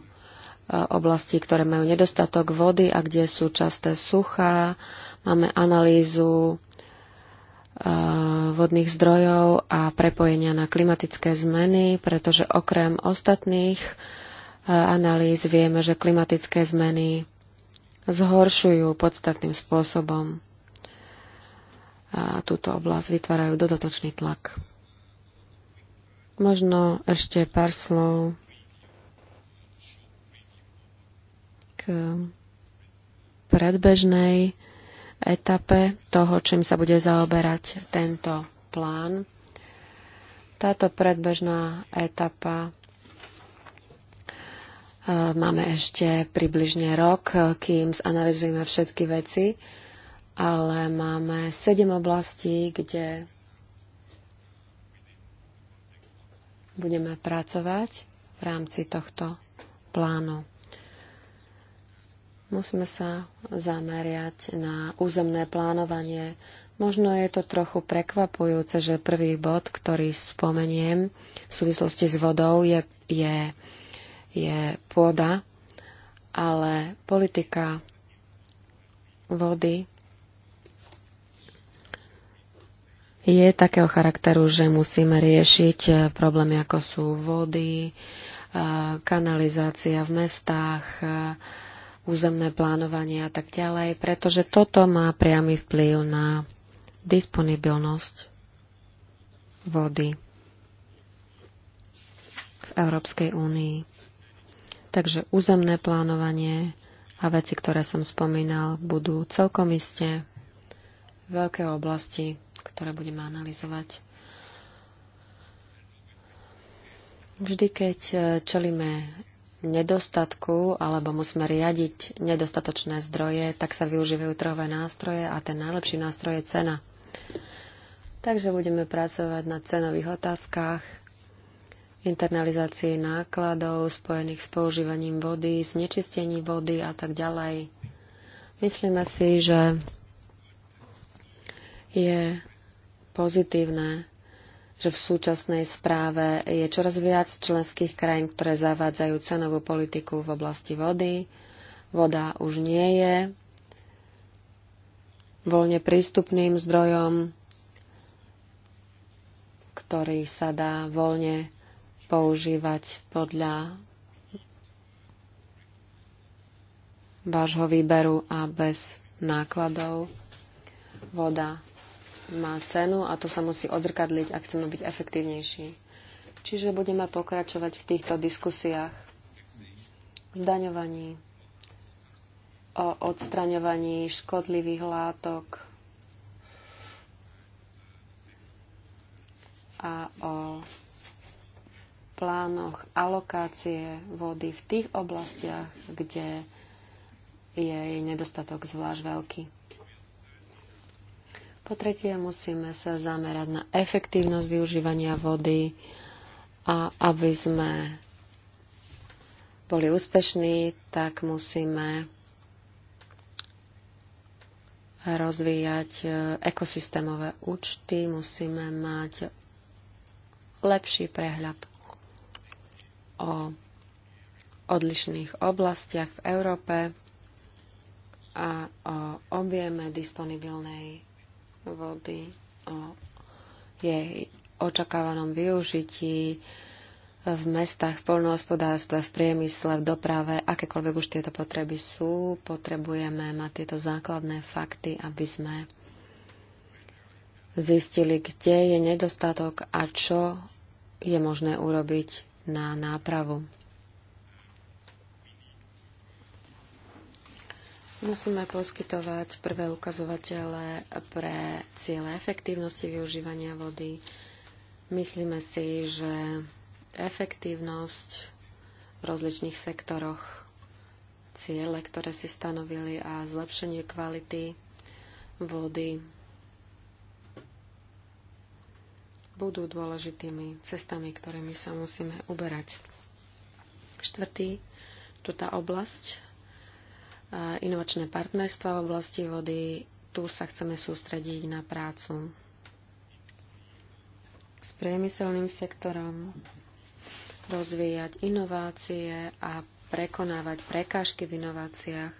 oblasti, ktoré majú nedostatok vody a kde sú časté suchá. Máme analýzu e, vodných zdrojov a prepojenia na klimatické zmeny, pretože okrem ostatných analýz vieme, že klimatické zmeny zhoršujú podstatným spôsobom a túto oblasť, vytvárajú dodatočný tlak. Možno ešte pár slov k predbežnej etape toho, čím sa bude zaoberať tento plán. Táto predbežná etapa E, máme ešte približne rok, e, kým zanalizujeme všetky veci, ale máme sedem oblastí, kde budeme pracovať v rámci tohto plánu. Musíme sa zameriať na územné plánovanie. Možno je to trochu prekvapujúce, že prvý bod, ktorý spomeniem v súvislosti s vodou, je, je je pôda, ale politika vody je takého charakteru, že musíme riešiť problémy ako sú vody, kanalizácia v mestách, územné plánovanie a tak ďalej, pretože toto má priamy vplyv na disponibilnosť vody v Európskej únii. Takže územné plánovanie a veci, ktoré som spomínal, budú celkom iste veľké oblasti, ktoré budeme analyzovať. Vždy, keď e, čelíme nedostatku alebo musíme riadiť nedostatočné zdroje, tak sa využívajú trhové nástroje a ten najlepší nástroj je cena. Takže budeme pracovať na cenových otázkach internalizácii nákladov spojených s používaním vody, znečistení vody a tak ďalej. Myslíme si, že je pozitívne, že v súčasnej správe je čoraz viac členských krajín, ktoré zavádzajú cenovú politiku v oblasti vody. Voda už nie je voľne prístupným zdrojom, ktorý sa dá voľne používať podľa vášho výberu a bez nákladov. Voda má cenu a to sa musí odzrkadliť, ak chceme byť efektívnejší. Čiže budeme pokračovať v týchto diskusiách. Zdaňovaní, o odstraňovaní škodlivých látok a o plánoch alokácie vody v tých oblastiach, kde je jej nedostatok zvlášť veľký. Po tretie, musíme sa zamerať na efektívnosť využívania vody a aby sme boli úspešní, tak musíme rozvíjať e, ekosystémové účty, musíme mať lepší prehľad o odlišných oblastiach v Európe a o objeme disponibilnej vody, o jej očakávanom využití v mestách, v poľnohospodárstve, v priemysle, v doprave, akékoľvek už tieto potreby sú, potrebujeme mať tieto základné fakty, aby sme zistili, kde je nedostatok a čo je možné urobiť na nápravu. Musíme poskytovať prvé ukazovatele pre ciele efektívnosti využívania vody. Myslíme si, že efektívnosť v rozličných sektoroch, ciele, ktoré si stanovili a zlepšenie kvality vody budú dôležitými cestami, ktorými sa musíme uberať. Štvrtý, tu tá oblasť, e, inovačné partnerstva v oblasti vody. Tu sa chceme sústrediť na prácu s priemyselným sektorom, rozvíjať inovácie a prekonávať prekážky v inováciách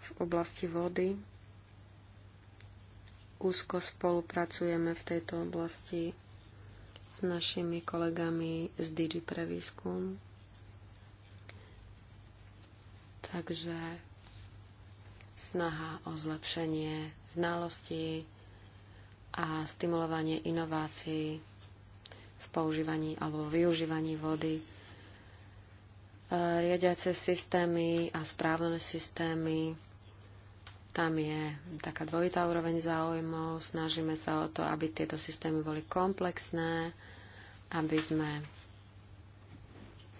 v oblasti vody úzko spolupracujeme v tejto oblasti s našimi kolegami z Digi pre výskum. Takže snaha o zlepšenie znalostí a stimulovanie inovácií v používaní alebo využívaní vody. Riadiace systémy a správne systémy tam je taká dvojitá úroveň záujmov. Snažíme sa o to, aby tieto systémy boli komplexné, aby sme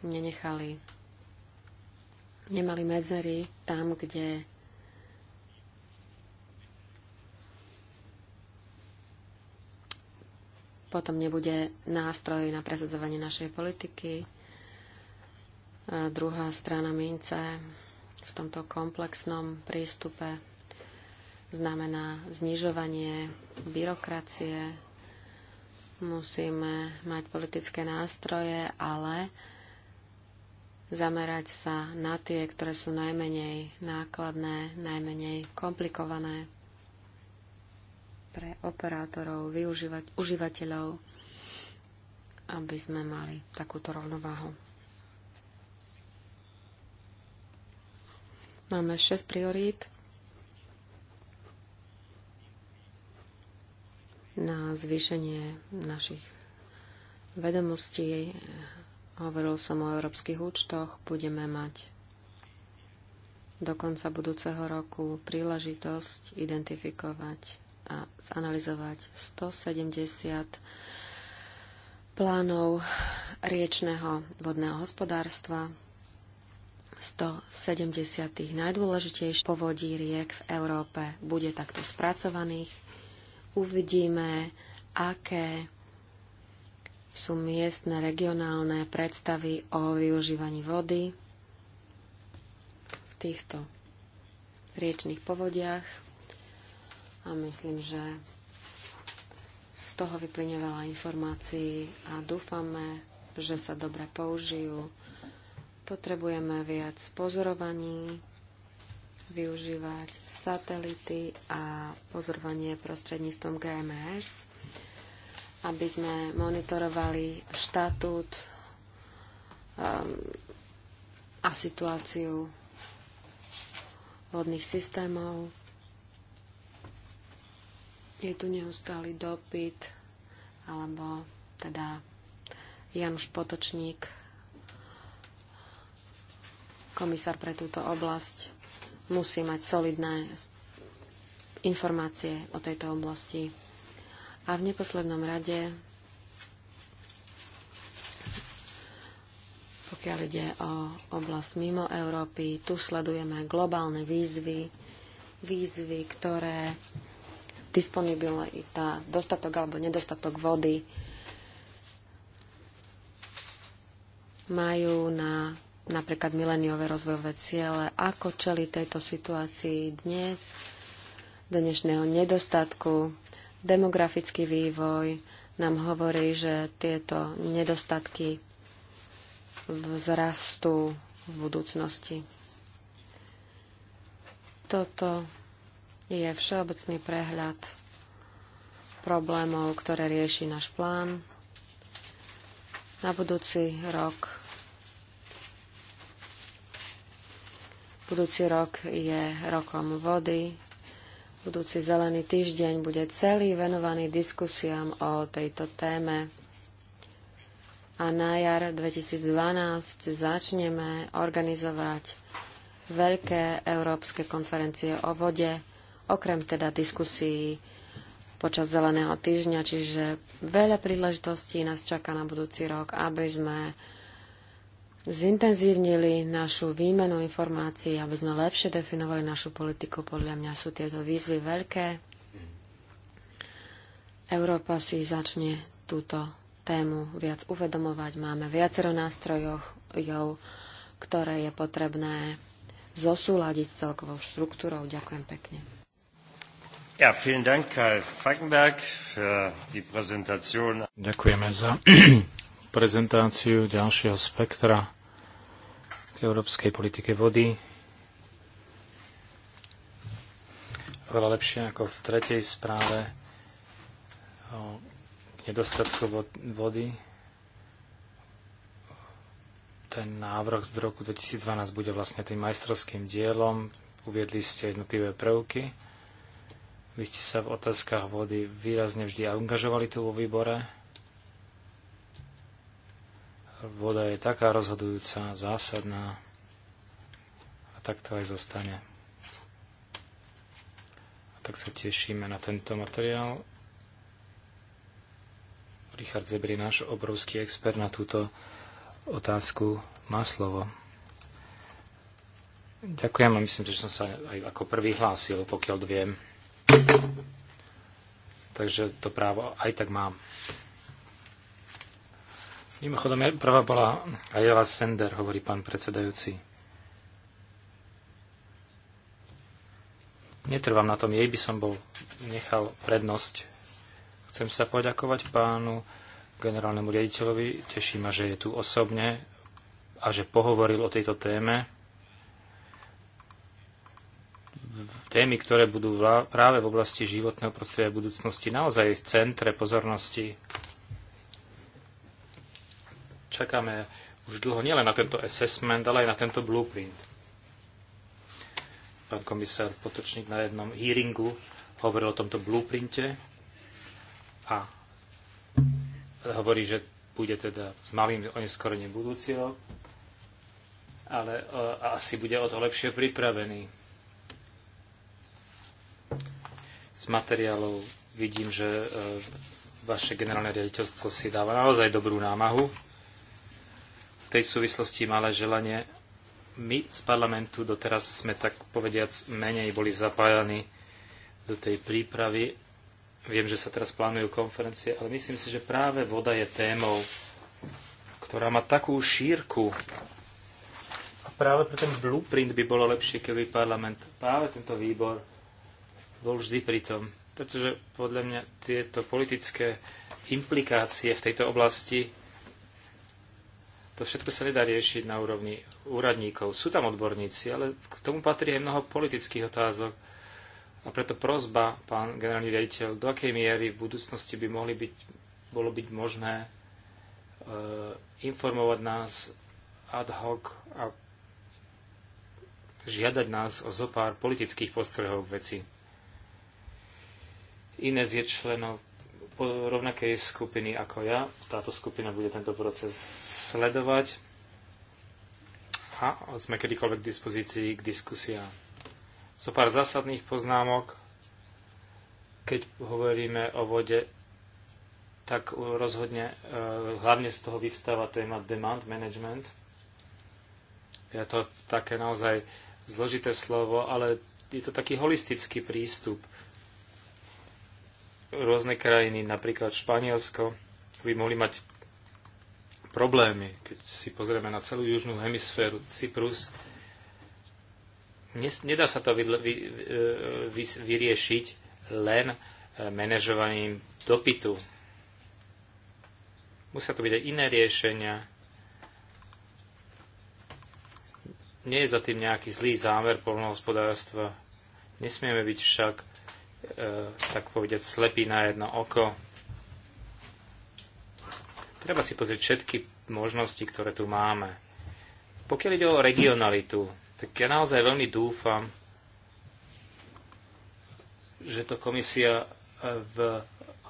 nenechali, nemali medzery tam, kde potom nebude nástroj na presadzovanie našej politiky. A druhá strana mince v tomto komplexnom prístupe znamená znižovanie byrokracie. Musíme mať politické nástroje, ale zamerať sa na tie, ktoré sú najmenej nákladné, najmenej komplikované pre operátorov, využívať, užívateľov, aby sme mali takúto rovnováhu. Máme 6 priorít na zvýšenie našich vedomostí. Hovoril som o európskych účtoch. Budeme mať do konca budúceho roku príležitosť identifikovať a zanalizovať 170 plánov riečného vodného hospodárstva, 170 najdôležitejších povodí riek v Európe bude takto spracovaných uvidíme, aké sú miestne regionálne predstavy o využívaní vody v týchto riečných povodiach. A myslím, že z toho vyplyne veľa informácií a dúfame, že sa dobre použijú. Potrebujeme viac pozorovaní, využívať satelity a pozorovanie prostredníctvom GMS, aby sme monitorovali štatút um, a situáciu vodných systémov. Je tu neustály dopyt, alebo teda Januš Potočník, komisár pre túto oblasť, musí mať solidné informácie o tejto oblasti. A v neposlednom rade, pokiaľ ide o oblasť mimo Európy, tu sledujeme globálne výzvy, výzvy, ktoré disponibilita, dostatok alebo nedostatok vody majú na napríklad mileniové rozvojové ciele. Ako čeli tejto situácii dnes, dnešného nedostatku, demografický vývoj nám hovorí, že tieto nedostatky vzrastú v budúcnosti. Toto je všeobecný prehľad problémov, ktoré rieši náš plán. Na budúci rok Budúci rok je rokom vody. Budúci zelený týždeň bude celý venovaný diskusiám o tejto téme. A na jar 2012 začneme organizovať veľké európske konferencie o vode, okrem teda diskusí počas zeleného týždňa, čiže veľa príležitostí nás čaká na budúci rok, aby sme zintenzívnili našu výmenu informácií, aby sme lepšie definovali našu politiku. Podľa mňa sú tieto výzvy veľké. Európa si začne túto tému viac uvedomovať. Máme viacero nástrojov, ktoré je potrebné zosúľadiť s celkovou štruktúrou. Ďakujem pekne. Ja, vielen Dank, Karl Falkenberg, für die Präsentation. Ďakujeme za prezentáciu ďalšieho spektra k európskej politike vody. Veľa lepšie ako v tretej správe o nedostatku vody. Ten návrh z roku 2012 bude vlastne tým majstrovským dielom. Uviedli ste jednotlivé prvky. Vy ste sa v otázkach vody výrazne vždy angažovali tu vo výbore voda je taká rozhodujúca, zásadná a tak to aj zostane. A tak sa tešíme na tento materiál. Richard Zebri, náš obrovský expert na túto otázku, má slovo. Ďakujem a myslím, že som sa aj ako prvý hlásil, pokiaľ viem. Takže to právo aj tak mám. Mimochodom, prvá bola Ajela Sender, hovorí pán predsedajúci. Netrvám na tom, jej by som bol nechal prednosť. Chcem sa poďakovať pánu generálnemu riaditeľovi. Teší ma, že je tu osobne a že pohovoril o tejto téme. Témy, ktoré budú práve v oblasti životného prostredia a budúcnosti naozaj v centre pozornosti Čakáme už dlho nielen na tento assessment, ale aj na tento blueprint. Pán komisár Potočník na jednom hearingu hovoril o tomto blueprinte a hovorí, že bude teda s malým oneskorením budúci rok, ale e, asi bude o to lepšie pripravený. Z materiálov vidím, že e, vaše generálne riaditeľstvo si dáva naozaj dobrú námahu tej súvislosti malé želanie. My z parlamentu doteraz sme tak povediac menej boli zapájani do tej prípravy. Viem, že sa teraz plánujú konferencie, ale myslím si, že práve voda je témou, ktorá má takú šírku. A práve pre ten blueprint by bolo lepšie, keby parlament, práve tento výbor, bol vždy pritom. Pretože podľa mňa tieto politické implikácie v tejto oblasti to všetko sa nedá riešiť na úrovni úradníkov. Sú tam odborníci, ale k tomu patrí aj mnoho politických otázok. A preto prozba, pán generálny riaditeľ, do akej miery v budúcnosti by mohli byť, bolo byť možné e, informovať nás ad hoc a žiadať nás o zopár politických postrehov veci. Inés je členov rovnakej skupiny ako ja. Táto skupina bude tento proces sledovať a sme kedykoľvek k dispozícii k diskusiám. So pár zásadných poznámok. Keď hovoríme o vode, tak rozhodne e, hlavne z toho vyvstáva téma demand management. Je to také naozaj zložité slovo, ale je to taký holistický prístup rôzne krajiny, napríklad Španielsko, by mohli mať problémy. Keď si pozrieme na celú južnú hemisféru, Cyprus, nedá sa to e, vyriešiť len e, manažovaním dopytu. Musia to byť aj iné riešenia. Nie je za tým nejaký zlý zámer polnohospodárstva. Nesmieme byť však E, tak povediať, slepý na jedno oko. Treba si pozrieť všetky možnosti, ktoré tu máme. Pokiaľ ide o regionalitu, tak ja naozaj veľmi dúfam, že to komisia e, v,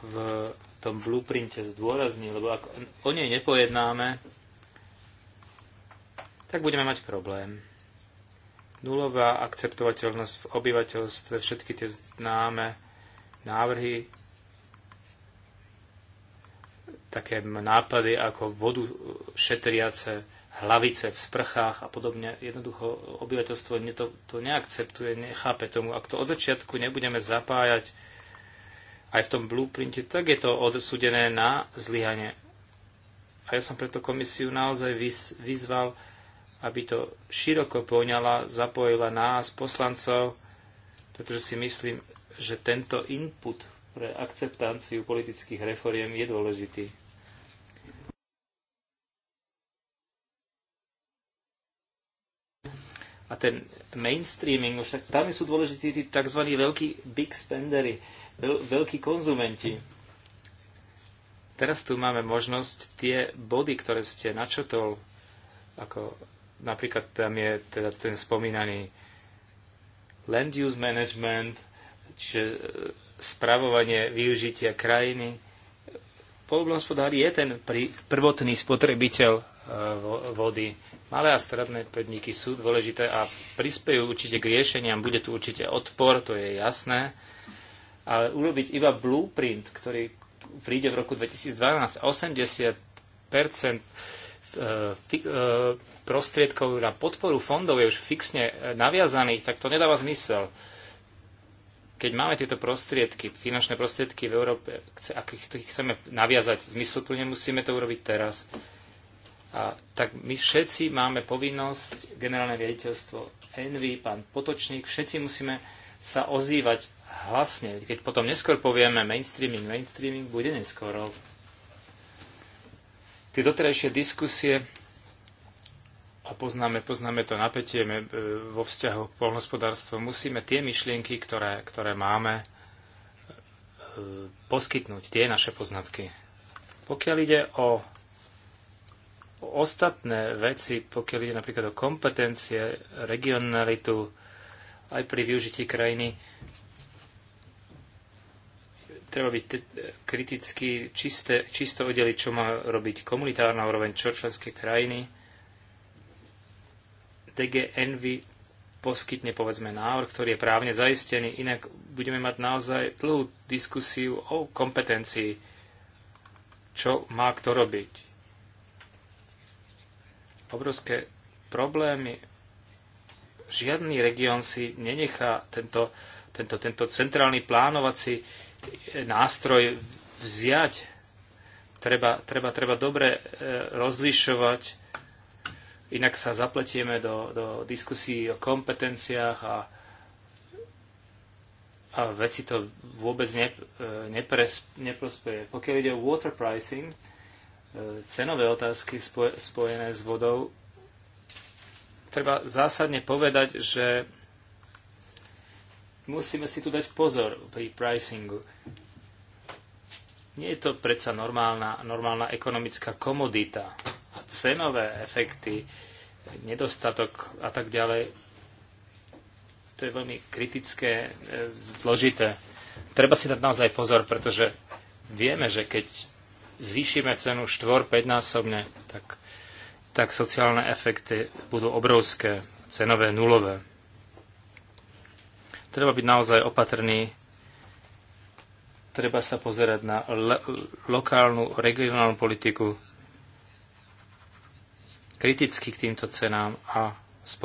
v tom blueprinte zdôrazní, lebo ak o nej nepojednáme, tak budeme mať problém. Nulová akceptovateľnosť v obyvateľstve, všetky tie známe návrhy, také nápady ako vodu šetriace, hlavice v sprchách a podobne. Jednoducho obyvateľstvo to, to neakceptuje, nechápe tomu. Ak to od začiatku nebudeme zapájať aj v tom blueprinte, tak je to odsudené na zlyhanie. A ja som preto komisiu naozaj vyzval, aby to široko poňala, zapojila nás, poslancov, pretože si myslím, že tento input pre akceptanciu politických reforiem je dôležitý. a ten mainstreaming, no však tam sú dôležití tí tzv. veľkí big spendery, veľ, veľkí konzumenti. Teraz tu máme možnosť tie body, ktoré ste načotol ako Napríklad tam je teda ten spomínaný land use management, čiže e, spravovanie využitia krajiny. Polnohospodár je ten prvotný spotrebiteľ e, vody. Malé a stredné podniky sú dôležité a prispejú určite k riešeniam. Bude tu určite odpor, to je jasné. Ale urobiť iba blueprint, ktorý príde v roku 2012, 80 E, e, prostriedkov na podporu fondov je už fixne naviazaných, tak to nedáva zmysel. Keď máme tieto prostriedky, finančné prostriedky v Európe, ak ich chceme naviazať zmysluplne, musíme to urobiť teraz. A tak my všetci máme povinnosť, generálne riaditeľstvo Envy, pán Potočník, všetci musíme sa ozývať hlasne. Keď potom neskôr povieme mainstreaming, mainstreaming, bude neskoro. Tie doterajšie diskusie a poznáme, poznáme to napätie e, vo vzťahu k polnospodárstvu, musíme tie myšlienky, ktoré, ktoré máme, e, poskytnúť tie naše poznatky. Pokiaľ ide o, o ostatné veci, pokiaľ ide napríklad o kompetencie, regionalitu, aj pri využití krajiny, treba byť kriticky čisté, čisto oddeliť, čo má robiť komunitárna úroveň, čo členské krajiny. DG Envy poskytne povedzme návrh, ktorý je právne zaistený, inak budeme mať naozaj dlhú diskusiu o kompetencii, čo má kto robiť. Obrovské problémy. Žiadny región si nenechá tento, tento, tento centrálny plánovací nástroj vziať. Treba, treba, treba dobre e, rozlišovať, inak sa zapletieme do, do diskusí o kompetenciách a, a veci to vôbec ne, e, nepres, neprospeje. Pokiaľ ide o water pricing, e, cenové otázky spojené s vodou, treba zásadne povedať, že musíme si tu dať pozor pri pricingu. Nie je to predsa normálna, normálna ekonomická komodita a cenové efekty, nedostatok a tak ďalej. To je veľmi kritické, e, zložité. Treba si dať naozaj pozor, pretože vieme, že keď zvýšime cenu 4-5 násobne, tak, tak sociálne efekty budú obrovské, cenové nulové. Treba byť naozaj opatrný, treba sa pozerať na lokálnu, regionálnu politiku, kriticky k týmto cenám a s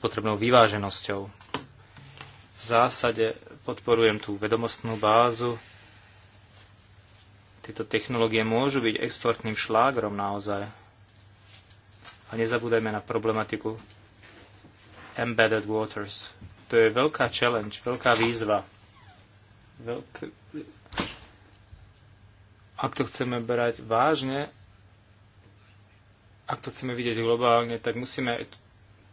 potrebnou vyváženosťou. V zásade podporujem tú vedomostnú bázu. Tieto technológie môžu byť exportným šlágrom naozaj. A nezabúdajme na problematiku embedded waters. To je veľká challenge, veľká výzva. Veľk... Ak to chceme brať vážne, ak to chceme vidieť globálne, tak musíme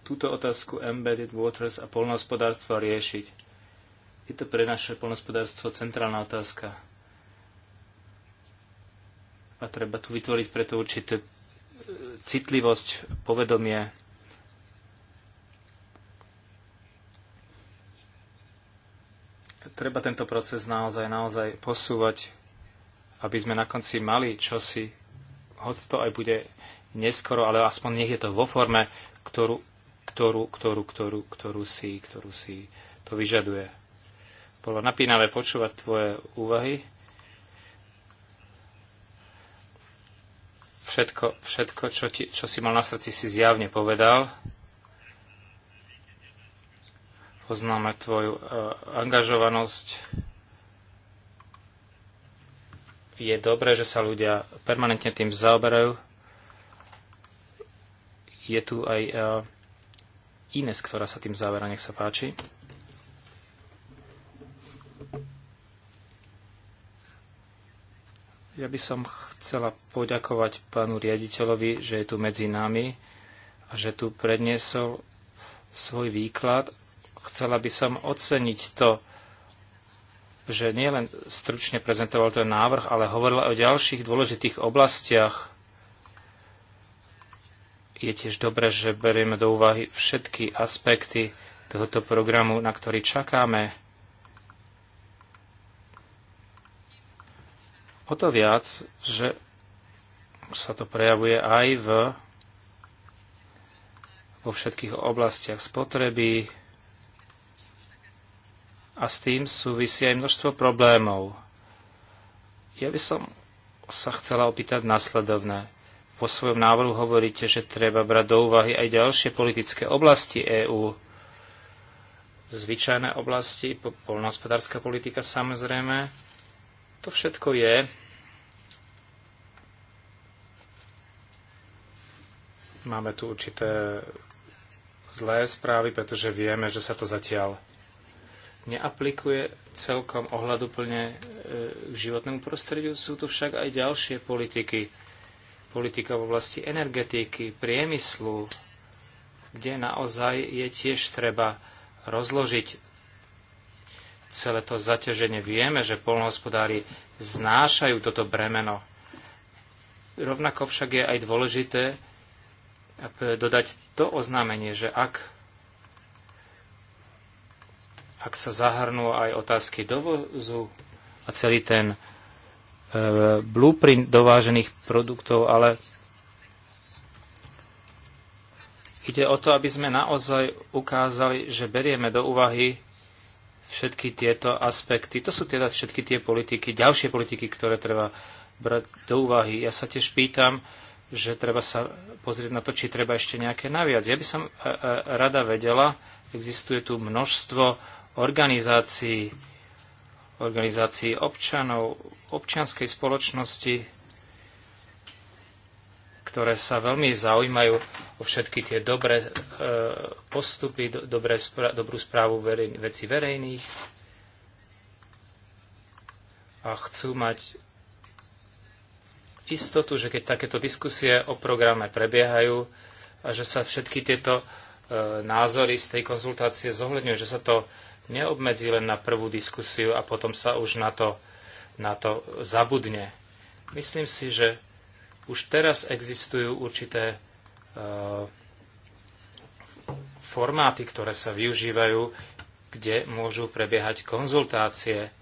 túto otázku embedded waters a polnohospodárstva riešiť. Je to pre naše polnohospodárstvo centrálna otázka. A treba tu vytvoriť preto určité e, citlivosť, povedomie, treba tento proces naozaj, naozaj posúvať, aby sme na konci mali čosi, hoď to aj bude neskoro, ale aspoň nech je to vo forme, ktorú, ktorú, ktorú, ktorú, ktorú si, ktorú si to vyžaduje. Bolo napínavé počúvať tvoje úvahy. Všetko, všetko čo, ti, čo si mal na srdci, si zjavne povedal poznáme tvoju e, angažovanosť. Je dobré, že sa ľudia permanentne tým zaoberajú. Je tu aj e, Ines, ktorá sa tým zaoberá, nech sa páči. Ja by som chcela poďakovať pánu riaditeľovi, že je tu medzi nami a že tu predniesol svoj výklad Chcela by som oceniť to, že nielen stručne prezentoval ten návrh, ale hovoril o ďalších dôležitých oblastiach. Je tiež dobré, že berieme do úvahy všetky aspekty tohoto programu, na ktorý čakáme. O to viac, že sa to prejavuje aj v, vo všetkých oblastiach spotreby, a s tým súvisí aj množstvo problémov. Ja by som sa chcela opýtať nasledovné. Vo svojom návrhu hovoríte, že treba brať do úvahy aj ďalšie politické oblasti EÚ. Zvyčajné oblasti, poľnohospodárska politika samozrejme. To všetko je máme tu určité zlé správy, pretože vieme, že sa to zatiaľ neaplikuje celkom ohľaduplne e, k životnému prostrediu. Sú tu však aj ďalšie politiky. Politika v oblasti energetiky, priemyslu, kde naozaj je tiež treba rozložiť celé to zaťaženie. Vieme, že polnohospodári znášajú toto bremeno. Rovnako však je aj dôležité dodať to oznámenie, že ak ak sa zahrnú aj otázky dovozu a celý ten e, blueprint dovážených produktov, ale ide o to, aby sme naozaj ukázali, že berieme do úvahy všetky tieto aspekty. To sú teda všetky tie politiky, ďalšie politiky, ktoré treba brať do úvahy. Ja sa tiež pýtam, že treba sa pozrieť na to, či treba ešte nejaké naviac. Ja by som e, e, rada vedela, existuje tu množstvo organizácií, organizácií občanov, občianskej spoločnosti, ktoré sa veľmi zaujímajú o všetky tie dobré e, postupy, do, dobré spra- dobrú správu verej, veci verejných a chcú mať istotu, že keď takéto diskusie o programe prebiehajú a že sa všetky tieto e, názory z tej konzultácie zohľadňujú, že sa to neobmedzí len na prvú diskusiu a potom sa už na to, na to zabudne. Myslím si, že už teraz existujú určité e, formáty, ktoré sa využívajú, kde môžu prebiehať konzultácie.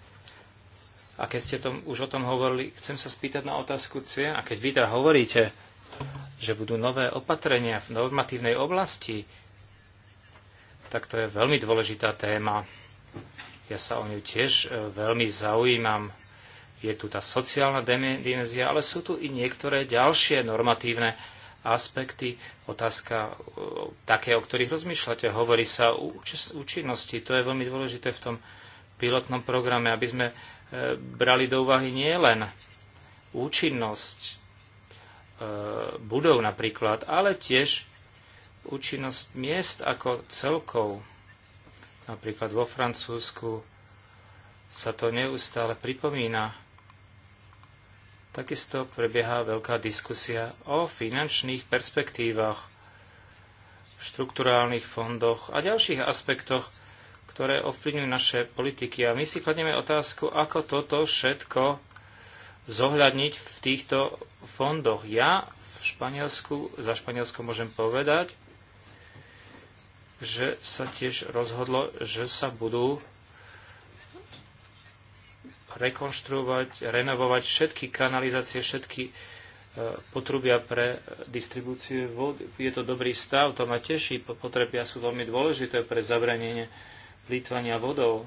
A keď ste tom, už o tom hovorili, chcem sa spýtať na otázku cien. A keď vy teda hovoríte, že budú nové opatrenia v normatívnej oblasti, tak to je veľmi dôležitá téma. Ja sa o ňu tiež e, veľmi zaujímam. Je tu tá sociálna dimenzia, ale sú tu i niektoré ďalšie normatívne aspekty, otázka e, také, o ktorých rozmýšľate. Hovorí sa o účinnosti. To je veľmi dôležité v tom pilotnom programe, aby sme e, brali do úvahy nielen účinnosť budov napríklad, ale tiež účinnosť miest ako celkov. Napríklad vo Francúzsku sa to neustále pripomína. Takisto prebieha veľká diskusia o finančných perspektívach, štrukturálnych fondoch a ďalších aspektoch, ktoré ovplyvňujú naše politiky. A my si kladieme otázku, ako toto všetko zohľadniť v týchto fondoch. Ja v Španielsku, za Španielsko môžem povedať, že sa tiež rozhodlo, že sa budú rekonštruovať, renovovať všetky kanalizácie, všetky e, potrubia pre distribúciu vody. Je to dobrý stav, to ma teší. Potrebia sú veľmi dôležité pre zabranenie plýtvania vodou.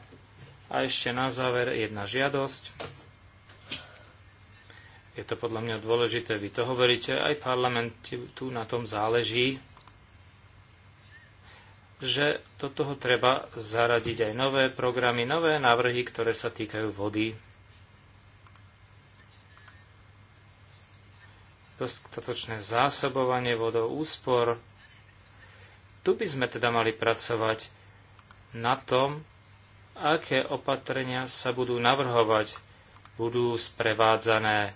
A ešte na záver jedna žiadosť. Je to podľa mňa dôležité, vy to hovoríte, aj parlament tu na tom záleží že do toho treba zaradiť aj nové programy, nové návrhy, ktoré sa týkajú vody. Dostatočné zásobovanie vodou, úspor. Tu by sme teda mali pracovať na tom, aké opatrenia sa budú navrhovať, budú sprevádzané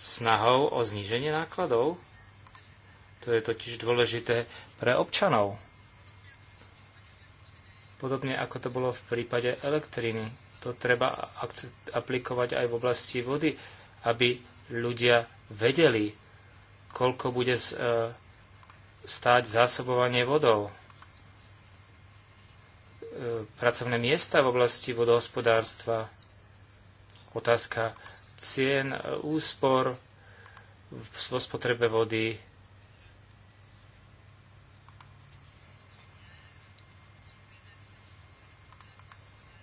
snahou o zníženie nákladov. To je totiž dôležité pre občanov podobne ako to bolo v prípade elektriny. To treba aplikovať aj v oblasti vody, aby ľudia vedeli, koľko bude e, stáť zásobovanie vodou. E, pracovné miesta v oblasti vodohospodárstva, otázka cien, e, úspor v spotrebe vody,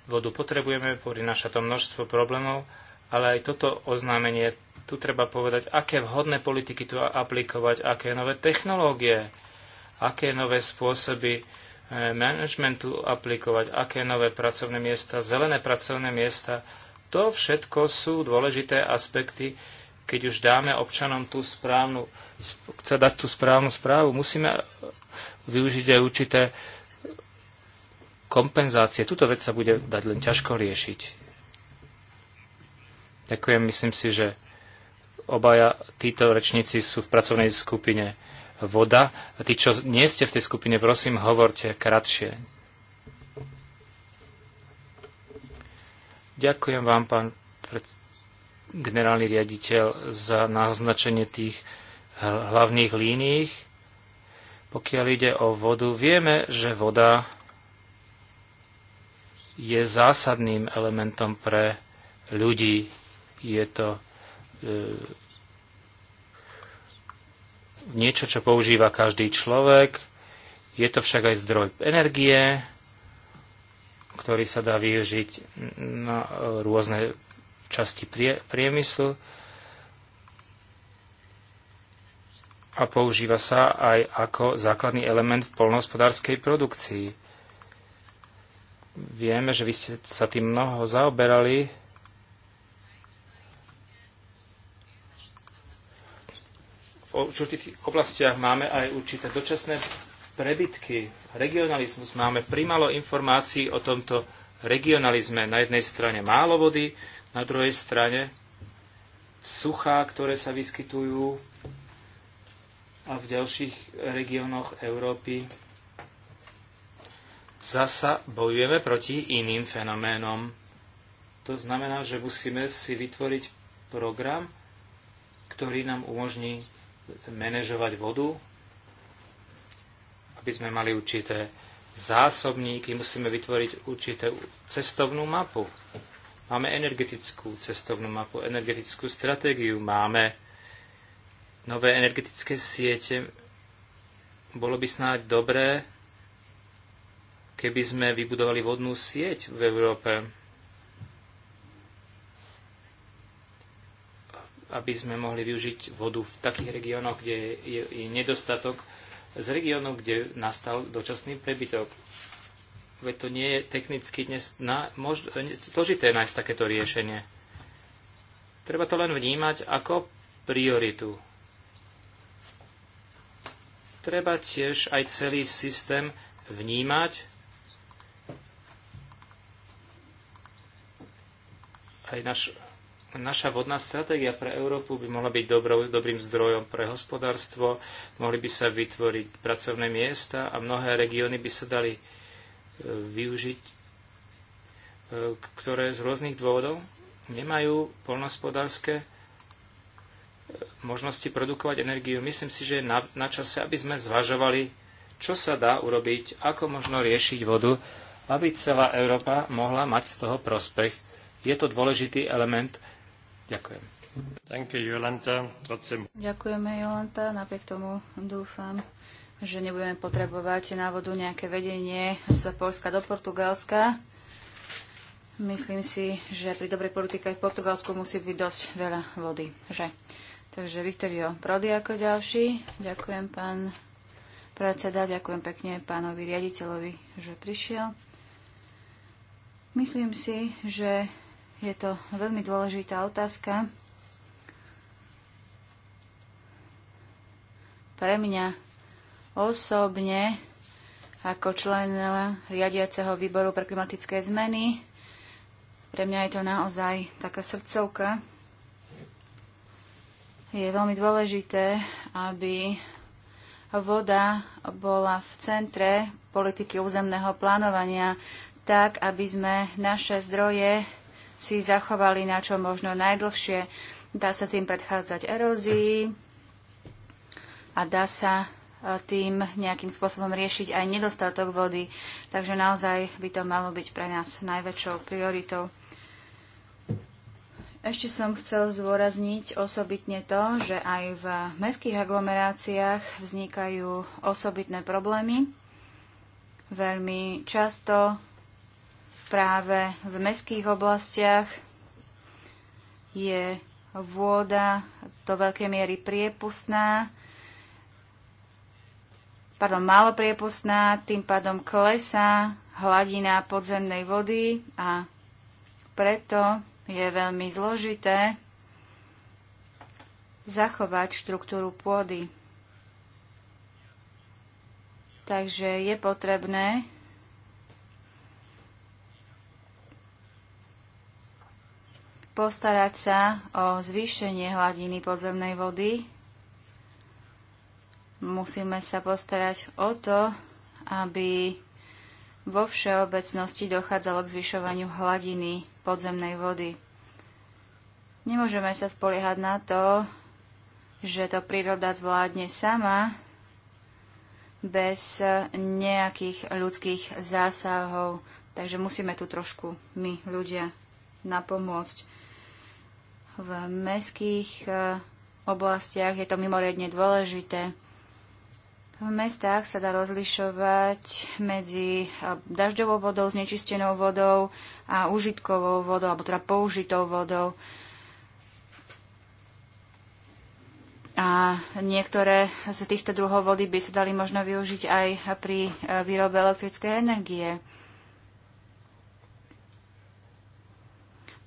vodu potrebujeme, prináša to množstvo problémov, ale aj toto oznámenie, tu treba povedať, aké vhodné politiky tu aplikovať, aké nové technológie, aké nové spôsoby eh, managementu aplikovať, aké nové pracovné miesta, zelené pracovné miesta. To všetko sú dôležité aspekty, keď už dáme občanom tú správnu, chce dať tú správnu správu, musíme eh, využiť aj určité kompenzácie. Tuto vec sa bude dať len ťažko riešiť. Ďakujem, myslím si, že obaja títo rečníci sú v pracovnej skupine voda. A tí, čo nie ste v tej skupine, prosím, hovorte kratšie. Ďakujem vám, pán pred... generálny riaditeľ, za naznačenie tých hlavných línií. Pokiaľ ide o vodu, vieme, že voda je zásadným elementom pre ľudí. Je to e, niečo, čo používa každý človek. Je to však aj zdroj energie, ktorý sa dá využiť na e, rôzne časti prie, priemyslu a používa sa aj ako základný element v polnohospodárskej produkcii. Vieme, že vy ste sa tým mnoho zaoberali. V určitých oblastiach máme aj určité dočasné prebytky. Regionalizmus máme primalo informácií o tomto regionalizme. Na jednej strane málo vody, na druhej strane suchá, ktoré sa vyskytujú a v ďalších regiónoch Európy zasa bojujeme proti iným fenoménom. To znamená, že musíme si vytvoriť program, ktorý nám umožní manažovať vodu, aby sme mali určité zásobníky, musíme vytvoriť určité cestovnú mapu. Máme energetickú cestovnú mapu, energetickú stratégiu, máme nové energetické siete. Bolo by snáď dobré keby sme vybudovali vodnú sieť v Európe, aby sme mohli využiť vodu v takých regiónoch, kde je, je nedostatok, z regiónov, kde nastal dočasný prebytok. Veď to nie je technicky dnes na, mož, zložité nájsť takéto riešenie. Treba to len vnímať ako prioritu. Treba tiež aj celý systém vnímať aj naš, naša vodná stratégia pre Európu by mohla byť dobrou, dobrým zdrojom pre hospodárstvo, mohli by sa vytvoriť pracovné miesta a mnohé regióny by sa dali e, využiť, e, ktoré z rôznych dôvodov nemajú polnospodárske e, možnosti produkovať energiu. Myslím si, že je na, na čase, aby sme zvažovali, čo sa dá urobiť, ako možno riešiť vodu, aby celá Európa mohla mať z toho prospech je to dôležitý element. Ďakujem. Danke, Jolanta. Trotzdem. Ďakujeme, Jolanta. Napriek tomu dúfam, že nebudeme potrebovať návodu nejaké vedenie z Polska do Portugalska. Myslím si, že pri dobrej politike v Portugalsku musí byť dosť veľa vody. Že? Takže Viktorio Prody ako ďalší. Ďakujem, pán predseda. Ďakujem pekne pánovi riaditeľovi, že prišiel. Myslím si, že je to veľmi dôležitá otázka. Pre mňa osobne ako člen riadiaceho výboru pre klimatické zmeny. Pre mňa je to naozaj taká srdcovka. Je veľmi dôležité, aby voda bola v centre politiky územného plánovania tak, aby sme naše zdroje si zachovali na čo možno najdlhšie. Dá sa tým predchádzať erózii a dá sa e, tým nejakým spôsobom riešiť aj nedostatok vody. Takže naozaj by to malo byť pre nás najväčšou prioritou. Ešte som chcel zdôrazniť osobitne to, že aj v mestských aglomeráciách vznikajú osobitné problémy. Veľmi často práve v mestských oblastiach je vôda do veľkej miery priepustná, pardon, málo priepustná, tým pádom klesá hladina podzemnej vody a preto je veľmi zložité zachovať štruktúru pôdy. Takže je potrebné postarať sa o zvýšenie hladiny podzemnej vody. Musíme sa postarať o to, aby vo všeobecnosti dochádzalo k zvyšovaniu hladiny podzemnej vody. Nemôžeme sa spoliehať na to, že to príroda zvládne sama bez nejakých ľudských zásahov. Takže musíme tu trošku my, ľudia, napomôcť v mestských e, oblastiach je to mimoriadne dôležité. V mestách sa dá rozlišovať medzi e, dažďovou vodou, znečistenou vodou a užitkovou vodou, alebo teda použitou vodou. A niektoré z týchto druhov vody by sa dali možno využiť aj pri e, výrobe elektrickej energie.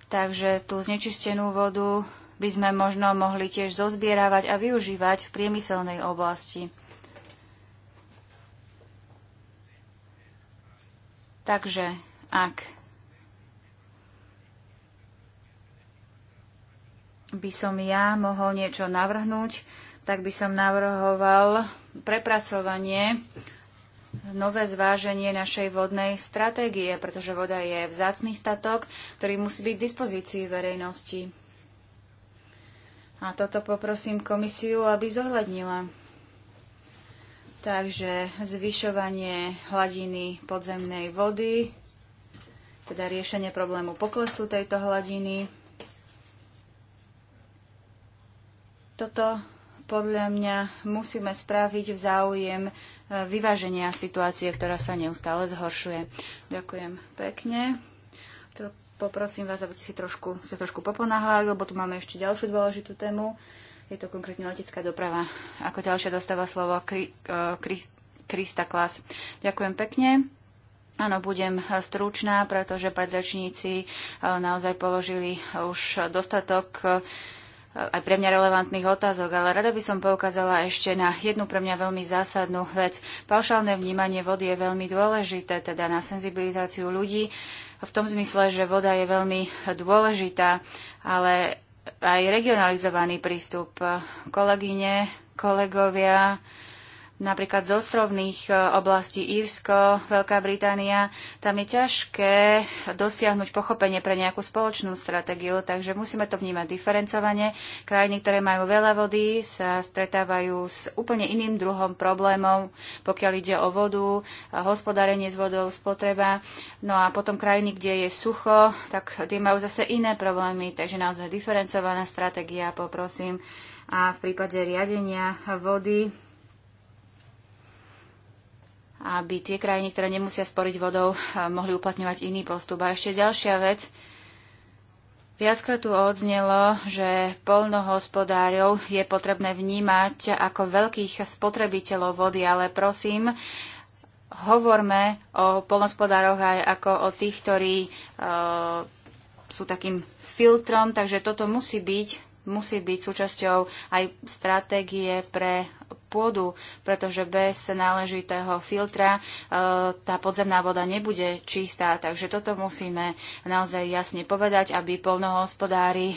Takže tú znečistenú vodu by sme možno mohli tiež zozbieravať a využívať v priemyselnej oblasti. Takže ak by som ja mohol niečo navrhnúť, tak by som navrhoval prepracovanie nové zváženie našej vodnej stratégie, pretože voda je vzácný statok, ktorý musí byť k dispozícii verejnosti. A toto poprosím komisiu, aby zohľadnila. Takže zvyšovanie hladiny podzemnej vody, teda riešenie problému poklesu tejto hladiny. Toto podľa mňa musíme spraviť v záujem vyváženia situácie, ktorá sa neustále zhoršuje. Ďakujem pekne. Poprosím vás, aby ste si trošku, sa trošku poponáhľali, lebo tu máme ešte ďalšiu dôležitú tému. Je to konkrétne letecká doprava. Ako ďalšia dostáva slovo e, Krista Klas. Ďakujem pekne. Áno, budem stručná, pretože predrečníci e, naozaj položili už dostatok e, aj pre mňa relevantných otázok, ale rada by som poukázala ešte na jednu pre mňa veľmi zásadnú vec. Paušálne vnímanie vody je veľmi dôležité, teda na senzibilizáciu ľudí, v tom zmysle, že voda je veľmi dôležitá, ale aj regionalizovaný prístup. Kolegyne, kolegovia, napríklad z ostrovných e, oblastí Írsko, Veľká Británia, tam je ťažké dosiahnuť pochopenie pre nejakú spoločnú stratégiu, takže musíme to vnímať diferencovane. Krajiny, ktoré majú veľa vody, sa stretávajú s úplne iným druhom problémov, pokiaľ ide o vodu, hospodárenie s vodou, spotreba. No a potom krajiny, kde je sucho, tak tie majú zase iné problémy, takže naozaj diferencovaná stratégia, poprosím. A v prípade riadenia vody aby tie krajiny, ktoré nemusia sporiť vodou, eh, mohli uplatňovať iný postup. A ešte ďalšia vec. Viackrát tu odznelo, že polnohospodárov je potrebné vnímať ako veľkých spotrebiteľov vody, ale prosím, hovorme o polnohospodároch aj ako o tých, ktorí e, sú takým filtrom, takže toto musí byť musí byť súčasťou aj stratégie pre pôdu, pretože bez náležitého filtra e, tá podzemná voda nebude čistá. Takže toto musíme naozaj jasne povedať, aby polnohospodári e,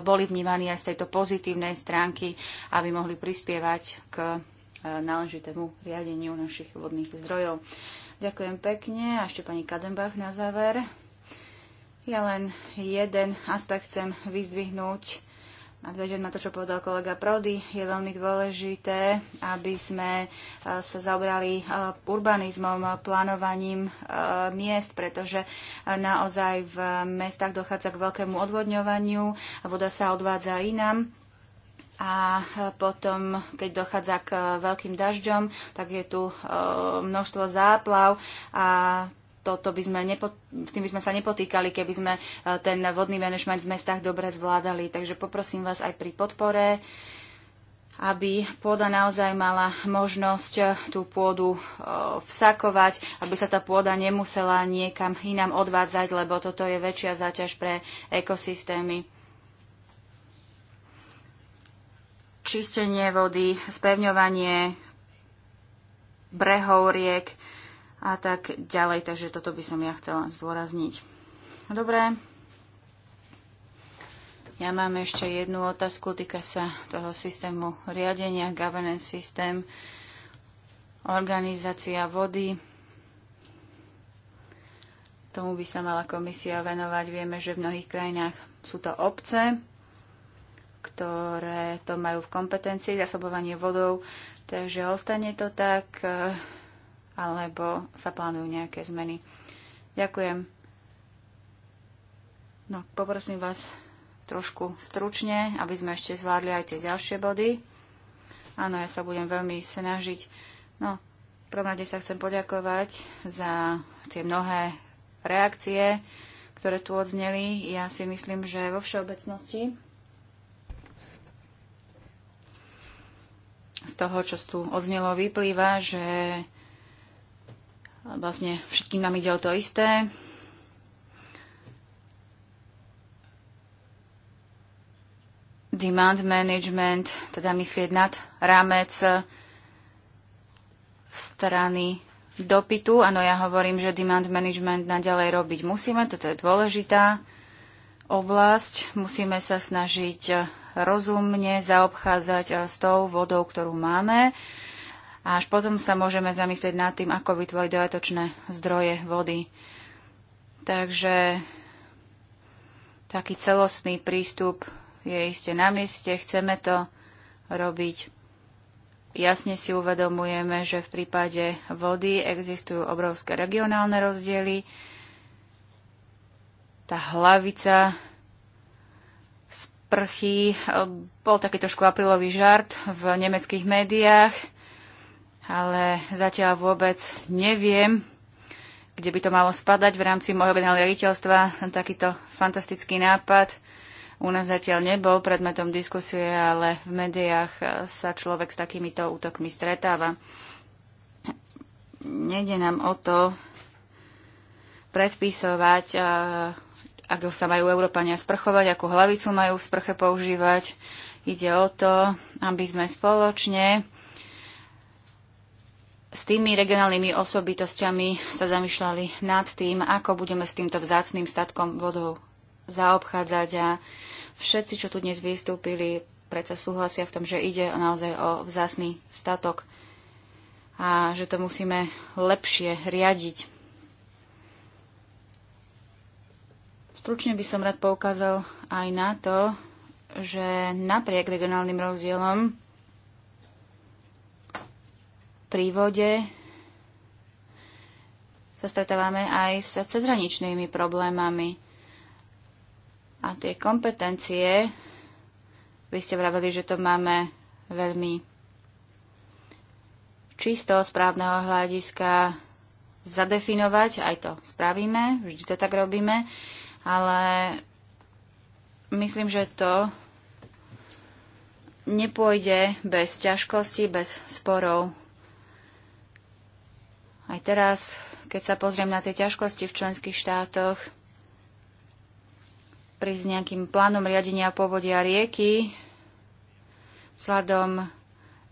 boli vnímaní aj z tejto pozitívnej stránky, aby mohli prispievať k e, náležitému riadeniu našich vodných zdrojov. Ďakujem pekne a ešte pani Kadenbach na záver. Ja len jeden aspekt chcem vyzdvihnúť nadviažem na to, čo povedal kolega Prody, je veľmi dôležité, aby sme e, sa zaobrali e, urbanizmom, e, plánovaním miest, pretože naozaj v mestách dochádza k veľkému odvodňovaniu, voda sa odvádza inám a potom, keď dochádza k veľkým dažďom, tak je tu množstvo záplav a toto by sme nepo, s tým by sme sa nepotýkali, keby sme eh, ten vodný manažment v mestách dobre zvládali. Takže poprosím vás aj pri podpore, aby pôda naozaj mala možnosť eh, tú pôdu eh, vsakovať, aby sa tá pôda nemusela niekam inám odvádzať, lebo toto je väčšia záťaž pre ekosystémy. Čistenie vody, spevňovanie brehov riek, a tak ďalej. Takže toto by som ja chcela zdôrazniť. Dobre. Ja mám ešte jednu otázku, týka sa toho systému riadenia, governance systém, organizácia vody. Tomu by sa mala komisia venovať. Vieme, že v mnohých krajinách sú to obce, ktoré to majú v kompetencii, zasobovanie vodou. Takže ostane to tak. Eh, alebo sa plánujú nejaké zmeny. Ďakujem. No, poprosím vás trošku stručne, aby sme ešte zvládli aj tie ďalšie body. Áno, ja sa budem veľmi snažiť. No, v prvom rade sa chcem poďakovať za tie mnohé reakcie, ktoré tu odzneli. Ja si myslím, že vo všeobecnosti z toho, čo tu odznelo, vyplýva, že Vlastne všetkým nám ide o to isté. Demand management, teda myslieť nad rámec strany dopytu. Áno, ja hovorím, že demand management naďalej robiť musíme, toto je dôležitá oblasť. Musíme sa snažiť rozumne zaobchádzať s tou vodou, ktorú máme a až potom sa môžeme zamyslieť nad tým, ako vytvoriť dodatočné zdroje vody. Takže taký celostný prístup je iste na mieste, chceme to robiť. Jasne si uvedomujeme, že v prípade vody existujú obrovské regionálne rozdiely. Tá hlavica sprchy bol taký trošku aprílový žart v nemeckých médiách ale zatiaľ vôbec neviem, kde by to malo spadať v rámci môjho generálneho riaditeľstva. Takýto fantastický nápad u nás zatiaľ nebol predmetom diskusie, ale v médiách e, sa človek s takýmito útokmi stretáva. Nede nám o to predpisovať, e, ako sa majú Európania sprchovať, akú hlavicu majú v sprche používať. Ide o to, aby sme spoločne s tými regionálnymi osobitosťami sa zamýšľali nad tým, ako budeme s týmto vzácným statkom vodou zaobchádzať a všetci, čo tu dnes vystúpili, predsa súhlasia v tom, že ide naozaj o vzácný statok a že to musíme lepšie riadiť. Stručne by som rád poukázal aj na to, že napriek regionálnym rozdielom pri vode sa stretávame aj s cezhraničnými problémami. A tie kompetencie, vy ste vraveli, že to máme veľmi čisto správneho hľadiska zadefinovať, aj to spravíme, vždy to tak robíme, ale myslím, že to nepôjde bez ťažkostí, bez sporov. Aj teraz, keď sa pozriem na tie ťažkosti v členských štátoch, pri s nejakým plánom riadenia povodia rieky, vzhľadom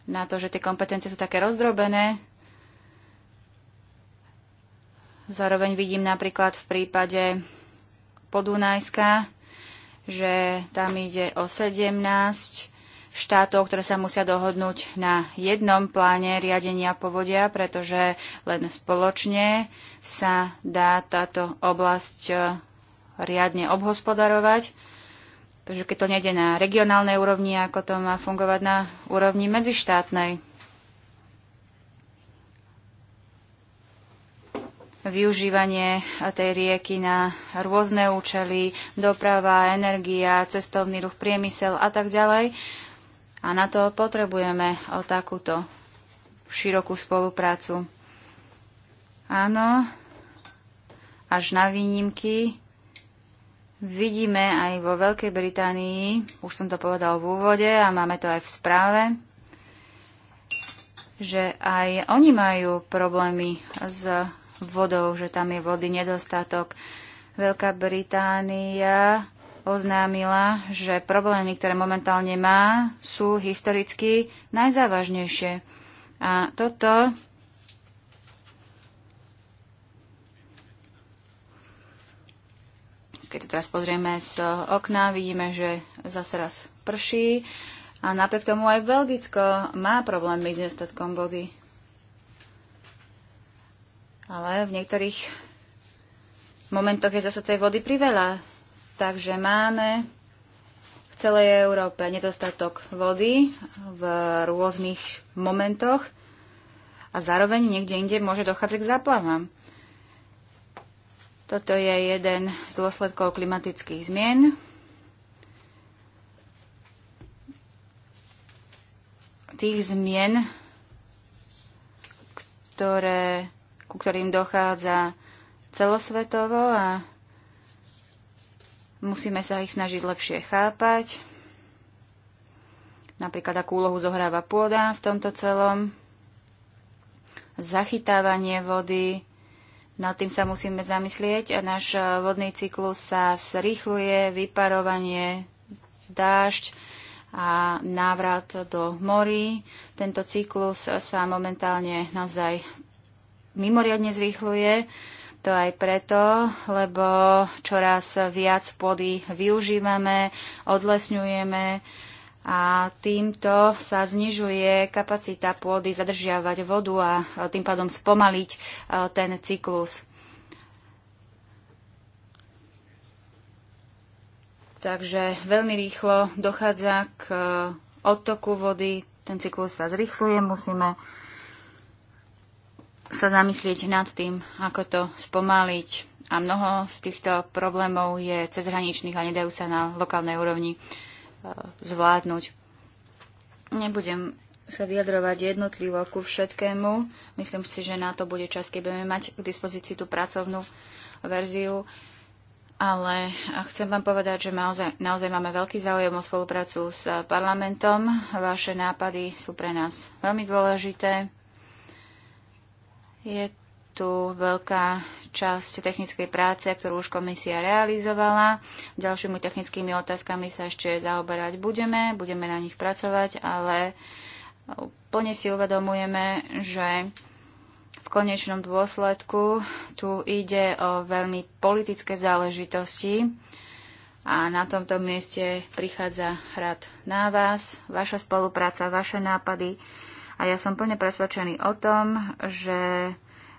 na to, že tie kompetencie sú také rozdrobené. Zároveň vidím napríklad v prípade Podunajska, že tam ide o 17 štátov, ktoré sa musia dohodnúť na jednom pláne riadenia povodia, pretože len spoločne sa dá táto oblasť e, riadne obhospodarovať. Takže keď to nejde na regionálnej úrovni, ako to má fungovať na úrovni medzištátnej. využívanie tej rieky na rôzne účely, doprava, energia, cestovný ruch, priemysel a tak ďalej. A na to potrebujeme o takúto širokú spoluprácu. Áno, až na výnimky vidíme aj vo Veľkej Británii, už som to povedal v úvode a máme to aj v správe, že aj oni majú problémy s vodou, že tam je vody nedostatok. Veľká Británia oznámila, že problémy, ktoré momentálne má, sú historicky najzávažnejšie. A toto keď sa teraz pozrieme z okna, vidíme, že zase raz prší a napriek tomu aj Belgicko má problémy s nedostatkom vody. Ale v niektorých momentoch je zase tej vody priveľa. Takže máme v celej Európe nedostatok vody v rôznych momentoch a zároveň niekde inde môže dochádzať k záplavám. Toto je jeden z dôsledkov klimatických zmien. Tých zmien, ktoré, ku ktorým dochádza celosvetovo a Musíme sa ich snažiť lepšie chápať, napríklad akú úlohu zohráva pôda v tomto celom, zachytávanie vody, nad tým sa musíme zamyslieť a náš e, vodný cyklus sa zrýchluje, vyparovanie, dážď a návrat do morí. Tento cyklus sa momentálne naozaj mimoriadne zrýchluje to aj preto, lebo čoraz viac pôdy využívame, odlesňujeme a týmto sa znižuje kapacita pôdy zadržiavať vodu a tým pádom spomaliť e, ten cyklus. Takže veľmi rýchlo dochádza k e, odtoku vody, ten cyklus sa zrýchluje, musíme sa zamyslieť nad tým, ako to spomaliť. A mnoho z týchto problémov je cezhraničných a nedajú sa na lokálnej úrovni e, zvládnuť. Nebudem sa vyjadrovať jednotlivo ku všetkému. Myslím si, že na to bude čas, keď budeme mať k dispozícii tú pracovnú verziu. Ale chcem vám povedať, že naozaj, naozaj máme veľký záujem o spoluprácu s parlamentom. Vaše nápady sú pre nás veľmi dôležité je tu veľká časť technickej práce, ktorú už komisia realizovala. Ďalšími technickými otázkami sa ešte zaoberať budeme, budeme na nich pracovať, ale plne si uvedomujeme, že v konečnom dôsledku tu ide o veľmi politické záležitosti a na tomto mieste prichádza rad na vás, vaša spolupráca, vaše nápady, a ja som plne presvedčený o tom, že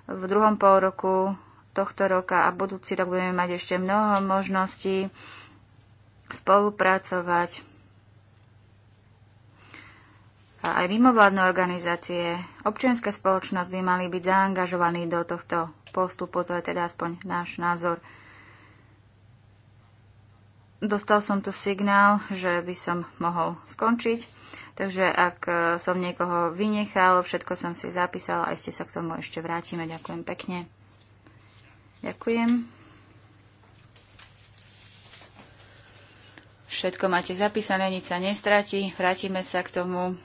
v druhom pol roku tohto roka a budúci rok budeme mať ešte mnoho možností spolupracovať. A aj mimovládne organizácie, občianská spoločnosť by mali byť zaangažovaní do tohto postupu, to je teda aspoň náš názor. Dostal som tu signál, že by som mohol skončiť. Takže ak e, som niekoho vynechal, všetko som si zapísala a ešte sa k tomu ešte vrátime. Ďakujem pekne. Ďakujem. Všetko máte zapísané, nič sa nestratí. Vrátime sa k tomu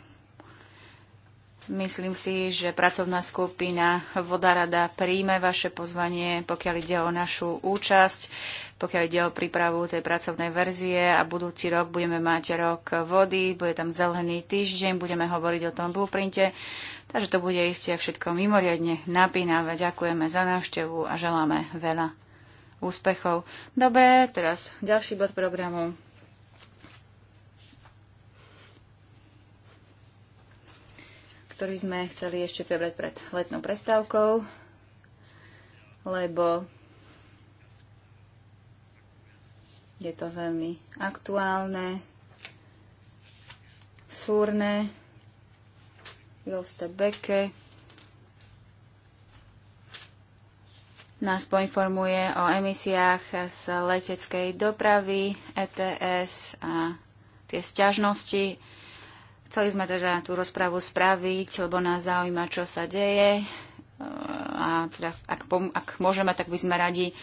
Myslím si, že pracovná skupina Vodarada príjme vaše pozvanie, pokiaľ ide o našu účasť, pokiaľ ide o prípravu tej pracovnej verzie a budúci rok budeme mať rok vody, bude tam zelený týždeň, budeme hovoriť o tom blueprinte, takže to bude iste všetko mimoriadne napínavé. Ďakujeme za návštevu a želáme veľa úspechov. Dobre, teraz ďalší bod programu. ktorý sme chceli ešte prebrať pred letnou prestávkou, lebo je to veľmi aktuálne, súrne, Joste Beke nás poinformuje o emisiách z leteckej dopravy, ETS a tie sťažnosti Chceli sme teda tú rozprávu spraviť, lebo nás zaujíma, čo sa deje. A teda, ak, ak môžeme, tak by sme radi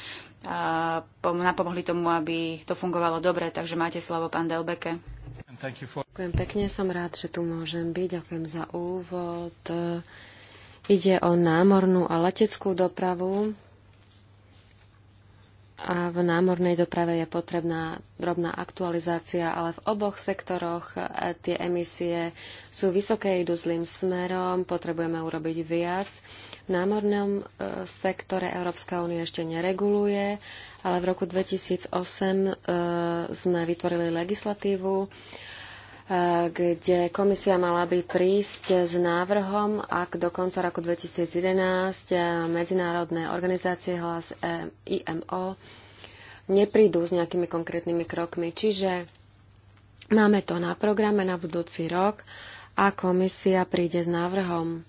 napomohli tomu, aby to fungovalo dobre. Takže máte slovo, pán Delbeke. For... Ďakujem pekne, som rád, že tu môžem byť. Ďakujem za úvod. Ide o námornú a leteckú dopravu. A v námornej doprave je potrebná drobná aktualizácia, ale v oboch sektoroch e, tie emisie sú vysoké, idú zlým smerom, potrebujeme urobiť viac. V námornom e, sektore Európska únia ešte nereguluje, ale v roku 2008 e, sme vytvorili legislatívu, Eh, kde komisia mala by prísť s návrhom, ak do konca roku 2011 eh, medzinárodné organizácie hlas eh, IMO neprídu s nejakými konkrétnymi krokmi. Čiže máme to na programe na budúci rok a komisia príde s návrhom.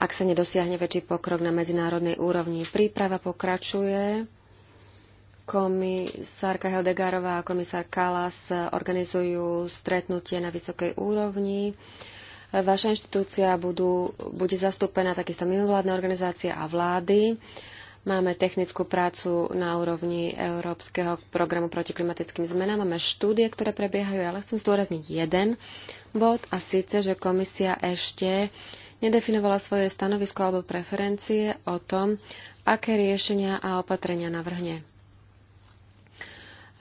Ak sa nedosiahne väčší pokrok na medzinárodnej úrovni, príprava pokračuje Komisárka Heldegárová a komisár Kalas organizujú stretnutie na vysokej úrovni. Vaša inštitúcia budú, bude zastúpená takisto mimovládne organizácie a vlády. Máme technickú prácu na úrovni Európskeho programu proti klimatickým zmenám. Máme štúdie, ktoré prebiehajú, ale chcem zdôrazniť jeden bod a síce, že komisia ešte nedefinovala svoje stanovisko alebo preferencie o tom, aké riešenia a opatrenia navrhne.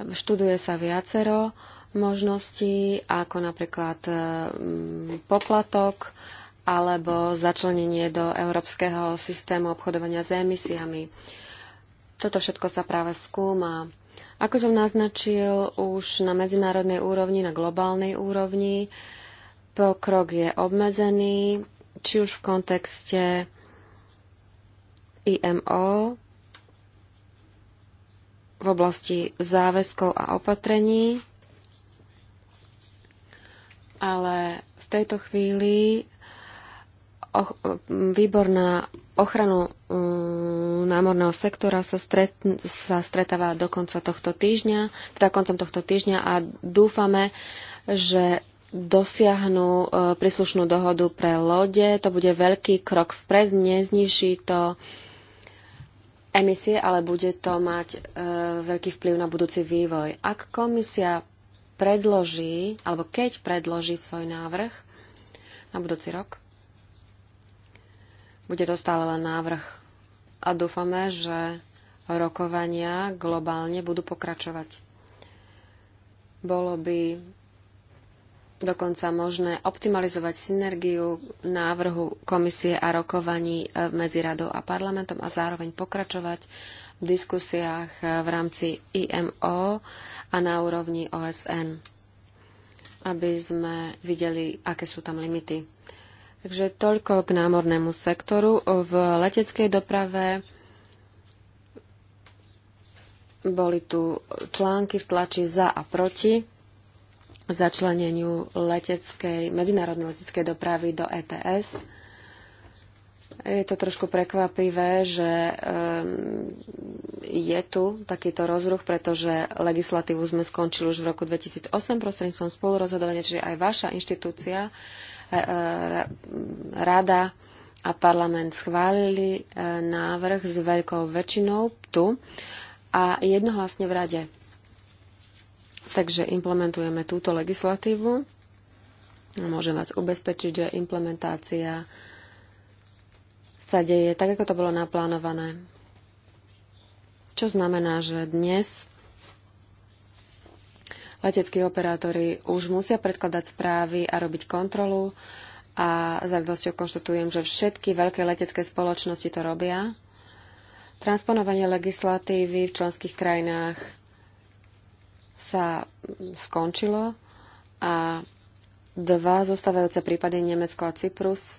Študuje sa viacero možností, ako napríklad e, poplatok alebo začlenenie do európskeho systému obchodovania s emisiami. Toto všetko sa práve skúma. Ako som naznačil, už na medzinárodnej úrovni, na globálnej úrovni pokrok je obmedzený, či už v kontexte IMO, v oblasti záväzkov a opatrení, ale v tejto chvíli och, výbor na ochranu um, námorného sektora sa, stret, sa stretáva do konca tohto týždňa, teda koncom tohto týždňa a dúfame, že dosiahnu uh, príslušnú dohodu pre lode. To bude veľký krok vpred, nezniší to uh, emisie, ale bude to mať e, veľký vplyv na budúci vývoj. Ak komisia predloží, alebo keď predloží svoj návrh na budúci rok, bude to stále len návrh. A dúfame, že rokovania globálne budú pokračovať. Bolo by dokonca možné optimalizovať synergiu návrhu komisie a rokovaní e, medzi radou a parlamentom a zároveň pokračovať v diskusiách e, v rámci IMO a na úrovni OSN, aby sme videli, aké sú tam limity. Takže toľko k námornému sektoru. V leteckej doprave boli tu články v tlači za a proti začleneniu leteckej, medzinárodnej leteckej dopravy do ETS. Je to trošku prekvapivé, že je tu takýto rozruch, pretože legislatívu sme skončili už v roku 2008 prostredníctvom spolurozhodovania, čiže aj vaša inštitúcia, e, e, rada a parlament schválili e, návrh s veľkou väčšinou tu a jednohlasne v rade. Takže implementujeme túto legislatívu. Môžem vás ubezpečiť, že implementácia sa deje tak, ako to bolo naplánované. Čo znamená, že dnes leteckí operátori už musia predkladať správy a robiť kontrolu a s radosťou konštatujem, že všetky veľké letecké spoločnosti to robia. Transponovanie legislatívy v členských krajinách sa skončilo a dva zostávajúce prípady Nemecko a Cyprus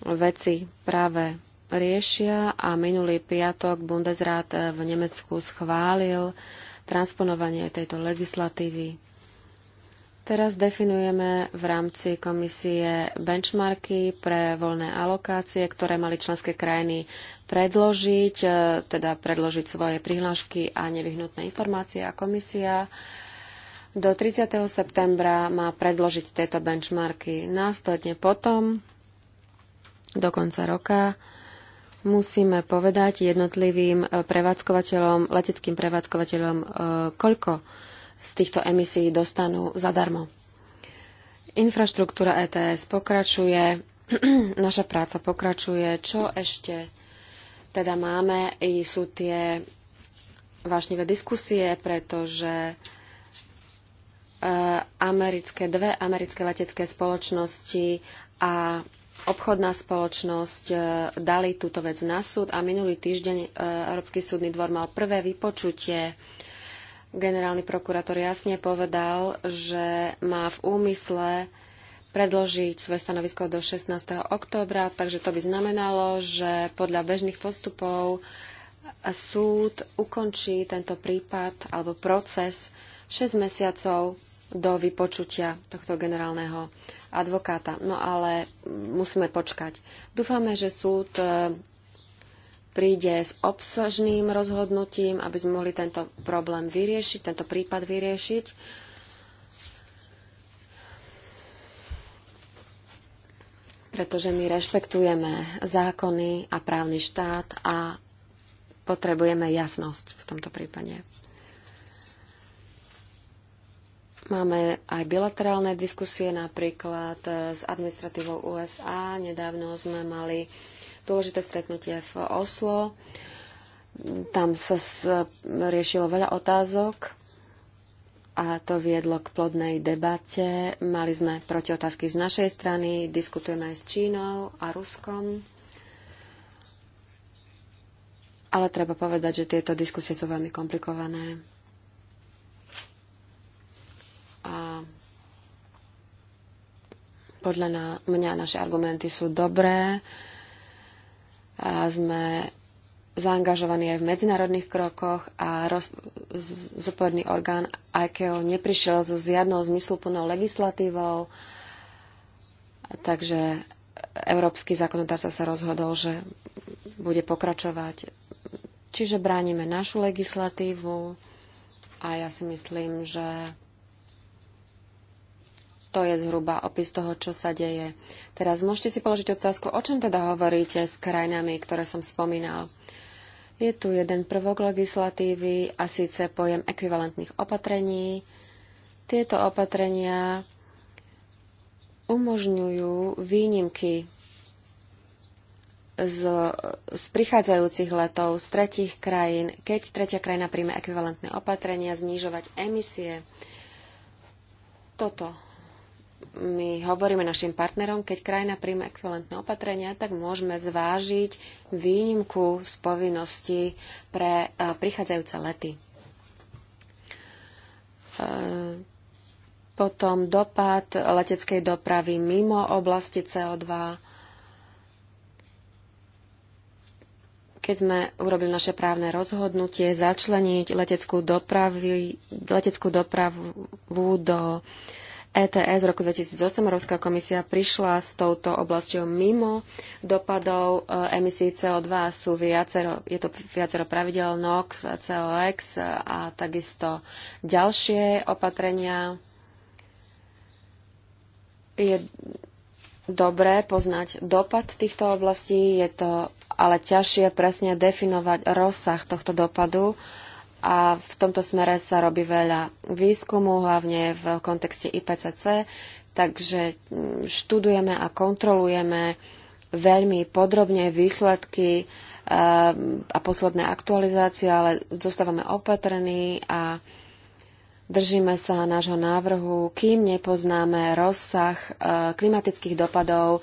veci práve riešia a minulý piatok Bundesrat v Nemecku schválil transponovanie tejto legislatívy Teraz definujeme v rámci komisie benchmarky pre voľné alokácie, ktoré mali členské krajiny predložiť, e, teda predložiť svoje prihlášky a nevyhnutné informácie a komisia do 30. septembra má predložiť tieto benchmarky. Následne potom, do konca roka, musíme povedať jednotlivým e, prevádzkovateľom, leteckým prevádzkovateľom, e, koľko z týchto emisí dostanú zadarmo. Infraštruktúra ETS pokračuje, naša práca pokračuje. Čo ešte teda máme? I sú tie vášnivé diskusie, pretože e, americké, dve americké letecké spoločnosti a obchodná spoločnosť e, dali túto vec na súd a minulý týždeň e, Európsky súdny dvor mal prvé vypočutie Generálny prokurátor jasne povedal, že má v úmysle predložiť svoje stanovisko do 16. októbra, takže to by znamenalo, že podľa bežných postupov súd ukončí tento prípad alebo proces 6 mesiacov do vypočutia tohto generálneho advokáta. No ale musíme počkať. Dúfame, že súd príde s obsažným rozhodnutím, aby sme mohli tento problém vyriešiť, tento prípad vyriešiť. Pretože my rešpektujeme zákony a právny štát a potrebujeme jasnosť v tomto prípade. Máme aj bilaterálne diskusie, napríklad eh, s administratívou USA. Nedávno sme mali uh, dôležité stretnutie v Oslo. Tam sa riešilo veľa otázok a to viedlo k plodnej debate. Mali sme protiotázky z našej strany, diskutujeme aj s Čínou a Ruskom. Ale treba povedať, že tieto diskusie sú veľmi komplikované. A podľa mňa naše argumenty sú dobré sme zaangažovaní aj v medzinárodných krokoch a roz, zodpovedný orgán ICAO neprišiel so žiadnou zmysluplnou legislatívou, takže európsky zákonodárca sa rozhodol, že bude pokračovať. Čiže bránime našu legislatívu a ja si myslím, že to je zhruba opis toho, čo sa deje. Teraz môžete si položiť otázku, o čom teda hovoríte s krajinami, ktoré som spomínal. Je tu jeden prvok legislatívy a síce pojem ekvivalentných opatrení. Tieto opatrenia umožňujú výnimky z, z prichádzajúcich letov z tretich krajín, keď tretia krajina príjme ekvivalentné opatrenia, znižovať emisie. Toto my hovoríme našim partnerom, keď krajina príjme ekvivalentné opatrenia, tak môžeme zvážiť výnimku z povinnosti pre e, prichádzajúce lety. E, potom dopad leteckej dopravy mimo oblasti CO2. Keď sme urobili naše právne rozhodnutie začleniť leteckú, dopravy, leteckú dopravu do ETS v roku 2008 Európska komisia prišla s touto oblasťou mimo dopadov e, emisí CO2. Sú viacero, je to viacero pravidel NOx, COX a takisto ďalšie opatrenia. Je dobré poznať dopad týchto oblastí, je to ale ťažšie presne definovať rozsah tohto dopadu a v tomto smere sa robí veľa výskumu, hlavne v kontexte IPCC, takže mm, študujeme a kontrolujeme veľmi podrobne výsledky eh, a posledné aktualizácie, ale zostávame opatrní a Držíme sa nášho návrhu, kým nepoznáme rozsah e, klimatických dopadov e,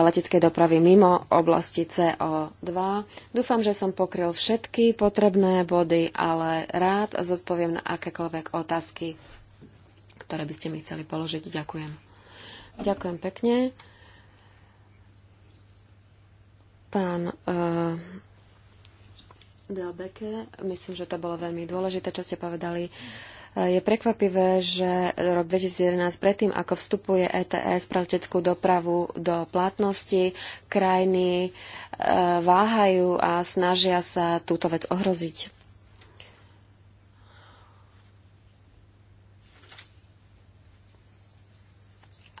leteckej dopravy mimo oblasti CO2. Dúfam, že som pokryl všetky potrebné body, ale rád zodpoviem na akékoľvek otázky, ktoré by ste mi chceli položiť. Ďakujem. Ďakujem pekne. Pán uh, e, Delbeke, myslím, že to bolo veľmi dôležité, čo ste povedali. Uh, je prekvapivé, že rok 2011 predtým, ako vstupuje ETS pre leteckú dopravu do platnosti, krajiny e, váhajú a snažia sa túto vec ohroziť.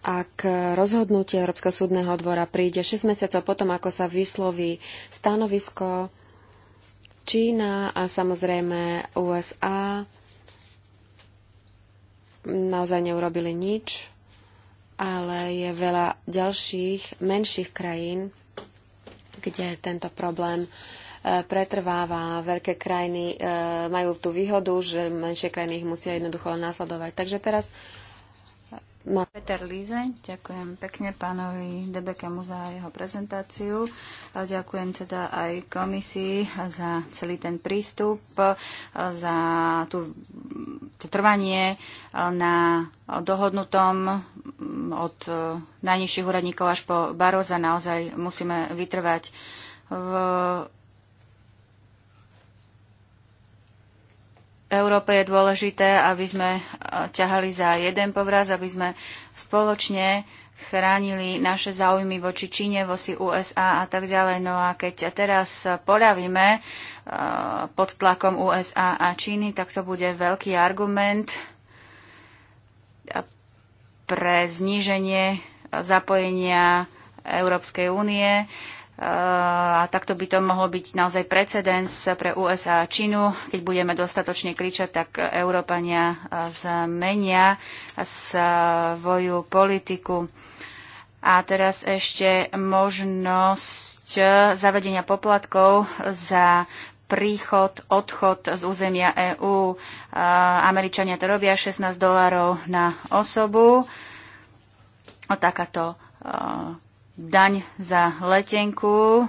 ak rozhodnutie Európskeho súdneho dvora príde 6 mesiacov potom, ako sa vysloví stanovisko Čína a samozrejme USA naozaj neurobili nič, ale je veľa ďalších menších krajín, kde tento problém e, pretrváva. Veľké krajiny e, majú tú výhodu, že menšie krajiny ich musia jednoducho len následovať. Takže teraz Peter Lízeň, ďakujem pekne pánovi Debekemu za jeho prezentáciu. A ďakujem teda aj komisii za celý ten prístup, za tú, to trvanie na dohodnutom od e, najnižších úradníkov až po Baroza. Naozaj musíme vytrvať v Európe je dôležité, aby sme e, ťahali za jeden povraz, aby sme spoločne chránili naše záujmy voči Číne, vosi USA a tak ďalej. No a keď teraz poravíme e, pod tlakom USA a Číny, tak to bude veľký argument e, pre zníženie zapojenia Európskej únie a takto by to mohol byť naozaj precedens pre USA a Čínu. Keď budeme dostatočne kričať, tak Európania zmenia svoju politiku. A teraz ešte možnosť e, zavedenia poplatkov za príchod, odchod z územia EÚ. Američania to robia 16 dolárov na osobu. Takáto e, daň za letenku.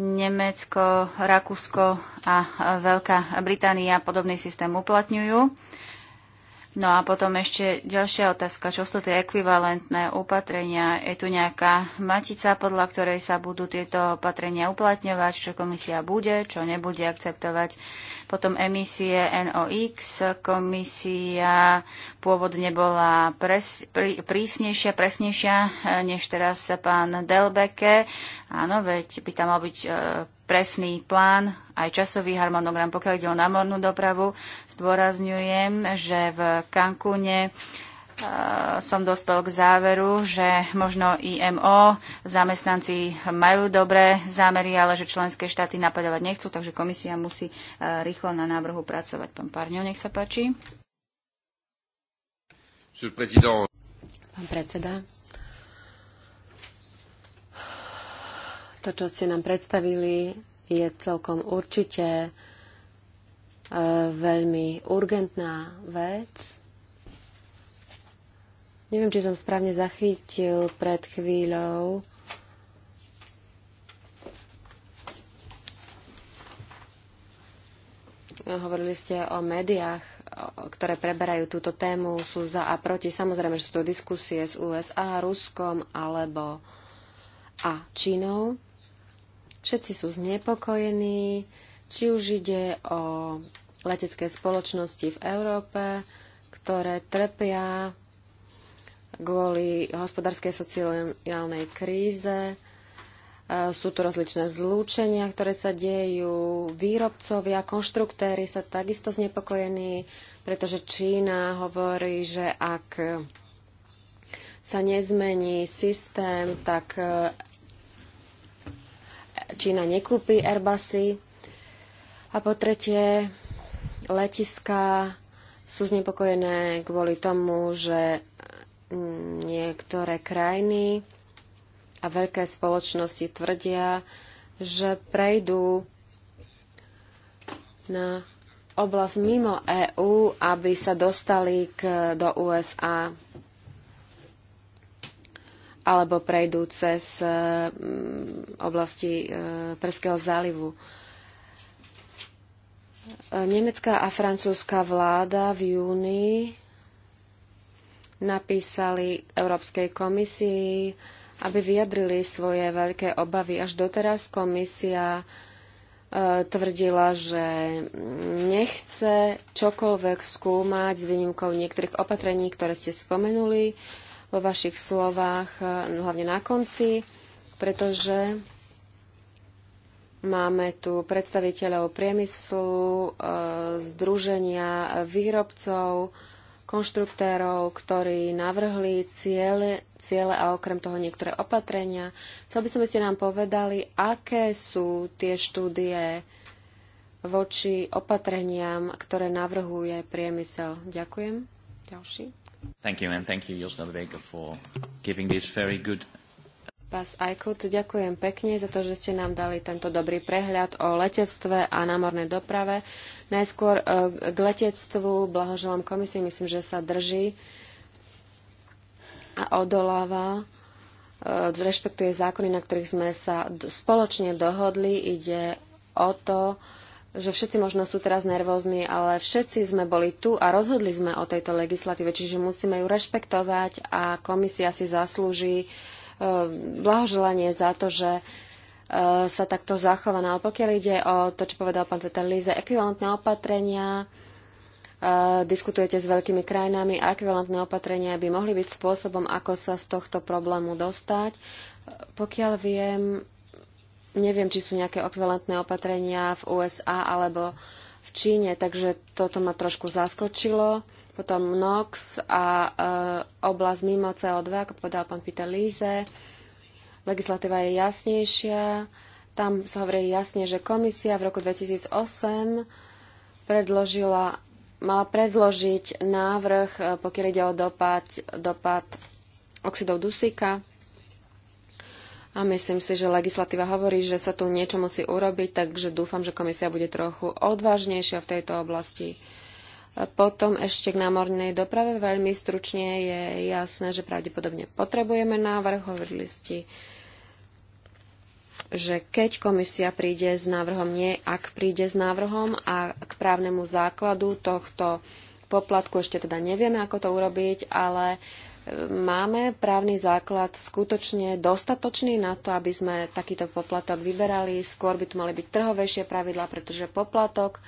Nemecko, Rakúsko a Veľká Británia podobný systém uplatňujú. No a potom ešte ďalšia otázka, čo sú tie ekvivalentné opatrenia? Je tu nejaká matica, podľa ktorej sa budú tieto opatrenia uplatňovať, čo komisia bude, čo nebude akceptovať? Potom emisie NOx, komisia pôvodne bola pres, prí, prísnejšia, presnejšia eh, než teraz pán Delbeke. Áno, veď by tam mal byť eh, presný plán, aj časový harmonogram, pokiaľ ide o námornú dopravu. Zdôrazňujem, že v Cancúne e, som dospel k záveru, že možno IMO zamestnanci majú dobré zámery, ale že členské štáty napadovať nechcú, takže komisia musí e, rýchlo na návrhu pracovať. Pán Parňo, nech sa páči. Pán predseda, to, čo ste nám predstavili, je celkom určite veľmi urgentná vec. Neviem, či som správne zachytil pred chvíľou. Hovorili ste o médiách, ktoré preberajú túto tému, sú za a proti. Samozrejme, že sú to diskusie s USA, Ruskom alebo a Čínou. Všetci sú znepokojení či už ide o letecké spoločnosti v Európe, ktoré trpia kvôli hospodárskej sociálnej kríze. E, sú tu rozličné zlúčenia, ktoré sa dejú. Výrobcovia, konštruktéry sa takisto znepokojení, pretože Čína hovorí, že ak sa nezmení systém, tak e, Čína nekúpi Airbusy a po tretie, letiská sú znepokojené kvôli tomu, že niektoré krajiny a veľké spoločnosti tvrdia, že prejdú na oblasť mimo EÚ, aby sa dostali k, do USA alebo prejdú cez e, oblasti e, Perského zálivu. E, Nemecká a francúzska vláda v júni napísali Európskej komisii, aby vyjadrili svoje veľké obavy. Až doteraz komisia e, tvrdila, že nechce čokoľvek skúmať s výnimkou niektorých opatrení, ktoré ste spomenuli vo vašich slovách, e, hlavne na konci, pretože Máme tu predstaviteľov priemyslu, e, združenia výrobcov, konštruktérov, ktorí navrhli ciele, ciele a okrem toho niektoré opatrenia. Chcel by som, aby ste nám povedali, aké sú tie štúdie voči opatreniam, ktoré navrhuje priemysel. Ďakujem. Ďalší. Thank you and thank you, Vega, for giving this very good Pás Ajkut, ďakujem pekne za to, že ste nám dali tento dobrý prehľad o letectve a námornej doprave. Najskôr e, k letectvu blahoželám komisii, myslím, že sa drží a odoláva, e, rešpektuje zákony, na ktorých sme sa spoločne dohodli. Ide o to, že všetci možno sú teraz nervózni, ale všetci sme boli tu a rozhodli sme o tejto legislatíve, čiže musíme ju rešpektovať a komisia si zaslúži uh, Ehm, blahoželanie za to, že e, sa takto zachovaná. Ale pokiaľ ide o to, čo povedal pán Teta Líze, ekvivalentné opatrenia, e, diskutujete s veľkými krajinami a ekvivalentné opatrenia by mohli byť spôsobom, ako sa z tohto problému dostať. Pokiaľ viem, neviem, či sú nejaké ekvivalentné opatrenia v USA alebo v Číne, takže toto ma trošku zaskočilo potom NOx a e, oblasť mimo CO2, ako povedal pán Peter Líze. Legislatíva je jasnejšia. Tam sa hovorí jasne, že komisia v roku 2008 predložila, mala predložiť návrh, e, pokiaľ ide o dopad, dopad oxidov dusíka. A myslím si, že legislatíva hovorí, že sa tu niečo musí urobiť, takže dúfam, že komisia bude trochu odvážnejšia v tejto oblasti. Potom ešte k námornej doprave. Veľmi stručne je jasné, že pravdepodobne potrebujeme návrh. Hovorili ste, že keď komisia príde s návrhom, nie ak príde s návrhom a k právnemu základu tohto poplatku ešte teda nevieme, ako to urobiť, ale máme právny základ skutočne dostatočný na to, aby sme takýto poplatok vyberali. Skôr by tu mali byť trhovejšie pravidlá, pretože poplatok,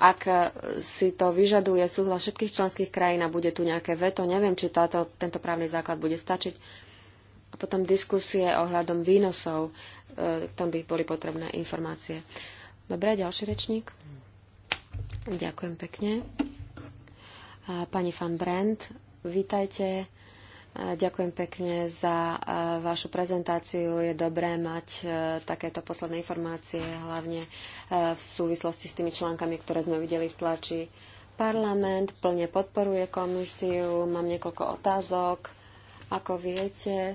ak si to vyžaduje súhlas všetkých členských krajín a bude tu nejaké veto, neviem, či táto, tento právny základ bude stačiť. A potom diskusie ohľadom výnosov, e, tam by boli potrebné informácie. Dobre, ďalší rečník. Ďakujem pekne. pani van Brandt, vítajte. Ďakujem pekne za vašu prezentáciu. Je dobré mať takéto posledné informácie, hlavne v súvislosti s tými článkami, ktoré sme videli v tlači. Parlament plne podporuje komisiu. Mám niekoľko otázok. Ako viete, e,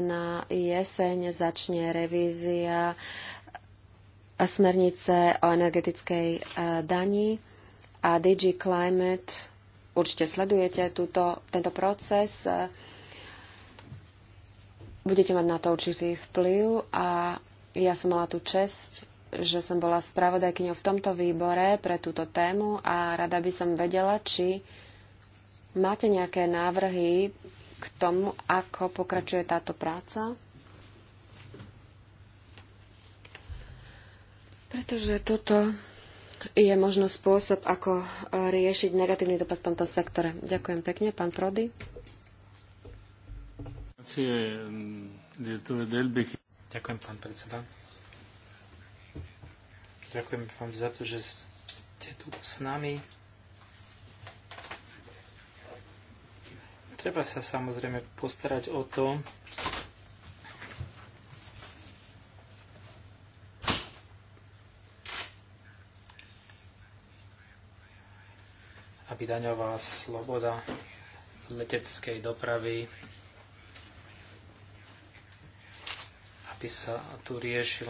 na jeseň začne revízia e, smernice o energetickej e, dani a DG Climate určite sledujete túto, tento proces, budete mať na to určitý vplyv a ja som mala tú čest, že som bola spravodajkyňou v tomto výbore pre túto tému a rada by som vedela, či máte nejaké návrhy k tomu, ako pokračuje táto práca. Pretože toto je možno spôsob, ako e, riešiť negatívny dopad v tomto sektore. Ďakujem pekne, pán Prody. Ďakujem, pán predseda. Ďakujem vám za to, že ste tu s nami. Treba sa samozrejme postarať o to, aby daňová sloboda leteckej dopravy aby sa tu riešil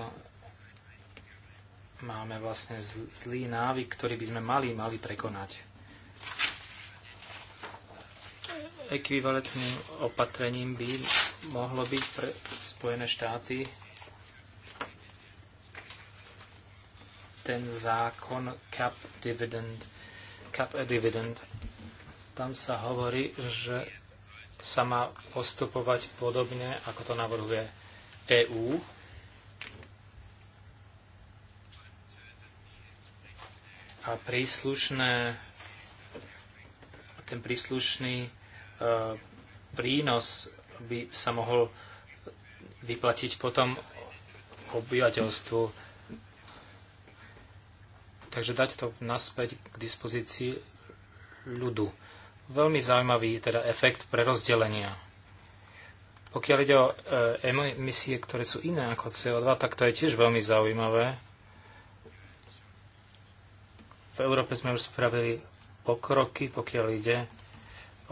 máme vlastne zlý návyk, ktorý by sme mali, mali prekonať. Ekvivalentným opatrením by mohlo byť pre Spojené štáty ten zákon cap dividend cap a dividend. Tam sa hovorí, že sa má postupovať podobne, ako to navrhuje EÚ. A príslušné, ten príslušný uh, prínos by sa mohol vyplatiť potom obyvateľstvu Takže dať to naspäť k dispozícii ľudu. Veľmi zaujímavý teda efekt pre rozdelenia. Pokiaľ ide o e, emisie, ktoré sú iné ako CO2, tak to je tiež veľmi zaujímavé. V Európe sme už spravili pokroky, pokiaľ ide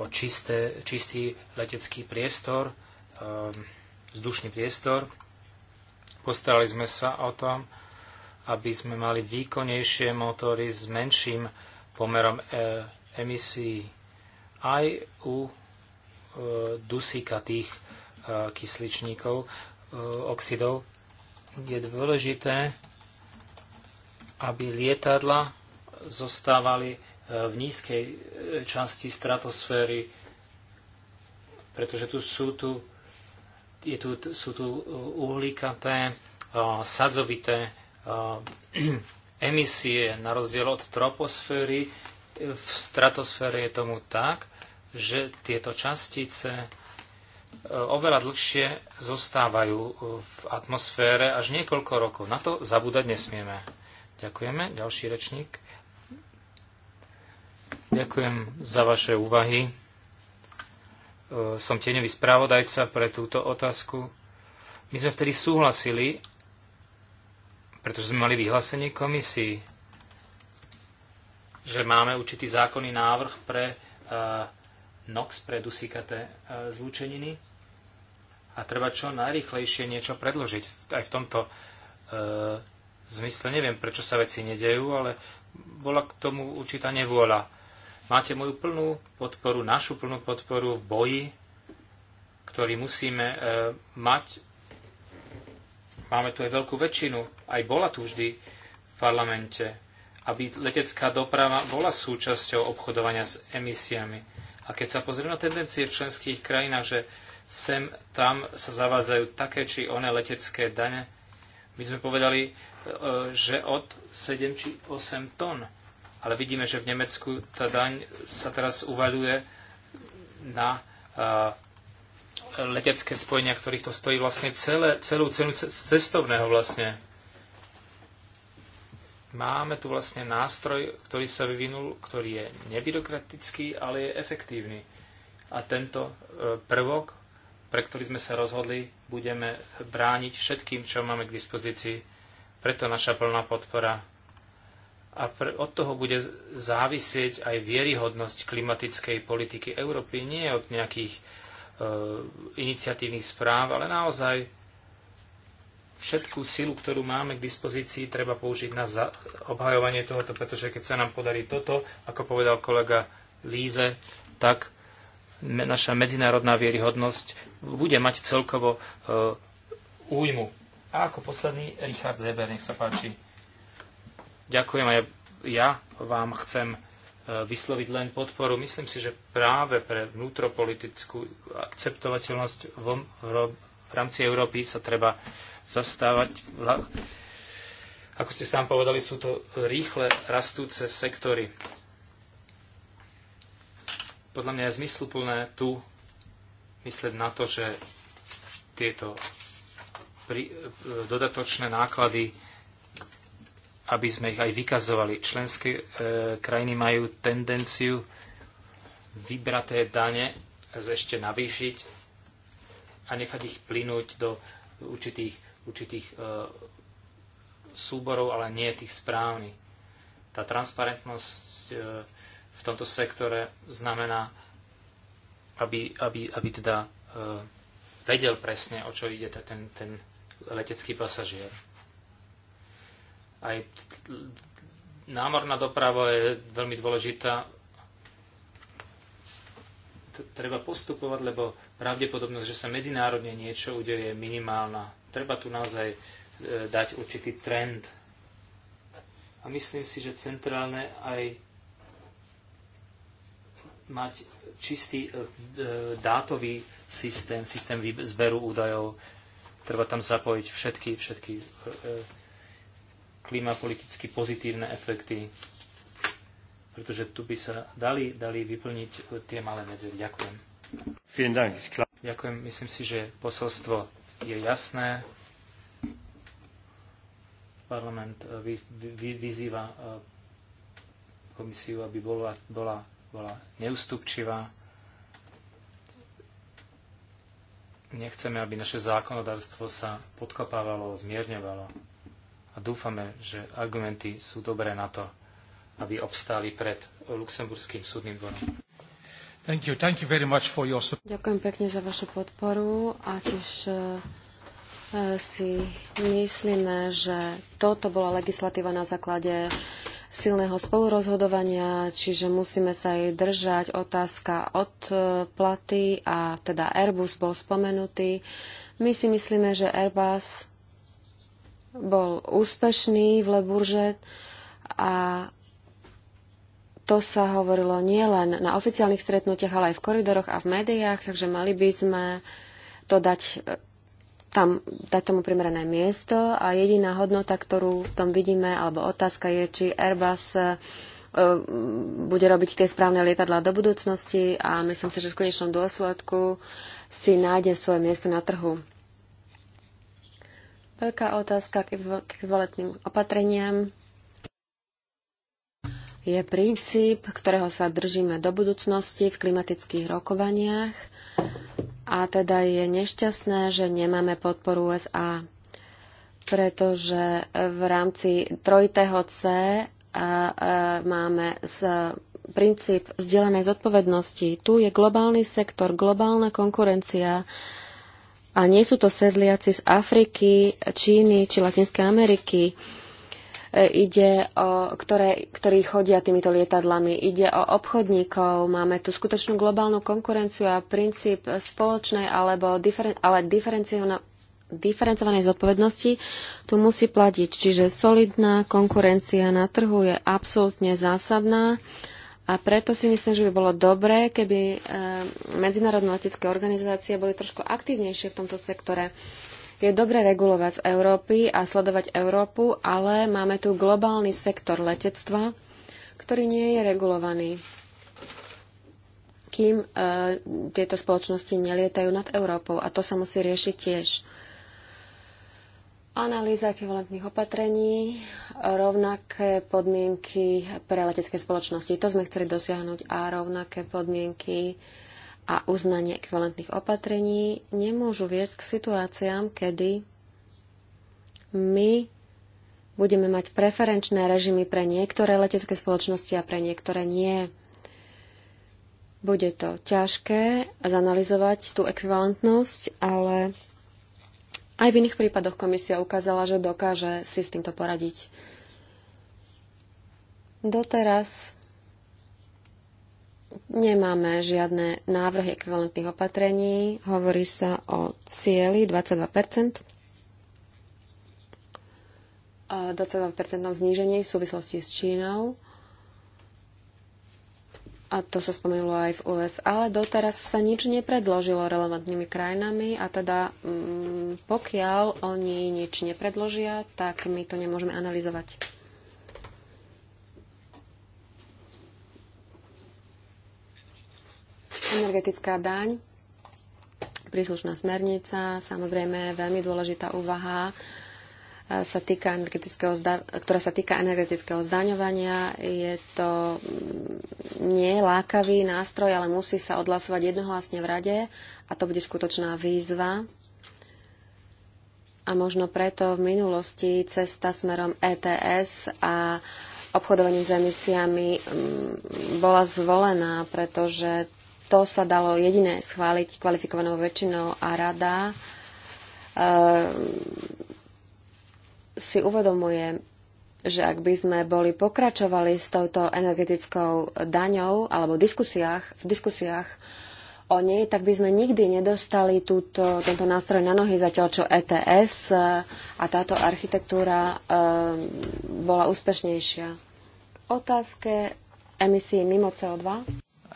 o čisté, čistý letecký priestor, e, vzdušný priestor. Postarali sme sa o tom, aby sme mali výkonnejšie motory s menším pomerom e, emisí aj u e, dusíka tých e, kysličníkov, e, oxidov. Je dôležité, aby lietadla zostávali e, v nízkej e, časti stratosféry, pretože tu sú tu, je tu, sú tu e, uhlíkaté, sadzovité Eh, emisie na rozdiel od troposféry. V stratosfére je tomu tak, že tieto častice eh, oveľa dlhšie zostávajú v atmosfére až niekoľko rokov. Na to zabúdať nesmieme. Ďakujeme. Ďalší rečník. Ďakujem za vaše úvahy. Eh, som tenevý správodajca pre túto otázku. My sme vtedy súhlasili pretože sme mali vyhlásenie komisii, že máme určitý zákonný návrh pre uh, NOx, pre dusíkaté uh, eh, zlúčeniny a treba čo najrychlejšie niečo predložiť. Aj v tomto uh, zmysle neviem, prečo sa veci nedejú, ale bola k tomu určitá nevôľa. Máte moju plnú podporu, našu plnú podporu v boji, ktorý musíme e, mať Máme tu aj veľkú väčšinu, aj bola tu vždy v parlamente, aby letecká doprava bola súčasťou obchodovania s emisiami. A keď sa pozrieme na tendencie v členských krajinách, že sem tam sa zavádzajú také či oné letecké dane, my sme povedali, e, že od 7 či 8 tón. Ale vidíme, že v Nemecku tá daň sa teraz uvaľuje na letecké spojenia, ktorých to stojí vlastne celé, celú cenu cestovného vlastne. Máme tu vlastne nástroj, ktorý sa vyvinul, ktorý je nebyrokratický, ale je efektívny. A tento e, prvok, pre ktorý sme sa rozhodli, budeme brániť všetkým, čo máme k dispozícii. Preto naša plná podpora. A pre, od toho bude závisieť aj vieryhodnosť klimatickej politiky Európy, nie od nejakých Eh, iniciatívnych správ, ale naozaj všetkú silu, ktorú máme k dispozícii, treba použiť na obhajovanie tohoto, pretože keď sa nám podarí toto, ako povedal kolega Líze, tak naša medzinárodná vieryhodnosť bude mať celkovo eh, újmu. A ako posledný, Richard Zeber, nech sa páči. Ďakujem aj ja vám chcem E, vysloviť len podporu. Myslím si, že práve pre vnútropolitickú akceptovateľnosť v, v rámci Európy sa treba zastávať. Ako ste sám povedali, sú to rýchle rastúce sektory. Podľa mňa je zmysluplné tu myslieť na to, že tieto e, dodatočné náklady aby sme ich aj vykazovali. Členské e, krajiny majú tendenciu vybraté dane ešte navýšiť a nechať ich plynúť do určitých, určitých e, súborov, ale nie tých správnych. Tá transparentnosť e, v tomto sektore znamená, aby, aby, aby teda e, vedel presne, o čo ide ten, ten letecký pasažier. Aj námorná doprava je veľmi dôležitá. Treba postupovať, lebo pravdepodobnosť, že sa medzinárodne niečo udeje, je minimálna. Treba tu naozaj e, dať určitý trend. A myslím si, že centrálne aj mať čistý e, e, dátový systém, systém zberu údajov. Treba tam zapojiť všetky, všetky klimapoliticky pozitívne efekty, pretože tu by sa dali, dali vyplniť eh, tie malé medzery. Ďakujem. Ďakujem. Myslím si, že posolstvo je jasné. Parlament eh, vy, vy, vyzýva eh, komisiu, aby bola, bola, bola neustupčivá. Nechceme, aby naše zákonodárstvo sa podkopávalo, zmierňovalo a dúfame, že argumenty sú dobré na to, aby obstáli pred Luxemburským súdnym dvorom. Thank you. Thank you very much for your... Ďakujem pekne za vašu podporu a tiež eh, eh, si myslíme, že toto bola legislatíva na základe silného spolurozhodovania, čiže musíme sa jej držať. Otázka od platy a teda Airbus bol spomenutý. My si myslíme, že Airbus bol úspešný v Bourget a to sa hovorilo nielen na oficiálnych stretnutiach, ale aj v koridoroch a v médiách, takže mali by sme to dať e, tam dať tomu primerané miesto a jediná hodnota, ktorú v tom vidíme, alebo otázka je, či Airbus e, bude robiť tie správne lietadlá do budúcnosti a myslím si, že v konečnom dôsledku si nájde svoje miesto na trhu. Veľká otázka k kvalitným opatreniam je princíp, ktorého sa držíme do budúcnosti v klimatických rokovaniach a teda je nešťastné, že nemáme podporu USA, pretože v rámci trojitého C máme s princíp vzdelanej zodpovednosti. Tu je globálny sektor, globálna konkurencia a nie sú to sedliaci z Afriky, Číny či Latinskej Ameriky, e, ide o, ktoré, ktorí chodia týmito lietadlami. Ide o obchodníkov, máme tu skutočnú globálnu konkurenciu a princíp spoločnej alebo diferen, ale diferencovanej zodpovednosti tu musí platiť. Čiže solidná konkurencia na trhu je absolútne zásadná a preto si myslím, že by bolo dobré, keby e, medzinárodné letecké organizácie boli trošku aktívnejšie v tomto sektore. Je dobré regulovať z Európy a sledovať Európu, ale máme tu globálny sektor letectva, ktorý nie je regulovaný, kým e, tieto spoločnosti nelietajú nad Európou. A to sa musí riešiť tiež. Analýza ekvivalentných opatrení, rovnaké podmienky pre letecké spoločnosti. To sme chceli dosiahnuť a rovnaké podmienky a uznanie ekvivalentných opatrení nemôžu viesť k situáciám, kedy my budeme mať preferenčné režimy pre niektoré letecké spoločnosti a pre niektoré nie. Bude to ťažké zanalizovať tú ekvivalentnosť, ale aj v iných prípadoch komisia ukázala, že dokáže si s týmto poradiť. Doteraz nemáme žiadne návrhy ekvivalentných opatrení. Hovorí sa o cieli 22%. 22% znížení v súvislosti s Čínou a to sa spomenulo aj v US, ale doteraz sa nič nepredložilo relevantnými krajinami a teda mm, pokiaľ oni nič nepredložia, tak my to nemôžeme analyzovať. Energetická daň, príslušná smernica, samozrejme veľmi dôležitá úvaha sa týka energetického zda- ktorá sa týka energetického zdaňovania. Je to mm, nie lákavý nástroj, ale musí sa odhlasovať jednohlasne v rade a to bude skutočná výzva. A možno preto v minulosti cesta smerom ETS a obchodovaním s emisiami mm, bola zvolená, pretože to sa dalo jediné schváliť kvalifikovanou väčšinou a rada si uvedomujem, že ak by sme boli pokračovali s touto energetickou daňou alebo diskusiách, v diskusiách o nej, tak by sme nikdy nedostali túto, tento nástroj na nohy, zatiaľ čo ETS e, a táto architektúra e, bola úspešnejšia. K otázke emisie mimo CO2.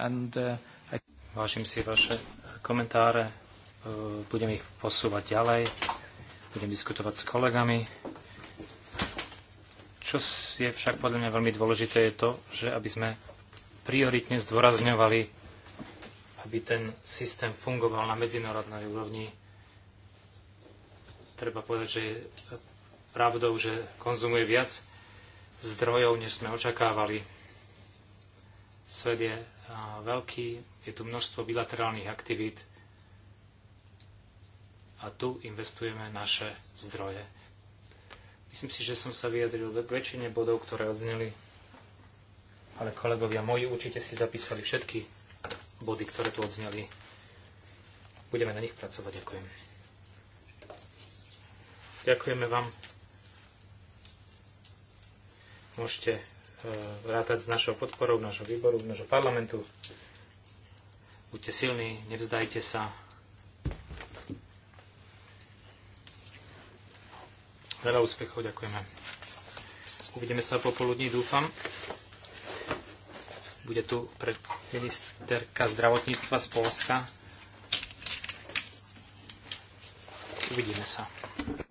And, uh, I... Vážim si vaše komentáre, e, budem ich posúvať ďalej, budem diskutovať s kolegami čo je však podľa mňa veľmi dôležité je to, že aby sme prioritne zdôrazňovali, aby ten systém fungoval na medzinárodnej úrovni. Treba povedať, že je pravdou, že konzumuje viac zdrojov, než sme očakávali. Svet je veľký, je tu množstvo bilaterálnych aktivít a tu investujeme naše zdroje. Myslím si, že som sa vyjadril k väčšine bodov, ktoré odzneli. Ale kolegovia moji určite si zapísali všetky body, ktoré tu odzneli. Budeme na nich pracovať. Ďakujem. Ďakujeme vám. Môžete e, rátať s našou podporou, nášho výboru, nášho parlamentu. Buďte silní, nevzdajte sa. Veľa úspechov, ďakujeme. Uvidíme sa popoludní, dúfam. Bude tu pred ministerka zdravotníctva z Polska. Uvidíme sa.